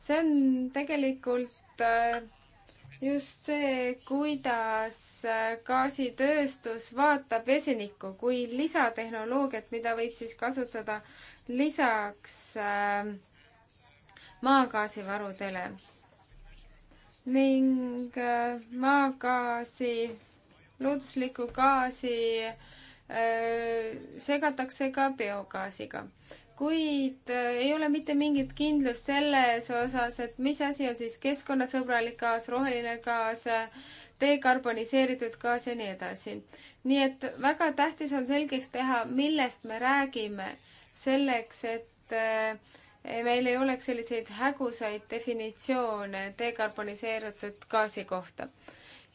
see on tegelikult äh, just see, kuidas äh, gaasitööstus vaatab vesinikku kui lisatehnoloogiat, mida võib siis kasutada lisaks äh, maagaasivarudele ning äh, maagaasi, loodusliku gaasi äh, segatakse ka biogaasiga. kuid äh, ei ole mitte mingit kindlust selles osas, et mis asi on siis keskkonnasõbralik gaas, roheline gaas, dekarboniseeritud gaas ja nii edasi. nii et väga tähtis on selgeks teha, millest me räägime, selleks et äh, Eh, meil ei oleks selliseid hägusaid definitsioone dekarboniseeritud gaasi kohta.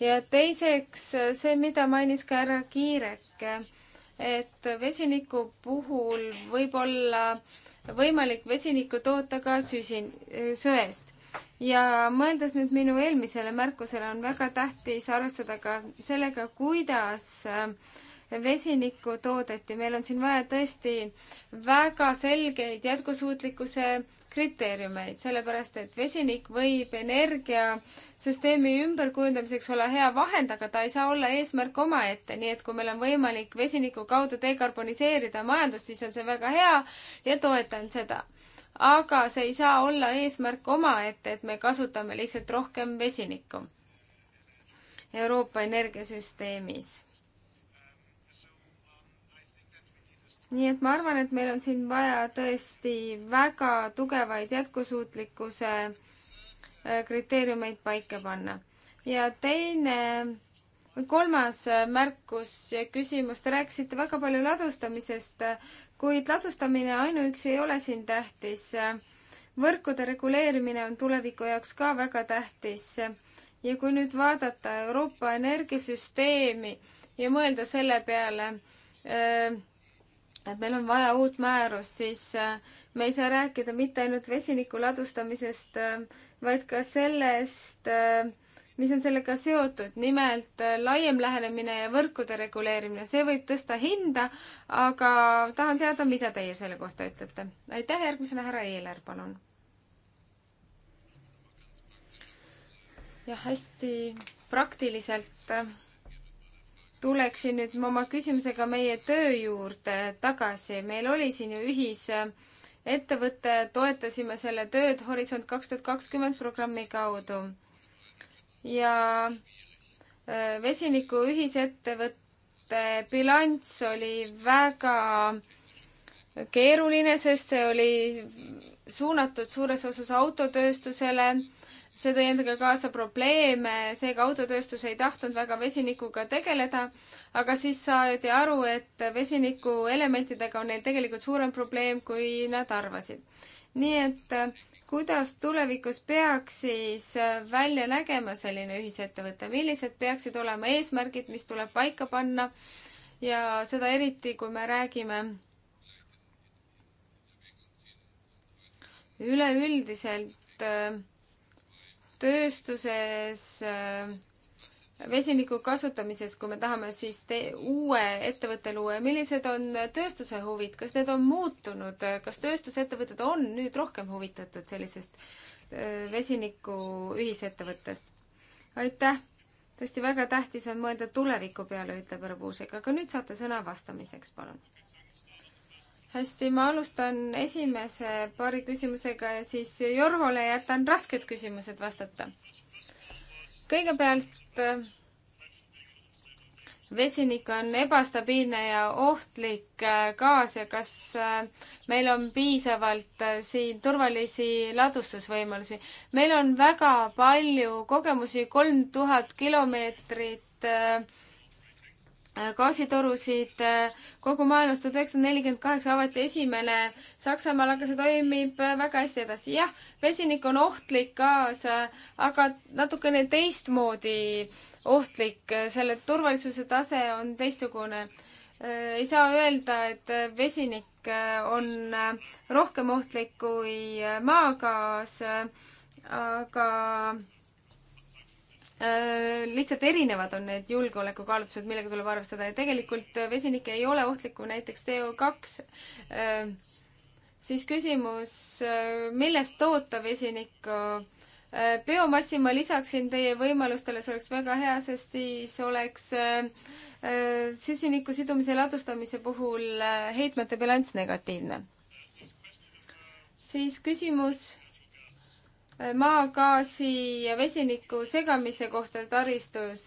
ja teiseks see, mida mainis ka härra Kiirek, et vesiniku puhul võib olla võimalik vesinikku toota ka süsin-, söest. ja mõeldes nüüd minu eelmisele märkusele, on väga tähtis arvestada ka sellega, kuidas äh, vesinikku toodeti. meil on siin vaja tõesti väga selgeid jätkusuutlikkuse kriteeriumeid, sellepärast et vesinik võib energiasüsteemi ümberkujundamiseks olla hea vahend, aga ta ei saa olla eesmärk omaette, nii et kui meil on võimalik vesiniku kaudu dekarboniseerida majandust, siis on see väga hea ja toetan seda. aga see ei saa olla eesmärk omaette, et me kasutame lihtsalt rohkem vesinikku Euroopa energiasüsteemis nii et ma arvan, et meil on siin vaja tõesti väga tugevaid jätkusuutlikkuse äh, kriteeriumeid paika panna. ja teine, kolmas äh, märkus ja küsimus, te rääkisite väga palju ladustamisest, äh, kuid ladustamine ainuüksi ei ole siin tähtis. võrkude reguleerimine on tuleviku jaoks ka väga tähtis. ja kui nüüd vaadata Euroopa energiasüsteemi ja mõelda selle peale, et meil on vaja uut määrust, siis äh, me ei saa rääkida mitte ainult vesiniku ladustamisest, äh, vaid ka sellest, äh, mis on sellega seotud, nimelt laiem lähenemine ja võrkude reguleerimine, see võib tõsta hinda, aga tahan teada, mida teie selle kohta ütlete. aitäh, järgmisena härra Eeler, palun. jah, hästi praktiliselt tuleksin nüüd oma küsimusega meie töö juurde tagasi. meil oli siin ju ühisettevõte, äh, toetasime selle tööd Horisont kaks tuhat kakskümmend programmi kaudu. ja äh, vesiniku ühisettevõtte bilanss oli väga keeruline, sest see oli suunatud suures osas autotööstusele see tõi endaga kaasa probleeme, seega autotööstus ei tahtnud väga vesinikuga tegeleda, aga siis saadi aru, et vesinikuelementidega on neil tegelikult suurem probleem, kui nad arvasid. nii et äh, kuidas tulevikus peaks siis äh, välja nägema selline ühisettevõte, millised peaksid olema eesmärgid, mis tuleb paika panna ja seda eriti, kui me räägime üleüldiselt äh, tööstuses, äh, vesiniku kasutamises, kui me tahame siis te-, uue ettevõtte luua ja millised on tööstuse huvid, kas need on muutunud, kas tööstusettevõtted on nüüd rohkem huvitatud sellisest äh, vesiniku ühisettevõttest? aitäh! tõesti väga tähtis on mõelda tuleviku peale, ütleb härra Puusek, aga nüüd saate sõna vastamiseks, palun hästi, ma alustan esimese paari küsimusega ja siis Jorvole jätan rasked küsimused vastata. kõigepealt vesinik on ebastabiilne ja ohtlik äh, gaas ja kas äh, meil on piisavalt äh, siin turvalisi ladustusvõimalusi? meil on väga palju kogemusi, kolm tuhat kilomeetrit Äh, gaasitorusid äh, kogu maailmas. tuhat üheksasada nelikümmend kaheksa avati esimene Saksamaal, aga see toimib äh, väga hästi edasi. jah, vesinik on ohtlik gaas, aga natukene teistmoodi ohtlik, selle turvalisuse tase on teistsugune. ei saa öelda, et vesinik on rohkem ohtlik kui maagaas, aga Äh, lihtsalt erinevad on need julgeolekukaalutlused, millega tuleb arvestada ja tegelikult äh, vesinik ei ole ohtlik kui näiteks CO2. Äh, siis küsimus, millest toota vesinikku? biomassi ma lisaksin teie võimalustele, see oleks väga hea, sest siis oleks süsiniku sidumise ladustamise puhul heitmete bilanss negatiivne. siis küsimus maagaasi ja vesiniku segamise kohta taristus.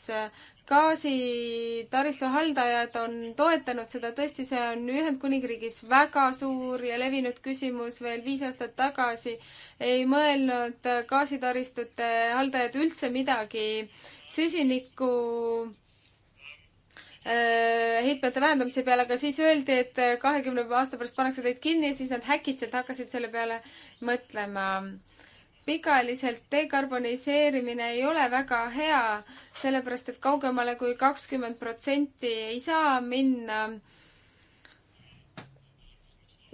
gaasitaristu haldajad on toetanud seda, tõesti, see on Ühendkuningriigis väga suur ja levinud küsimus. veel viis aastat tagasi ei mõelnud gaasitaristute haldajad üldse midagi süsiniku äh, heitmete vähendamise peale, aga siis öeldi, et kahekümne aasta pärast pannakse teid kinni ja siis nad häkitselt hakkasid selle peale mõtlema pikaajaliselt dekarboniseerimine ei ole väga hea, sellepärast et kaugemale kui kakskümmend protsenti ei saa minna.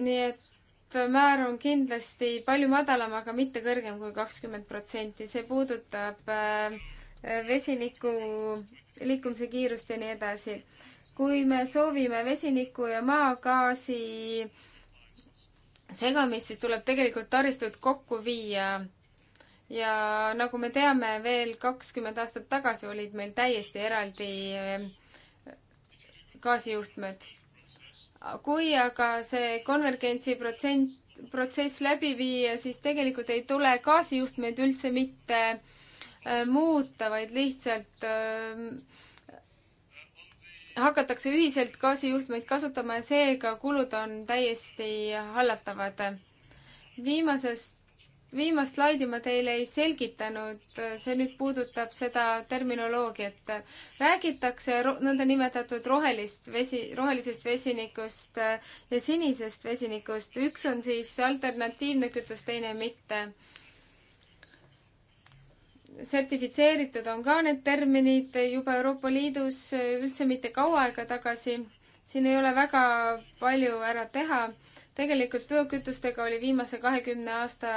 nii et määr on kindlasti palju madalam, aga mitte kõrgem kui kakskümmend protsenti, see puudutab äh, vesiniku liikumise kiirust ja nii edasi. kui me soovime vesiniku ja maagaasi segamist, siis tuleb tegelikult taristud kokku viia ja nagu me teame, veel kakskümmend aastat tagasi olid meil täiesti eraldi eh, gaasijuhtmed. kui aga see konvergentsi protsent, protsess läbi viia, siis tegelikult ei tule gaasijuhtmeid üldse mitte eh, muuta, vaid lihtsalt eh, hakatakse ühiselt gaasijuhtmeid kasutama ja seega kulud on täiesti hallatavad. viimasest viimast slaidi ma teile ei selgitanud, see nüüd puudutab seda terminoloogiat. räägitakse nõndanimetatud rohelist vesi, rohelisest vesinikust ja sinisest vesinikust. üks on siis alternatiivne kütus, teine mitte. sertifitseeritud on ka need terminid juba Euroopa Liidus üldse mitte kaua aega tagasi. siin ei ole väga palju ära teha tegelikult biokütustega oli viimase kahekümne aasta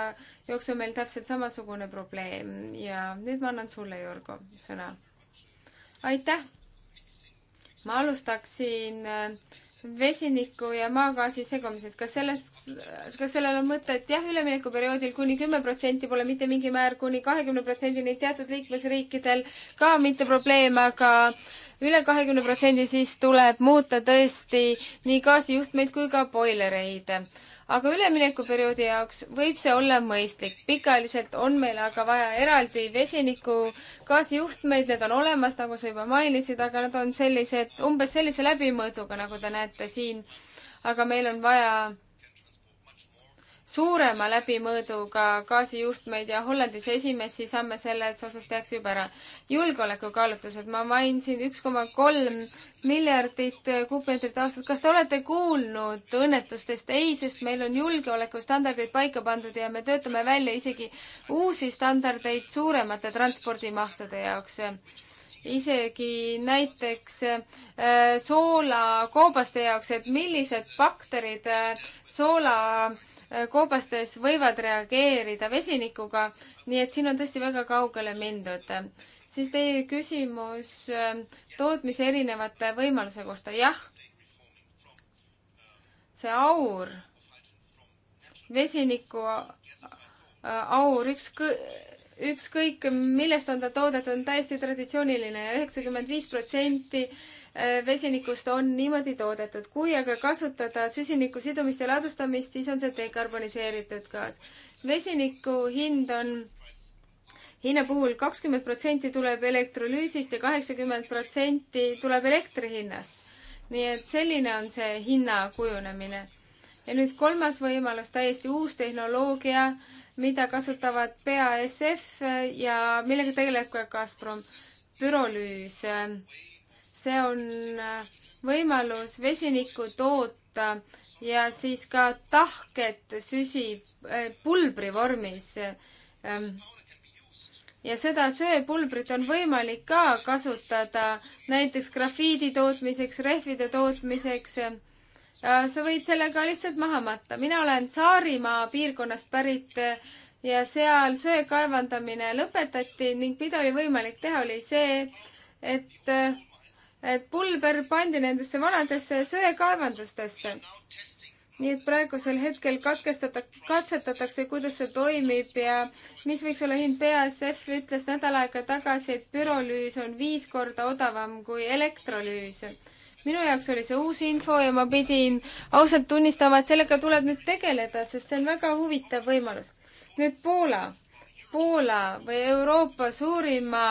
jooksul meil täpselt samasugune probleem ja nüüd ma annan sulle, Jorgo, sõna. aitäh! ma alustaksin äh, vesiniku ja maagaasi segumisest, kas selles, kas sellel on mõtet, jah, üleminekuperioodil kuni kümme protsenti pole mitte mingi määr, kuni kahekümne protsendini teatud liikmesriikidel ka mitte probleem, aga üle kahekümne protsendi, siis tuleb muuta tõesti nii gaasijuhtmeid kui ka boilereid. aga üleminekuperioodi jaoks võib see olla mõistlik. pikaajaliselt on meil aga vaja eraldi vesiniku gaasijuhtmeid, need on olemas, nagu sa juba mainisid, aga nad on sellised, umbes sellise läbimõõduga, nagu te näete siin. aga meil on vaja suurema läbimõõduga gaasijuhtmeid ja Hollandis esimesi samme selles osas tehakse juba ära. julgeolekukaalutlused, ma mainisin üks koma kolm miljardit kuupmeetrit aastas. kas te olete kuulnud õnnetustest? ei, sest meil on julgeolekustandardid paika pandud ja me töötame välja isegi uusi standardeid suuremate transpordimahtude jaoks isegi näiteks äh, soolakoobaste jaoks, et millised bakterid äh, soola äh, Äh, koobastes võivad reageerida vesinikuga, nii et siin on tõesti väga kaugele mindud. siis teie küsimus äh, tootmise erinevate võimaluse kohta, jah. see aur, vesiniku aur, üks kõ-, ükskõik millest on ta toodetud, on täiesti traditsiooniline ja üheksakümmend viis protsenti Äh, vesinikust on niimoodi toodetud. kui aga kasutada süsiniku sidumist ja ladustamist, siis on see dekarboniseeritud gaas. vesiniku hind on hinna puhul kakskümmend protsenti tuleb elektrolüüsist ja kaheksakümmend protsenti tuleb elektri hinnast. nii et selline on see hinna kujunemine. ja nüüd kolmas võimalus, täiesti uus tehnoloogia, mida kasutavad BASF ja millega tegeleb ka Gazprom, pürolüüs see on äh, võimalus vesinikku toota ja siis ka tahket süsi äh, pulbri vormis. Ähm, ja seda söepulbrit on võimalik ka kasutada näiteks grafiidi tootmiseks, rehvide tootmiseks äh, sa võid selle ka lihtsalt maha matta. mina olen Saarimaa piirkonnast pärit ja seal söe kaevandamine lõpetati ning mida oli võimalik teha, oli see, et et pulber pandi nendesse vanadesse söekaevandustesse. nii et praegusel hetkel katkestada, katsetatakse, kuidas see toimib ja mis võiks olla hind. BASF ütles nädal aega tagasi, et pürolüüs on viis korda odavam kui elektrolüüs minu jaoks oli see uus info ja ma pidin ausalt tunnistama, et sellega tuleb nüüd tegeleda, sest see on väga huvitav võimalus. nüüd Poola. Poola või Euroopa suurima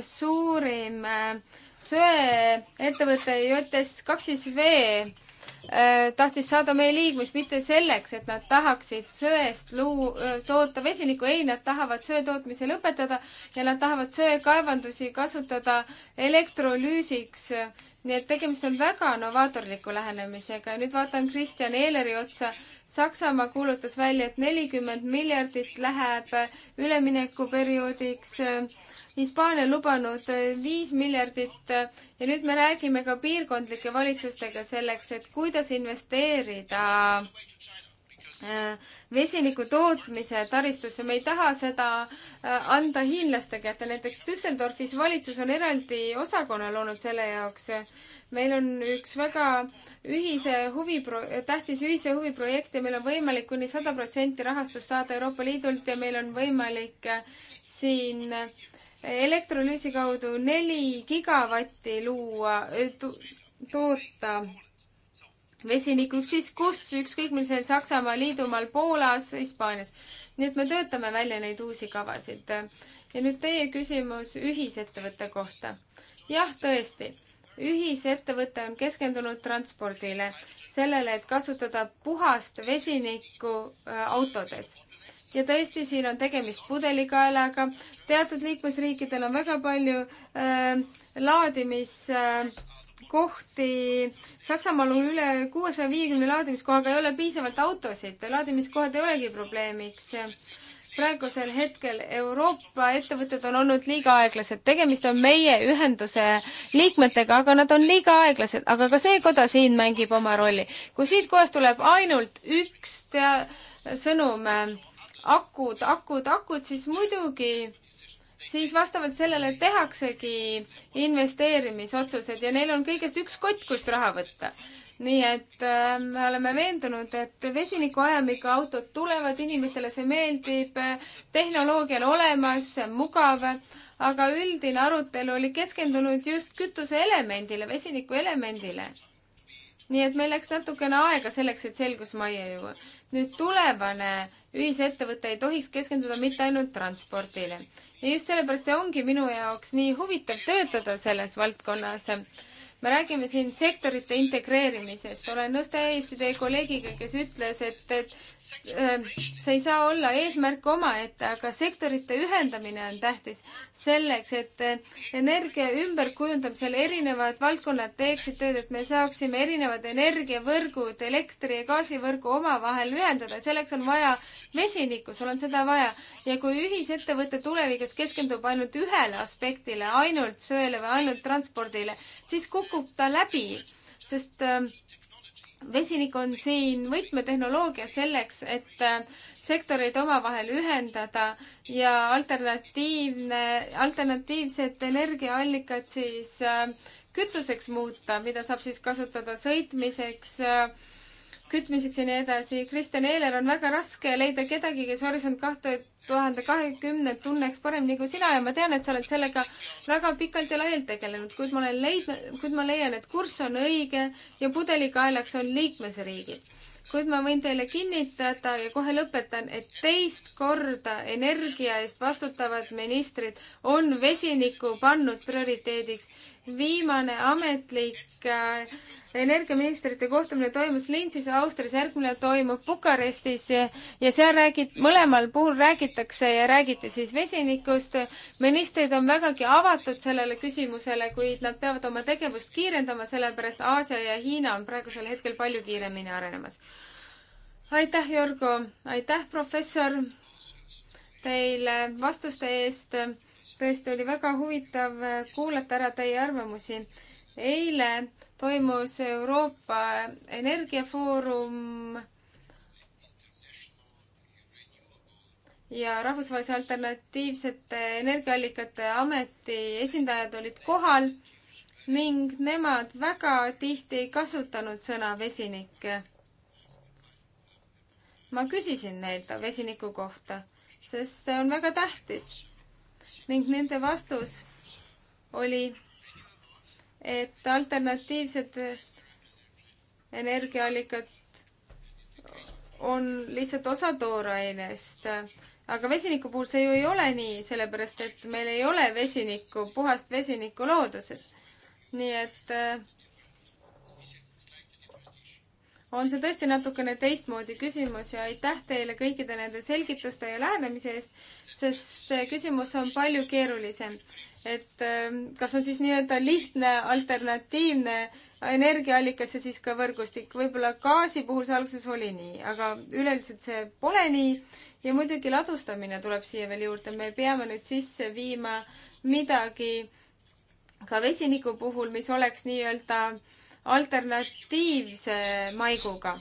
suurim äh, söeettevõte JTS kaksis V äh, tahtis saada meie liikmeks mitte selleks, et nad tahaksid söest luu-, äh, toota vesinikku, ei, nad tahavad söe tootmise lõpetada ja nad tahavad söekaevandusi kasutada elektrolüüsiks. nii et tegemist on väga novaatorliku lähenemisega ja nüüd vaatan Kristjan Ehleri otsa. Saksamaa kuulutas välja, et nelikümmend miljardit läheb üleminekuperioodiks äh, Hispaania lubanud äh, viis miljardit äh, ja nüüd me räägime ka piirkondlike valitsustega selleks, et kuidas investeerida äh, vesiniku tootmise taristusse, me ei taha seda anda hiinlaste kätte, näiteks Düsseldorfis valitsus on eraldi osakonna loonud selle jaoks. meil on üks väga ühise huvi, tähtis ühise huvi projekt ja meil on võimalik kuni sada protsenti rahastust saada Euroopa Liidult ja meil on võimalik siin äh, elektrolüüsi kaudu neli gigavatti luua äh, to, toota vesinikku, ükskõik kus, ükskõik millisel Saksamaal, Liidumaal, Poolas, Hispaanias. nii et me töötame välja neid uusi kavasid. ja nüüd teie küsimus ühisettevõtte kohta. jah, tõesti, ühisettevõte on keskendunud transpordile, sellele, et kasutada puhast vesinikku äh, autodes ja tõesti, siin on tegemist pudelikaelaga. teatud liikmesriikidel on väga palju äh, laadimiskohti äh,. Saksamaal on üle kuuesaja viiekümne laadimiskohaga ei ole piisavalt autosid, laadimiskohad ei olegi probleemiks praegusel hetkel Euroopa ettevõtted on olnud liiga aeglased, tegemist on meie ühenduse liikmetega, aga nad on liiga aeglased, aga ka see koda siin mängib oma rolli. kui siit kohast tuleb ainult üks sõnum akud, akud, akud, siis muidugi siis vastavalt sellele tehaksegi investeerimisotsused ja neil on kõigest üks kott, kust raha võtta. nii et äh, me oleme veendunud, et vesinikuajamiga autod tulevad, inimestele see meeldib, tehnoloogia on olemas, see on mugav, aga üldine arutelu oli keskendunud just kütuseelemendile, vesinikuelemendile nii et meil läks natukene aega selleks, et selgus majja jõua nüüd tulevane ühisettevõte ei tohiks keskenduda mitte ainult transpordile. ja just sellepärast see ongi minu jaoks nii huvitav töötada selles valdkonnas me räägime siin sektorite integreerimisest, olen nõus täiesti teie kolleegiga, kes ütles, et, et äh, see ei saa olla eesmärk omaette, aga sektorite ühendamine on tähtis selleks, et äh, energia ümberkujundamisel erinevad valdkonnad teeksid tööd, et me saaksime erinevad energiavõrgud, elektri ja gaasivõrgu omavahel ühendada, selleks on vaja vesinikku, sul on seda vaja. ja kui ühisettevõte tulevikus keskendub ainult ühele aspektile, ainult söele või ainult transpordile, siis kukub kukub ta läbi, sest äh, vesinik on siin võtmetehnoloogia selleks, et äh, sektoreid omavahel ühendada ja alternatiivne, alternatiivsed energiaallikad siis äh, kütuseks muuta, mida saab siis kasutada sõitmiseks, kütmiseks ja nii edasi. Kristjan Eeler on väga raske leida kedagi, kes Horisont kahte tuhande kahekümne tunneks paremini kui sina ja ma tean, et sa oled sellega väga pikalt ja laialt tegelenud, kuid ma olen leidnud, kuid ma leian, et kurss on õige ja pudelikaelaks on liikmesriigid kuid ma võin teile kinnitada ja kohe lõpetan, et teist korda energia eest vastutavad ministrid on vesiniku pannud prioriteediks viimane ametlik äh, energiaministrite kohtumine toimus Linzis, Austrias, järgmine toimub Bukarestis ja seal räägid, mõlemal puhul räägitakse ja räägiti siis vesinikust. ministrid on vägagi avatud sellele küsimusele, kuid nad peavad oma tegevust kiirendama, sellepärast Aasia ja Hiina on praegusel hetkel palju kiiremini arenemas. aitäh, Jorgo, aitäh, professor, teile vastuste eest tõesti oli väga huvitav äh, kuulata ära teie arvamusi. eile toimus Euroopa Energiafoorum ja Rahvusvahelise Alternatiivsete Energiaallikate Ameti esindajad olid kohal ning nemad väga tihti ei kasutanud sõna vesinik. ma küsisin neilt vesiniku kohta, sest see on väga tähtis ning nende vastus oli, et alternatiivsed energiaallikad on lihtsalt osa toorainest. aga vesiniku puhul see ju ei ole nii, sellepärast et meil ei ole vesinikku, puhast vesinikku looduses. nii et äh, on see tõesti natukene teistmoodi küsimus ja aitäh teile kõikide nende selgituste ja lähenemise eest, sest see küsimus on palju keerulisem. et ähm, kas on siis nii-öelda lihtne alternatiivne energiaallikas ja siis ka võrgustik, võib-olla gaasi puhul see alguses oli nii, aga üleüldiselt see pole nii ja muidugi ladustamine tuleb siia veel juurde, me peame nüüd sisse viima midagi ka vesiniku puhul, mis oleks nii-öelda äh, alternatiivse maiguga.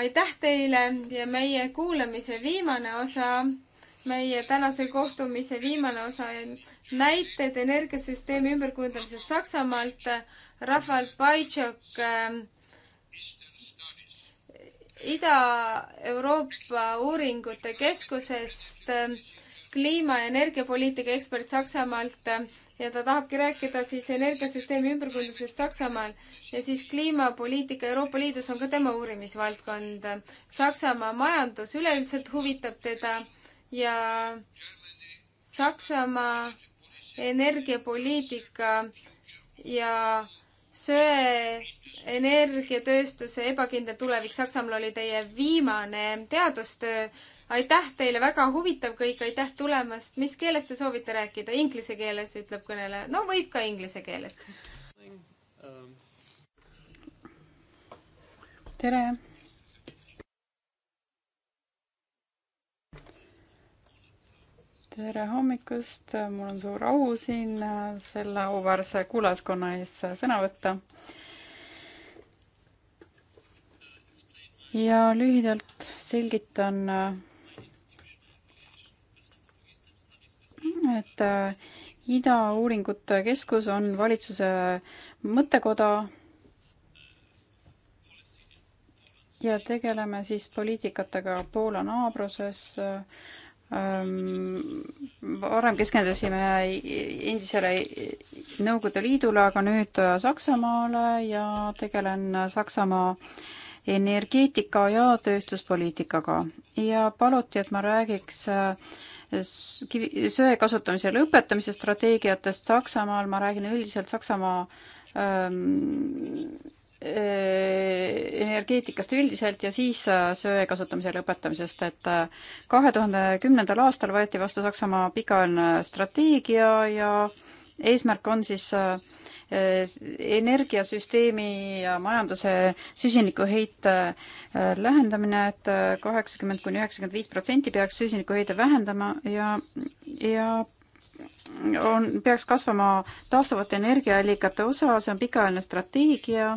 aitäh teile ja meie kuulamise viimane osa, meie tänase kohtumise viimane osa näited energiasüsteemi ümberkujundamisest Saksamaalt. Rafal Paitšok äh, Ida-Euroopa Uuringute Keskusest äh, kliima- ja energiapoliitika ekspert Saksamaalt äh, ja ta tahabki rääkida siis energiasüsteemi ümberkujundamisest Saksamaal ja siis kliimapoliitika Euroopa Liidus on ka tema uurimisvaldkond. Saksamaa majandus üleüldiselt huvitab teda ja Saksamaa energiapoliitika ja söe energiatööstuse ebakindel tulevik Saksamaal oli teie viimane teadustöö aitäh teile, väga huvitav kõik, aitäh tulemast. mis keeles te soovite rääkida? Inglise keeles, ütleb kõneleja. no võib ka inglise keeles. tere. tere hommikust, mul on suur au siin selle auväärse kuulajaskonna ees sõna võtta. ja lühidalt selgitan et äh, idauuringute keskus on valitsuse mõttekoda ja tegeleme siis poliitikatega Poola naabruses. Ähm, varem keskendusime endisele Nõukogude Liidule, aga nüüd Saksamaale ja tegelen Saksamaa energeetika ja tööstuspoliitikaga ja paluti, et ma räägiks äh, kivi, söe kasutamise lõpetamise strateegiatest Saksamaal, ma räägin üldiselt Saksamaa ähm, äh, energeetikast üldiselt ja siis äh, söe kasutamise lõpetamisest, et äh, kahe tuhande kümnendal aastal võeti vastu Saksamaa pikaajaline strateegia ja äh, eesmärk on siis äh, energiasüsteemi ja majanduse süsinikuheite äh, lähendamine et, et äh, kaheksakümmend kuni üheksakümmend viis protsenti peaks süsinikuheide vähendama ja, ja on, peaks kasvama taastuvate energiaallikate osa, see on pikaajaline strateegia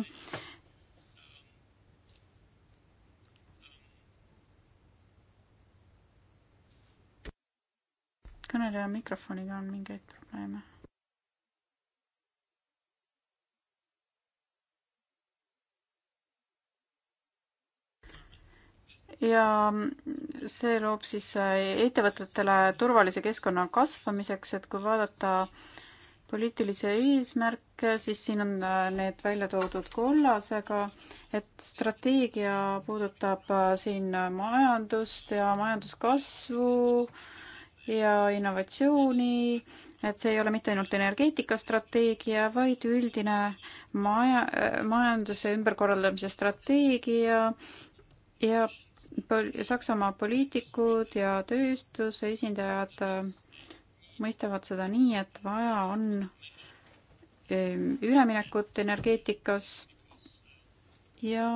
kõneleja mikrofoniga on mingeid probleeme. ja see loob siis äh, ettevõtetele turvalise keskkonna kasvamiseks, et kui vaadata poliitilisi eesmärke, siis siin on äh, need välja toodud kollasega, et strateegia puudutab äh, siin majandust ja majanduskasvu ja innovatsiooni, et see ei ole mitte ainult energeetikastrateegia, vaid üldine maja, majanduse ümberkorraldamise strateegia ja pol-, Saksamaa poliitikud ja tööstuse esindajad äh, mõistavad seda nii, et vaja on ähm, üleminekut energeetikas ja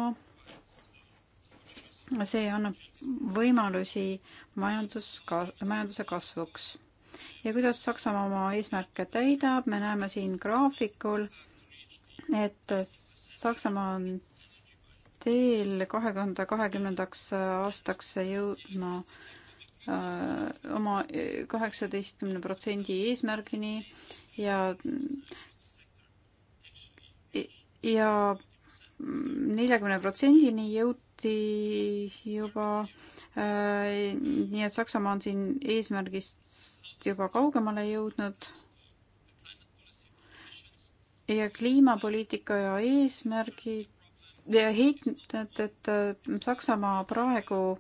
see annab võimalusi majandus, majanduse kasvuks. ja kuidas Saksamaa oma eesmärke täidab, me näeme siin graafikul, et Saksamaa on teel kahe tuhande kahekümnendaks aastaks jõudma äh, oma äh, kaheksateistkümne protsendi eesmärgini ja ja neljakümne protsendini jõuti juba äh,. nii et Saksamaa on siin eesmärgist juba kaugemale jõudnud. ja kliimapoliitika ja eesmärgid heitnud, et äh, Saksamaa praegu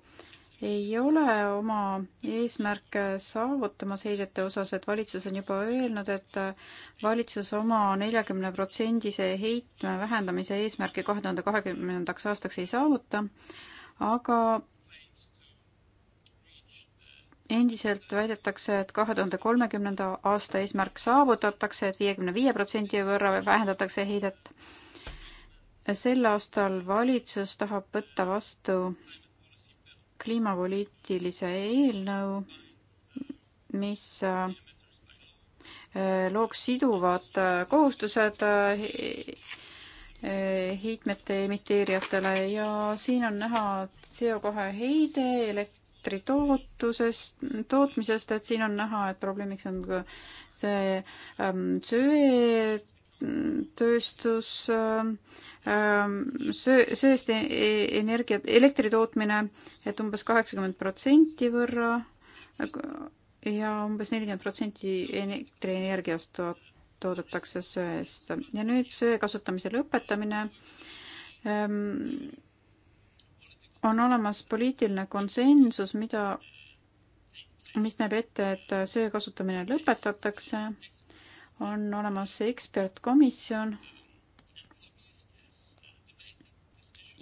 ei ole oma eesmärke saavutamas heidete osas, et valitsus on juba öelnud, et äh, valitsus oma neljakümne protsendise heitme vähendamise eesmärki kahe tuhande kahekümnendaks aastaks ei saavuta, aga endiselt väidetakse, et kahe tuhande kolmekümnenda aasta eesmärk saavutatakse et, et viiekümne viie protsendi võrra vähendatakse heidet sel aastal valitsus tahab võtta vastu kliimapoliitilise eelnõu, mis äh, looks siduvad äh, kohustused äh, heitmete emiteerijatele ja siin on näha CO2 heide elektri tootusest, tootmisest, et siin on näha, et probleemiks on see ähm, söetööstus ähm,, söö, sööst e-, e-, energiat, elektri tootmine, et umbes kaheksakümmend protsenti võrra ja umbes nelikümmend protsenti elektrienergiast toodetakse söest. ja nüüd söe kasutamise lõpetamine. on olemas poliitiline konsensus, mida, mis näeb ette, et söe kasutamine lõpetatakse. on olemas ekspertkomisjon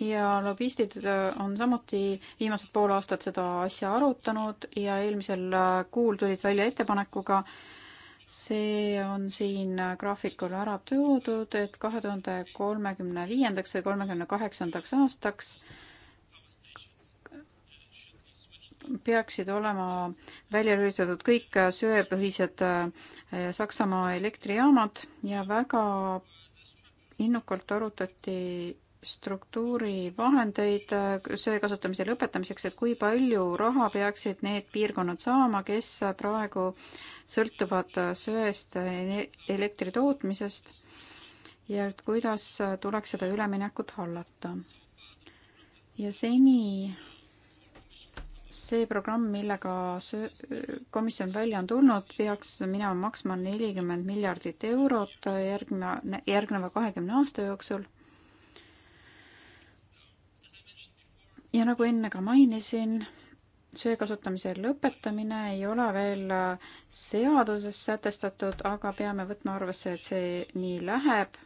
ja lobistid äh, on samuti viimased pool aastat seda asja arutanud ja eelmisel äh, kuul tulid välja ettepanekuga, see on siin äh, graafikul ära toodud, et kahe tuhande kolmekümne viiendaks või kolmekümne kaheksandaks aastaks peaksid olema välja lülitatud kõik söepõhised Saksamaa elektrijaamad ja väga innukalt arutati struktuurivahendeid äh, söe kasutamise lõpetamiseks, et kui palju raha peaksid need piirkonnad saama, kes praegu sõltuvad äh, söest elektri tootmisest ja et kuidas äh, tuleks seda üleminekut hallata. ja seni see programm, millega komisjon välja on tulnud, peaks minema maksma nelikümmend miljardit eurot järgmine, järgneva kahekümne aasta jooksul ja nagu enne ka mainisin, söe kasutamise lõpetamine ei ole veel äh, seaduses sätestatud, aga peame võtma arvesse, et see nii läheb.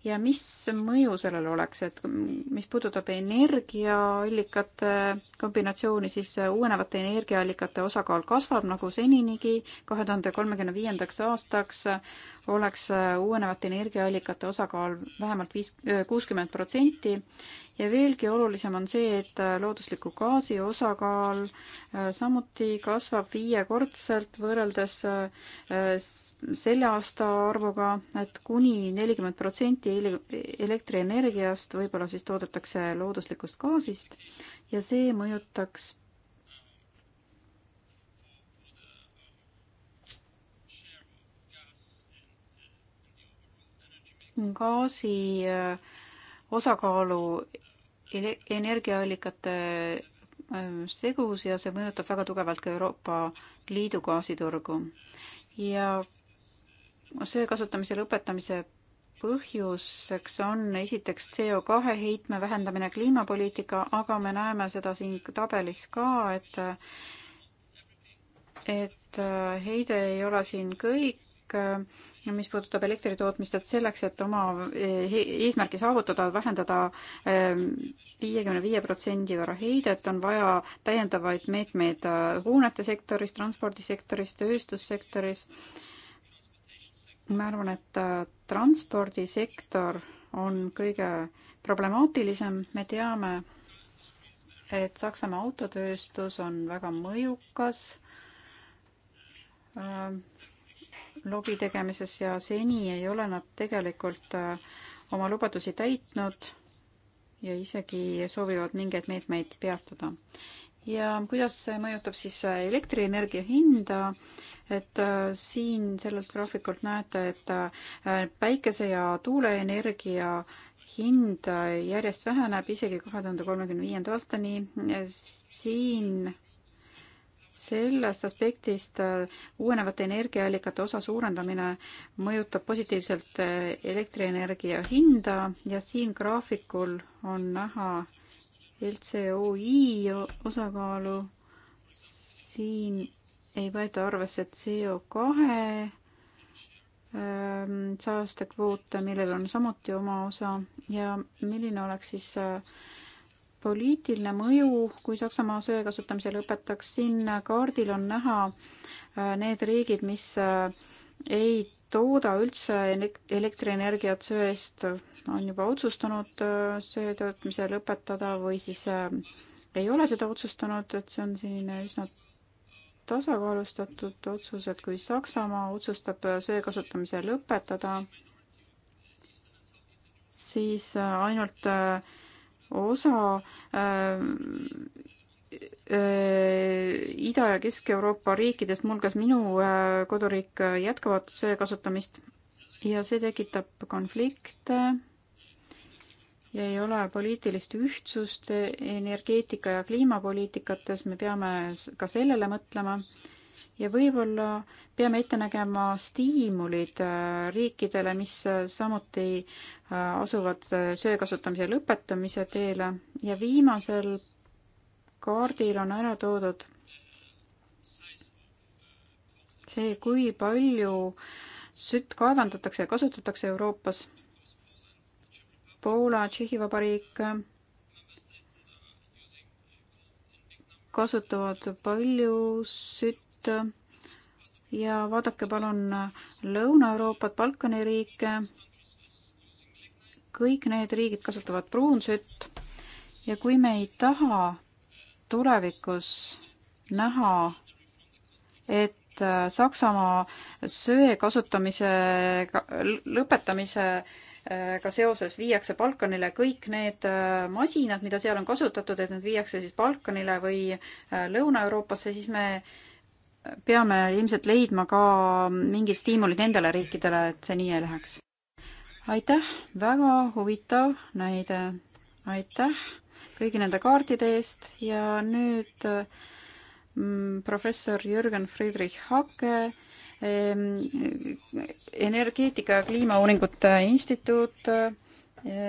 ja mis mõju sellel oleks, et mis puudutab energiaallikate kombinatsiooni, siis äh, uuenevate energiaallikate osakaal kasvab nagu seninigi. kahe tuhande kolmekümne viiendaks aastaks äh, oleks uuenevate energiaallikate osakaal vähemalt viis, kuuskümmend protsenti ja veelgi olulisem on see, et äh, loodusliku gaasi osakaal äh, samuti kasvab viiekordselt võrreldes äh, selle aasta arvuga et, et kuni nelikümmend protsenti elektrienergiast võib-olla siis toodetakse looduslikust gaasist ja see mõjutaks gaasi osakaalu energiaallikate äh, segus ja see mõjutab väga tugevalt ka Euroopa Liidu gaasiturgu. ja söe kasutamise lõpetamise põhjuseks on esiteks CO2 heitme vähendamine kliimapoliitika, aga me näeme seda siin tabelis ka, et et äh, heide ei ole siin kõik, äh, mis puudutab elektritootmist, et selleks, et oma e, eesmärki saavutada, vähendada ähm, viiekümne viie protsendi võrra heidet, on vaja täiendavaid meetmeid äh, hoonete sektoris, transpordisektoris, tööstussektoris. ma arvan, et äh, transpordisektor on kõige problemaatilisem, me teame, et Saksamaa autotööstus on väga mõjukas ähm, lobi tegemises ja seni ei ole nad tegelikult äh, oma lubadusi täitnud ja isegi soovivad mingeid meetmeid peatada. ja kuidas see mõjutab siis äh, elektrienergia hinda, et äh, siin sellelt graafikult näete, et päikese- ja tuuleenergia hind järjest väheneb isegi kahe tuhande kolmekümne viienda aastani. siin sellest aspektist äh, uuenevate energiaallikate osa suurendamine mõjutab positiivselt äh, elektrienergia hinda ja siin graafikul on näha LCOI osakaalu. siin ei võeta arvesse CO2 ähm, saastekvoote, millel on samuti oma osa ja milline oleks siis äh, poliitiline mõju, kui Saksamaa söe kasutamise lõpetaks, siin kaardil on näha äh, need riigid, mis äh, ei tooda üldse elektrienergiat söest, on juba otsustanud äh, söe tootmise lõpetada või siis ei ole seda otsustanud, et see on selline üsna tasakaalustatud otsus, et kui Saksamaa otsustab söe kasutamise lõpetada, siis ainult äh, osa ähm, äh, Ida- ja Kesk-Euroopa riikidest, muuhulgas minu äh, koduriik, äh, jätkavad söe kasutamist ja see tekitab konflikte ja ei ole poliitilist ühtsust energeetika ja kliimapoliitikates, me peame ka sellele mõtlema ja võib-olla peame ette nägema stiimulid äh, riikidele, mis äh, samuti äh, asuvad söe kasutamise lõpetamise teele ja viimasel kaardil on ära toodud see, kui palju sütt kaevandatakse ja kasutatakse Euroopas. Poola, Tšehhi Vabariik kasutavad palju sütt Liidut ja vaadake palun Lõuna-Euroopat, Balkani riike. kõik need riigid kasutavad pruunsütt ja kui me ei taha tulevikus näha, et äh, Saksamaa söe kasutamise lõpetamisega äh, seoses viiakse Balkanile kõik need äh, masinad, mida seal on kasutatud, et need viiakse siis Balkanile või Lõuna-Euroopasse, siis me peame ilmselt leidma ka mingid stiimulid nendele riikidele, et see nii ei läheks. aitäh, väga huvitav näide. aitäh kõigi nende kaartide eest ja nüüd mm, professor Jürgen Friedrich Hake, energeetika ja kliimauuringute instituut e,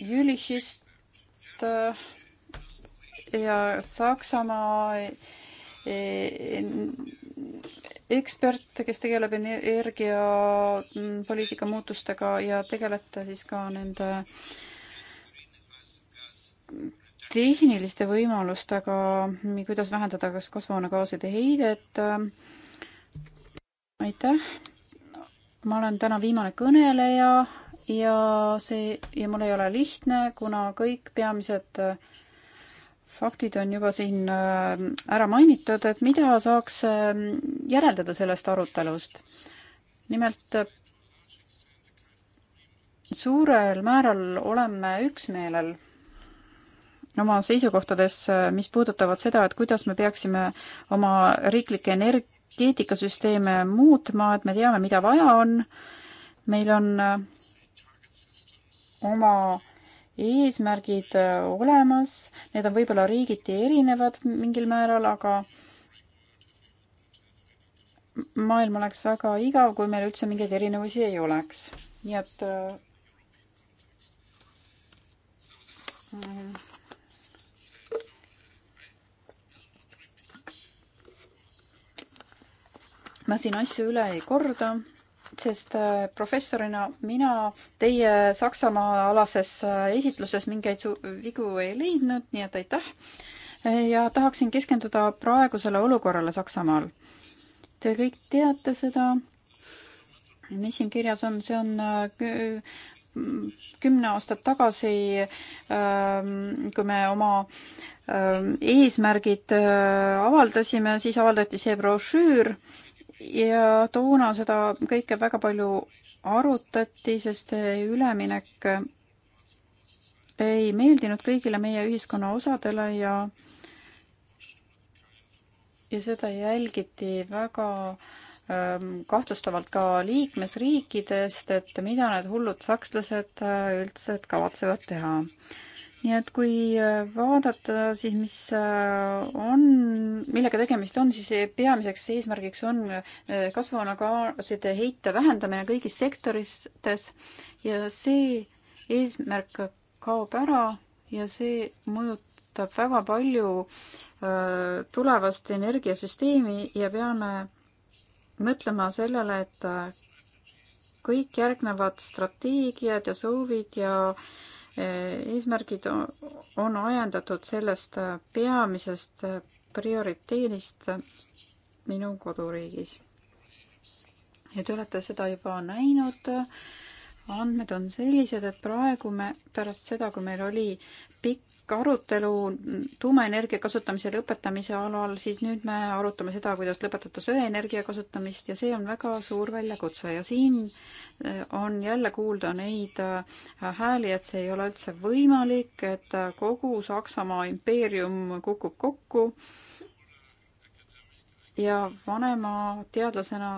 Jülichist e, ja Saksamaa Eh, ekspert, kes tegeleb energiapoliitika muutustega ja tegelete siis ka nende tehniliste võimalustega, kuidas vähendada kas kasvuhoonegaaside heidet. aitäh. ma olen täna viimane kõneleja ja see ja mul ei ole lihtne, kuna kõik peamised äh, faktid on juba siin äh, ära mainitud, et mida saaks ähm, järeldada sellest arutelust. nimelt äh, suurel määral oleme üksmeelel oma seisukohtades, äh, mis puudutavad seda, et kuidas me peaksime oma riiklikke energeetikasüsteeme muutma, et me teame, mida vaja on. meil on oma eesmärgid äh, olemas, need on võib-olla riigiti erinevad mingil määral, aga maailm oleks väga igav, kui meil üldse mingeid erinevusi ei oleks. nii et äh, ma siin asju üle ei korda sest professorina mina teie Saksamaa-alases äh, esitluses mingeid vigu ei leidnud, nii et aitäh. ja tahaksin keskenduda praegusele olukorrale Saksamaal. Te kõik teate seda, mis siin kirjas on, see on äh, kümme aastat tagasi, ähm, kui me oma ähm, eesmärgid äh, avaldasime, siis avaldati see brošüür ja toona seda kõike väga palju arutati, sest see üleminek ei meeldinud kõigile meie ühiskonna osadele ja ja seda jälgiti väga ähm, kahtlustavalt ka liikmesriikidest, et mida need hullud sakslased äh, üldse kavatsevad teha. nii et kui äh, vaadata, siis mis äh, on millega tegemist on, siis peamiseks eesmärgiks on äh, kasvuhoonegaaside heite vähendamine kõigis sektorites ja see eesmärk kaob ära ja see mõjutab väga palju äh, tulevast energiasüsteemi ja peame mõtlema sellele, et äh, kõik järgnevad strateegiad ja soovid ja eesmärgid on ajendatud sellest peamisest prioriteedist minu koduriigis. ja te olete seda juba näinud, andmed on sellised, et praegu me pärast seda, kui meil oli pikk pikk arutelu tuumaenergia kasutamise lõpetamise alal, siis nüüd me arutame seda, kuidas lõpetada söeenergia kasutamist ja see on väga suur väljakutse ja siin äh, on jälle kuulda neid äh, hääli, et see ei ole üldse võimalik, et äh, kogu Saksamaa impeerium kukub kokku. ja vanema teadlasena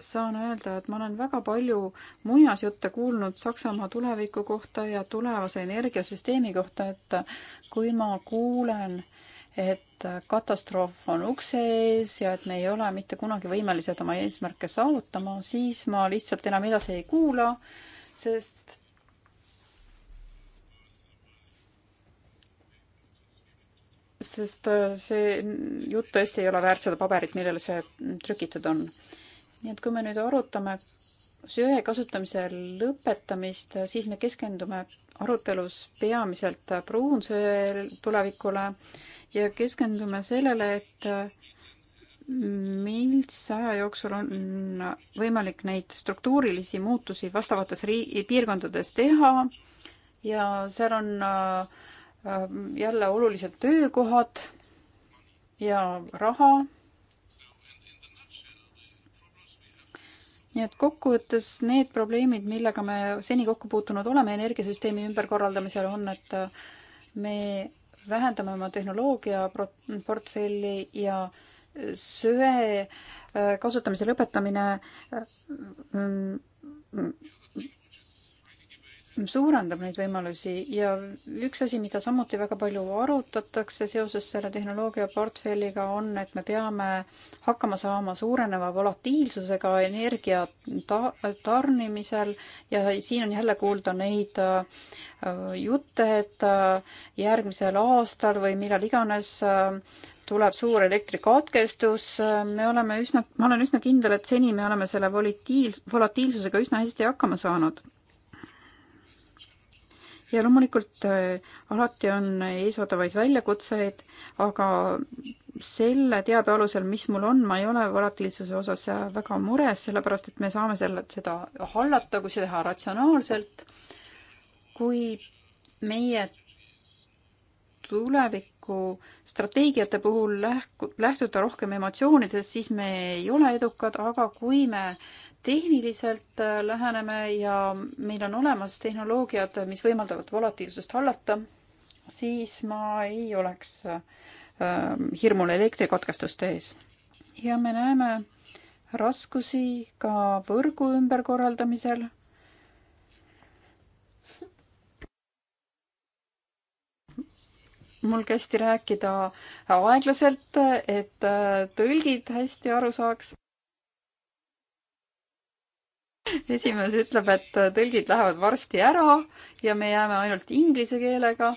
saan öelda, et ma olen väga palju muinasjutte kuulnud Saksamaa tuleviku kohta ja tulevase energiasüsteemi kohta, et kui ma kuulen, et katastroof on ukse ees ja et me ei ole mitte kunagi võimelised oma eesmärke saavutama, siis ma lihtsalt enam edasi ei kuula, sest sest see jutt tõesti ei ole väärt seda paberit, millele see trükitud on nii et kui me nüüd arutame söe kasutamise lõpetamist, siis me keskendume arutelus peamiselt pruunsöö tulevikule ja keskendume sellele, et mis aja jooksul on võimalik neid struktuurilisi muutusi vastavates riigi, piirkondades teha ja seal on äh, jälle olulised töökohad ja raha nii et kokkuvõttes need probleemid, millega me seni kokku puutunud oleme energiasüsteemi ümberkorraldamisel, on, et äh, me vähendame oma tehnoloogiaportfelli ja söe äh, kasutamise lõpetamine äh, mm, suurendab neid võimalusi ja üks asi, mida samuti väga palju arutatakse seoses selle tehnoloogiaportfelliga, on, et me peame hakkama saama suureneva volatiilsusega energia ta-, tarnimisel ja siin on jälle kuulda neid äh, jutte, et äh, järgmisel aastal või millal iganes äh, tuleb suur elektrikatkestus, me oleme üsna, ma olen üsna kindel, et seni me oleme selle volitiil-, volatiilsusega üsna hästi hakkama saanud ja loomulikult äh, alati on eesootavaid väljakutseid, aga selle teabe alusel, mis mul on, ma ei ole volatiilsuse osas väga mures, sellepärast et me saame selle, seda hallata, kui seda teha ratsionaalselt. kui meie tuleviku strateegiate puhul lähku, lähtuda rohkem emotsioonidest, siis me ei ole edukad, aga kui me äh, tehniliselt äh, läheneme ja meil on olemas tehnoloogiad, mis võimaldavad volatiilsust hallata, siis ma ei oleks ähm, hirmul elektrikatkestuste ees. ja me näeme raskusi ka võrgu ümberkorraldamisel. mul kästi rääkida aeglaselt, et äh, tõlgid hästi aru saaks esimees ütleb, et tõlgid lähevad varsti ära ja me jääme ainult inglise keelega.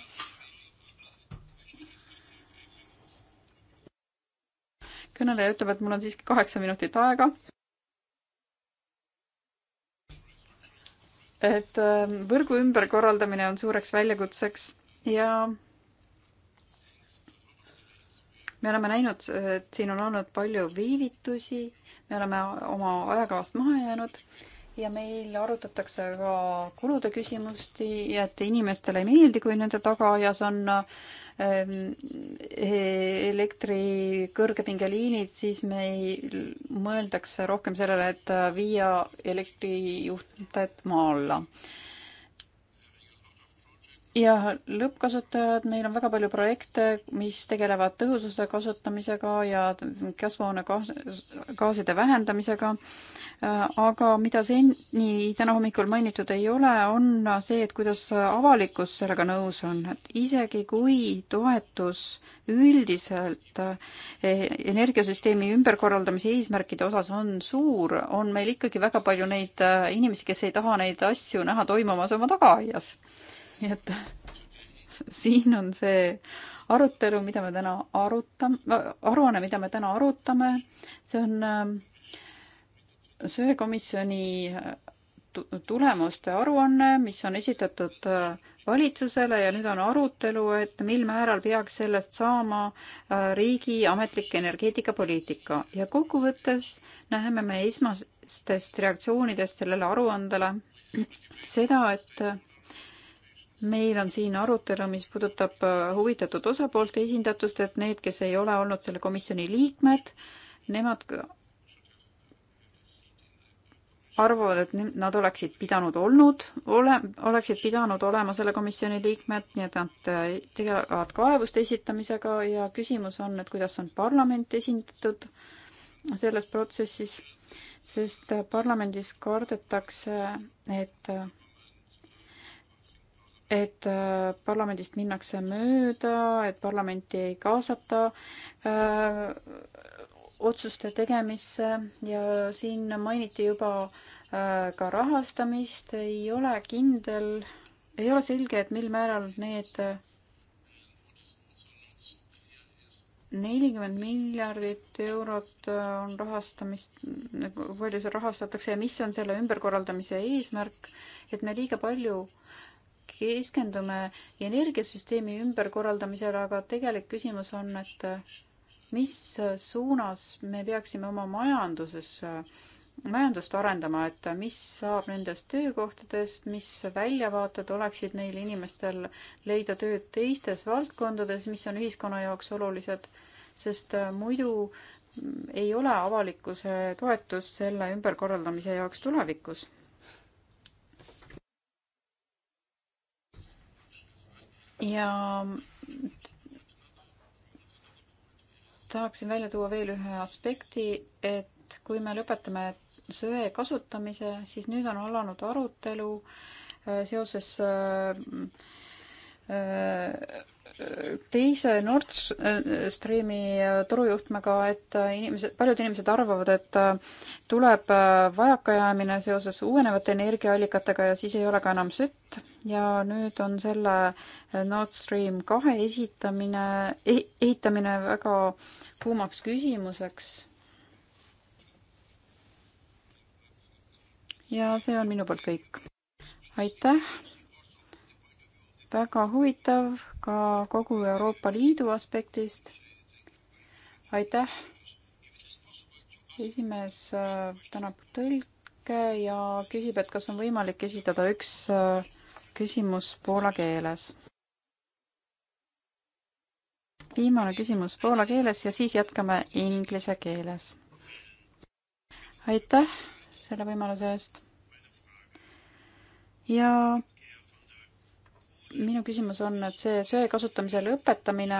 kõneleja ütleb, et mul on siiski kaheksa minutit aega. et ähm, võrgu ümberkorraldamine on suureks väljakutseks ja me oleme näinud, et siin on olnud palju viivitusi, me oleme oma ajakavast maha jäänud ja meil arutatakse ka kulude küsimust ja et inimestele ei meeldi, kui nende tagaaias on ähm, e-, elektri kõrgepingeliinid, siis meil mõeldakse rohkem sellele, et viia elektrijuhtmed maa alla. ja lõppkasutajad, meil on väga palju projekte, mis tegelevad tõhususe kasutamisega ja kasvuhoonegaaside vähendamisega aga mida seni täna hommikul mainitud ei ole, on see, et kuidas avalikkus sellega nõus on, et isegi kui toetus üldiselt eh, energiasüsteemi ümberkorraldamise eesmärkide osas on suur, on meil ikkagi väga palju neid eh, inimesi, kes ei taha neid asju näha toimumas oma tagaaias. nii et <laughs> siin on see arutelu, mida me täna arutame, aruanne, mida me täna arutame, see on eh, see komisjoni äh, tulemuste aruanne, mis on esitatud äh, valitsusele ja nüüd on arutelu, et mil määral peaks sellest saama äh, riigi ametlik energeetikapoliitika ja kokkuvõttes näeme me esmastest reaktsioonidest sellele aruandele <clears throat> seda, et meil on siin arutelu, mis puudutab huvitatud osapoolte esindatust, et need, kes ei ole olnud selle komisjoni liikmed, nemad arvavad, et nad oleksid pidanud olnud, ole, oleksid pidanud olema selle komisjoni liikmed, nii et nad äh, tegelevad kaebuste esitamisega ja küsimus on, et kuidas on parlament esindatud selles protsessis, sest äh, parlamendis kardetakse, et äh, et parlamendist minnakse mööda, et parlamenti ei kaasata äh, otsuste tegemisse ja siin mainiti juba äh, ka rahastamist, ei ole kindel, ei ole selge, et mil määral need äh, nelikümmend miljardit eurot äh, on rahastamist, palju seal rahastatakse ja mis on selle ümberkorraldamise eesmärk, et me liiga palju keskendume energiasüsteemi ümberkorraldamisele, aga tegelik küsimus on, et mis suunas me peaksime oma majanduses, majandust arendama, et mis saab nendest töökohtadest, mis väljavaated oleksid neil inimestel leida tööd teistes valdkondades, mis on ühiskonna jaoks olulised, sest muidu ei ole avalikkuse toetust selle ümberkorraldamise jaoks tulevikus. ja tahaksin välja tuua veel ühe aspekti, et kui me lõpetame söe kasutamise, siis nüüd on alanud arutelu äh, seoses äh, äh, teise Nord äh, Streami äh, torujuhtmega, et äh, inimesed, paljud inimesed arvavad, et tuleb vajakajäämine seoses uuenevate energiaallikatega ja siis ei ole ka enam sütt ja nüüd on selle Nord Stream kahe esitamine eh,, ehitamine väga kuumaks küsimuseks. ja see on minu poolt kõik. aitäh väga huvitav ka kogu Euroopa Liidu aspektist. aitäh. esimees äh, tänab tõlke ja küsib, et kas on võimalik esitada üks äh, küsimus poola keeles. viimane küsimus poola keeles ja siis jätkame inglise keeles. aitäh selle võimaluse eest. ja minu küsimus on, et see söe kasutamise lõpetamine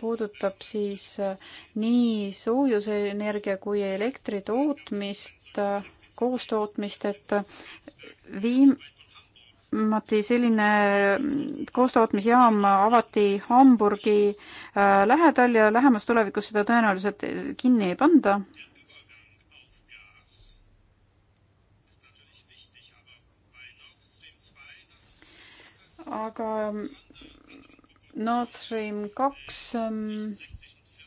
puudutab siis äh, nii soojusenergia kui elektri tootmist, äh, koostootmist, et äh, viimati selline koostootmisjaam avati Hamburgi lähedal ja lähemas tulevikus seda tõenäoliselt kinni ei panda. aga ähm, Nord Stream kaks, ähm,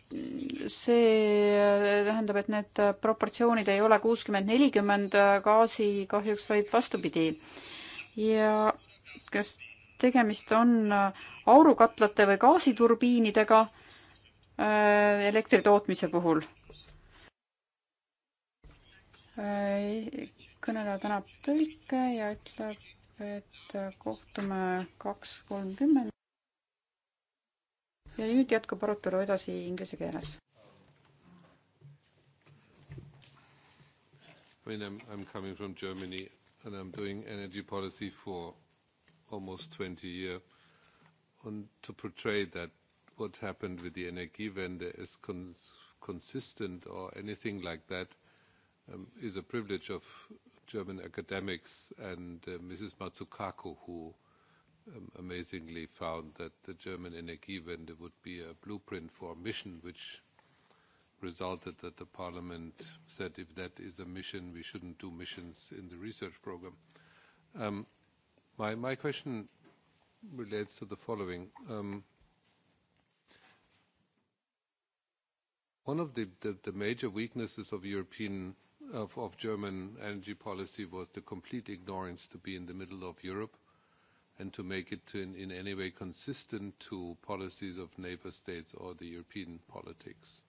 see äh, tähendab, et need äh, proportsioonid ei ole kuuskümmend, nelikümmend äh, gaasi kahjuks, vaid vastupidi. ja kas tegemist on aurukatlate või gaasiturbiinidega elektri tootmise puhul? kõneleja tänab tõlke ja ütleb et kohtume kaks kolmkümmend. ja nüüd jätkub arutelu edasi inglise keeles. I mean, I'm, I'm coming from Germany and I'm doing energy policy for almost 20 years. And to portray that what happened with the Energiewende is cons consistent or anything like that um, is a privilege of German academics and uh, Mrs. Matsukaku, who um, amazingly found that the German Energiewende would be a blueprint for a mission, which resulted that the parliament said if that is a mission, we shouldn't do missions in the research program. Um, my, my question relates to the following. Um, one of the, the, the major weaknesses of European of, of German energy policy was the complete ignorance to be in the middle of Europe and to make it in, in any way consistent to policies of neighbor states or the European politics.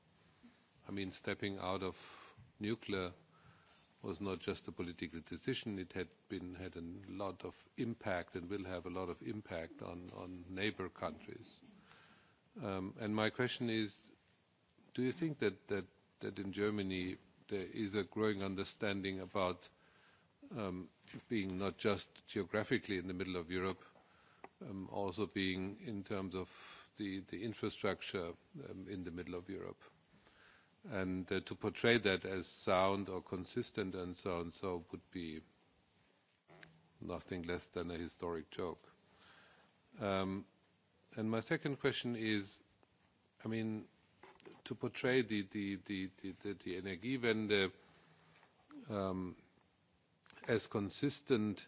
I mean, stepping out of nuclear was not just a political decision. It had been had a lot of impact and will have a lot of impact on, on neighbor countries. Um, and my question is, do you think that, that, that in Germany there is a growing understanding about um, being not just geographically in the middle of Europe, um, also being in terms of the, the infrastructure um, in the middle of Europe. And uh, to portray that as sound or consistent and so on so would be nothing less than a historic joke. Um, and my second question is, I mean, to portray the, the, the, the, the Energiewende um, as consistent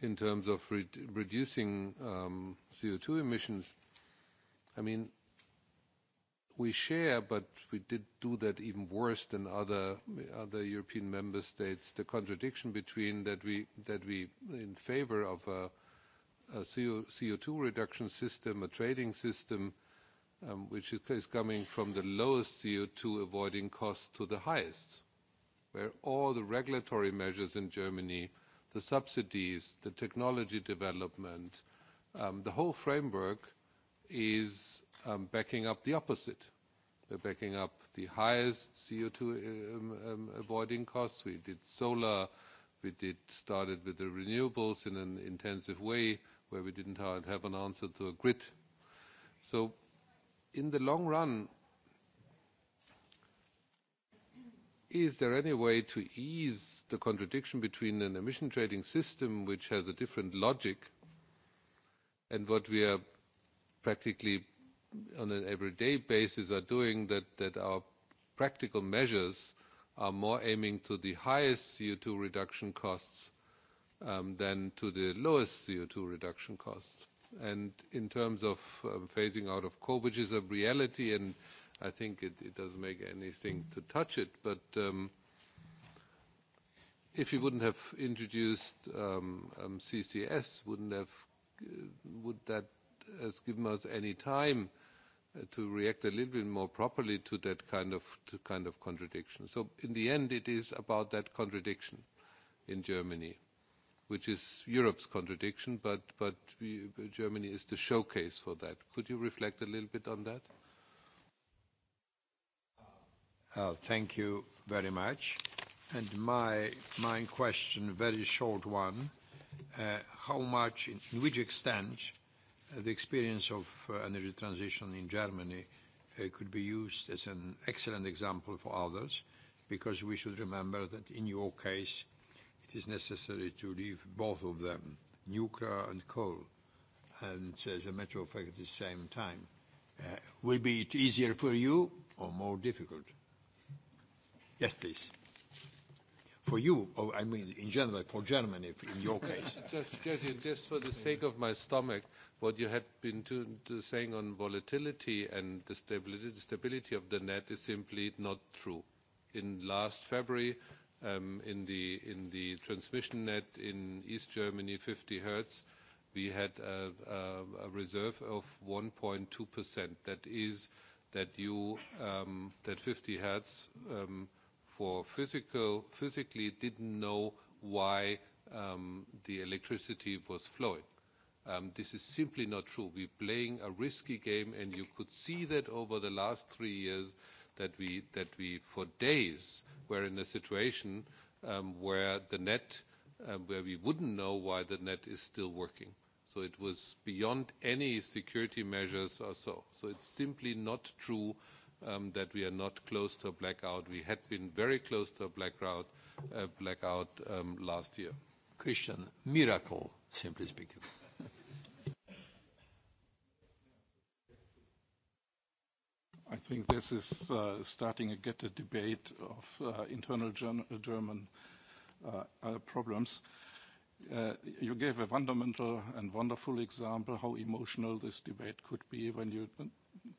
in terms of re reducing um, CO2 emissions, I mean, we share, but we did do that even worse than other other European member states. The contradiction between that we that we in favor of a, a CO, CO2 reduction system, a trading system, um, which is coming from the lowest CO2 avoiding costs to the highest, where all the regulatory measures in Germany, the subsidies, the technology development, um, the whole framework is um, backing up the opposite. They're backing up the highest CO2 um, um, avoiding costs. We did solar, we did started with the renewables in an intensive way, where we didn't have an answer to a grid. So in the long run, is there any way to ease the contradiction between an emission trading system, which has a different logic, and what we are practically on an everyday basis are doing, that, that our practical measures are more aiming to the highest CO2 reduction costs um, than to the lowest CO2 reduction costs? And in terms of um, phasing out of coal, which is a reality, and I think it, it doesn't make anything to touch it, but um, if you wouldn't have introduced um, um, CCS, wouldn't have, uh, would that has given us any time uh, to react a little bit more properly to that kind of, to kind of contradiction. So in the end, it is about that contradiction in Germany which is Europe's contradiction, but, but we, Germany is the showcase for that. Could you reflect a little bit on that? Uh, uh thank you very much. And my, my question, very short one, uh, how much, in, in which extent, uh, the experience of uh, energy transition in Germany uh, could be used as an excellent example for others? Because we should remember that in your case, it is necessary to leave both of them, nuclear and coal. And uh, as a matter of fact, at the same time, uh, will be it easier for you or more difficult? Yes, please. For you, or I mean, in general, for Germany, in your case. <laughs> just, just, just for the sake of my stomach, what you had been to, to saying on volatility and the stability, the stability of the net is simply not true. In last February, um, in, the, in the transmission net in East Germany, 50 hertz, we had a, a, a reserve of 1.2%. That is that you um, that 50 hertz um, for physical physically didn't know why um, the electricity was flowing. Um, this is simply not true. We're playing a risky game, and you could see that over the last three years that we, that we for days were in a situation um, where the net, um, where we wouldn't know why the net is still working. So it was beyond any security measures or so. So it's simply not true um, that we are not close to a blackout. We had been very close to a blackout, uh, blackout um, last year. Christian, miracle, simply speaking. I think this is uh, starting to get a debate of uh, internal German, uh, German uh, uh, problems. Uh, you gave a fundamental and wonderful example how emotional this debate could be when you uh,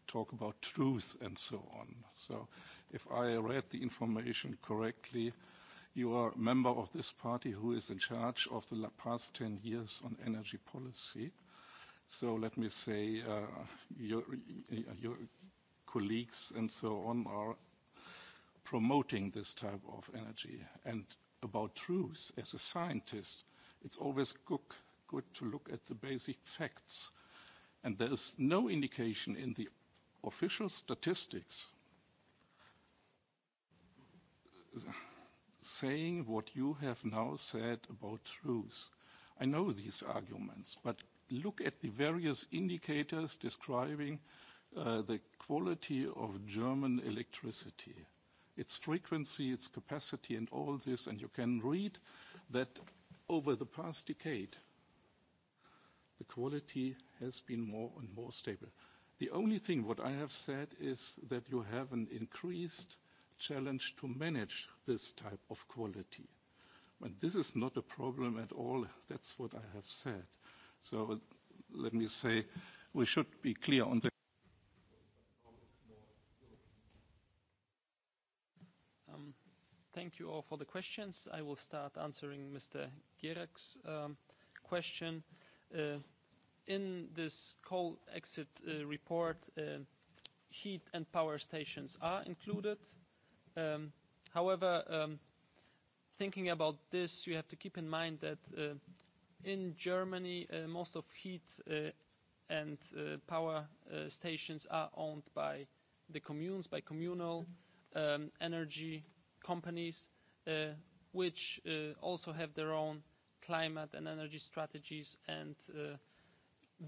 talk about truth and so on. So if I read the information correctly, you are a member of this party who is in charge of the past 10 years on energy policy. So let me say uh, your, your colleagues and so on are promoting this type of energy. And about truth, as a scientist, it's always good, good to look at the basic facts. And there is no indication in the official statistics saying what you have now said about truth. I know these arguments, but look at the various indicators describing uh, uh, the quality of German electricity, its frequency, its capacity, and all this, and you can read that over the past decade, the quality has been more and more stable. The only thing what I have said is that you have an increased challenge to manage this type of quality. And this is not a problem at all. That's what I have said. So let me say we should be clear on the Thank you all for the questions. I will start answering Mr. Gierek's um, question. Uh, in this coal exit uh, report, uh, heat and power stations are included. Um, however, um, thinking about this, you have to keep in mind that uh, in Germany, uh, most of heat uh, and uh, power uh, stations are owned by the communes, by communal um, energy companies uh, which uh, also have their own climate and energy strategies and uh,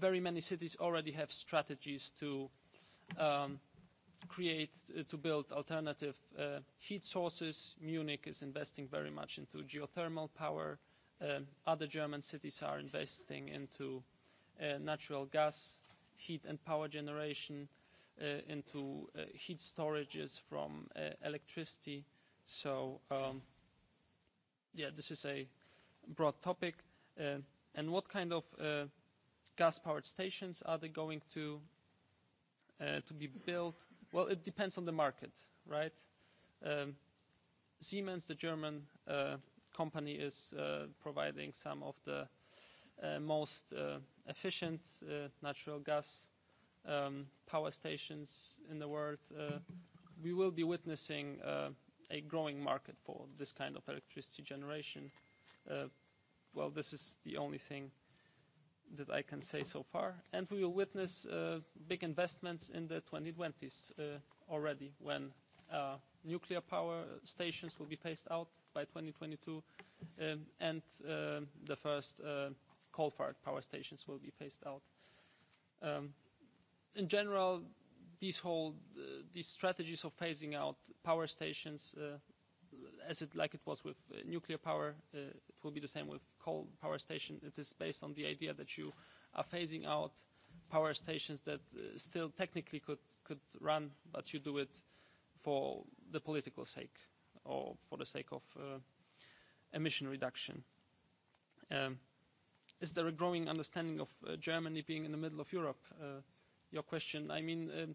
very many cities already have strategies to um, create uh, to build alternative uh, heat sources. Munich is investing very much into geothermal power. Um, other German cities are investing into uh, natural gas, heat and power generation, uh, into uh, heat storages from uh, electricity. Uh, So, um, yeah, this is a broad topic. Uh, and what kind of uh, gas-powered stations are they going to uh, to be built? Well, it depends on the market, right? Um, Siemens, the German uh, company, is uh, providing some of the uh, most uh, efficient uh, natural gas um, power stations in the world. Uh, we will be witnessing uh, a growing market for this kind of electricity generation. Uh, well, this is the only thing that I can say so far. And we will witness uh, big investments in the 2020s uh, already when uh, nuclear power stations will be phased out by 2022 um, and uh, the first uh, coal-fired power stations will be phased out. Um, in general, these whole uh, these strategies of phasing out power stations, uh, as it like it was with uh, nuclear power, uh, it will be the same with coal power station. It is based on the idea that you are phasing out power stations that uh, still technically could could run, but you do it for the political sake or for the sake of uh, emission reduction. Um, is there a growing understanding of uh, Germany being in the middle of Europe? Uh, your question. I mean, um,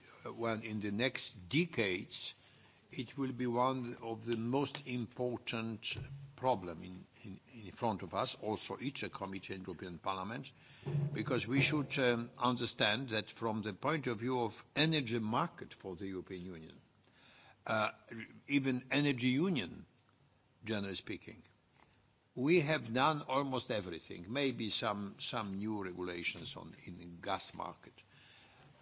when in the next decades it will be one of the most important problem in, in, in front of us, also each committee in European Parliament, because we should um, understand that from the point of view of energy market for the European Union, uh, even energy union, generally speaking, we have done almost everything, maybe some, some new regulations on, in the gas market. Uh,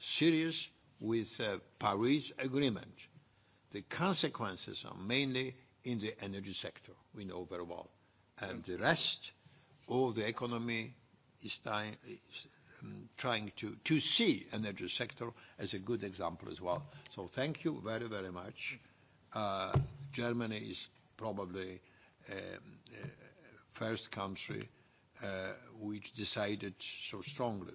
serious with the uh, Paris Agreement. The consequences are mainly in the energy sector, we know very well. And the rest of the economy is, ty- is um, trying to, to see energy sector as a good example as well. So thank you very, very much. Uh, Germany is probably um, uh, first country uh, which decided so strongly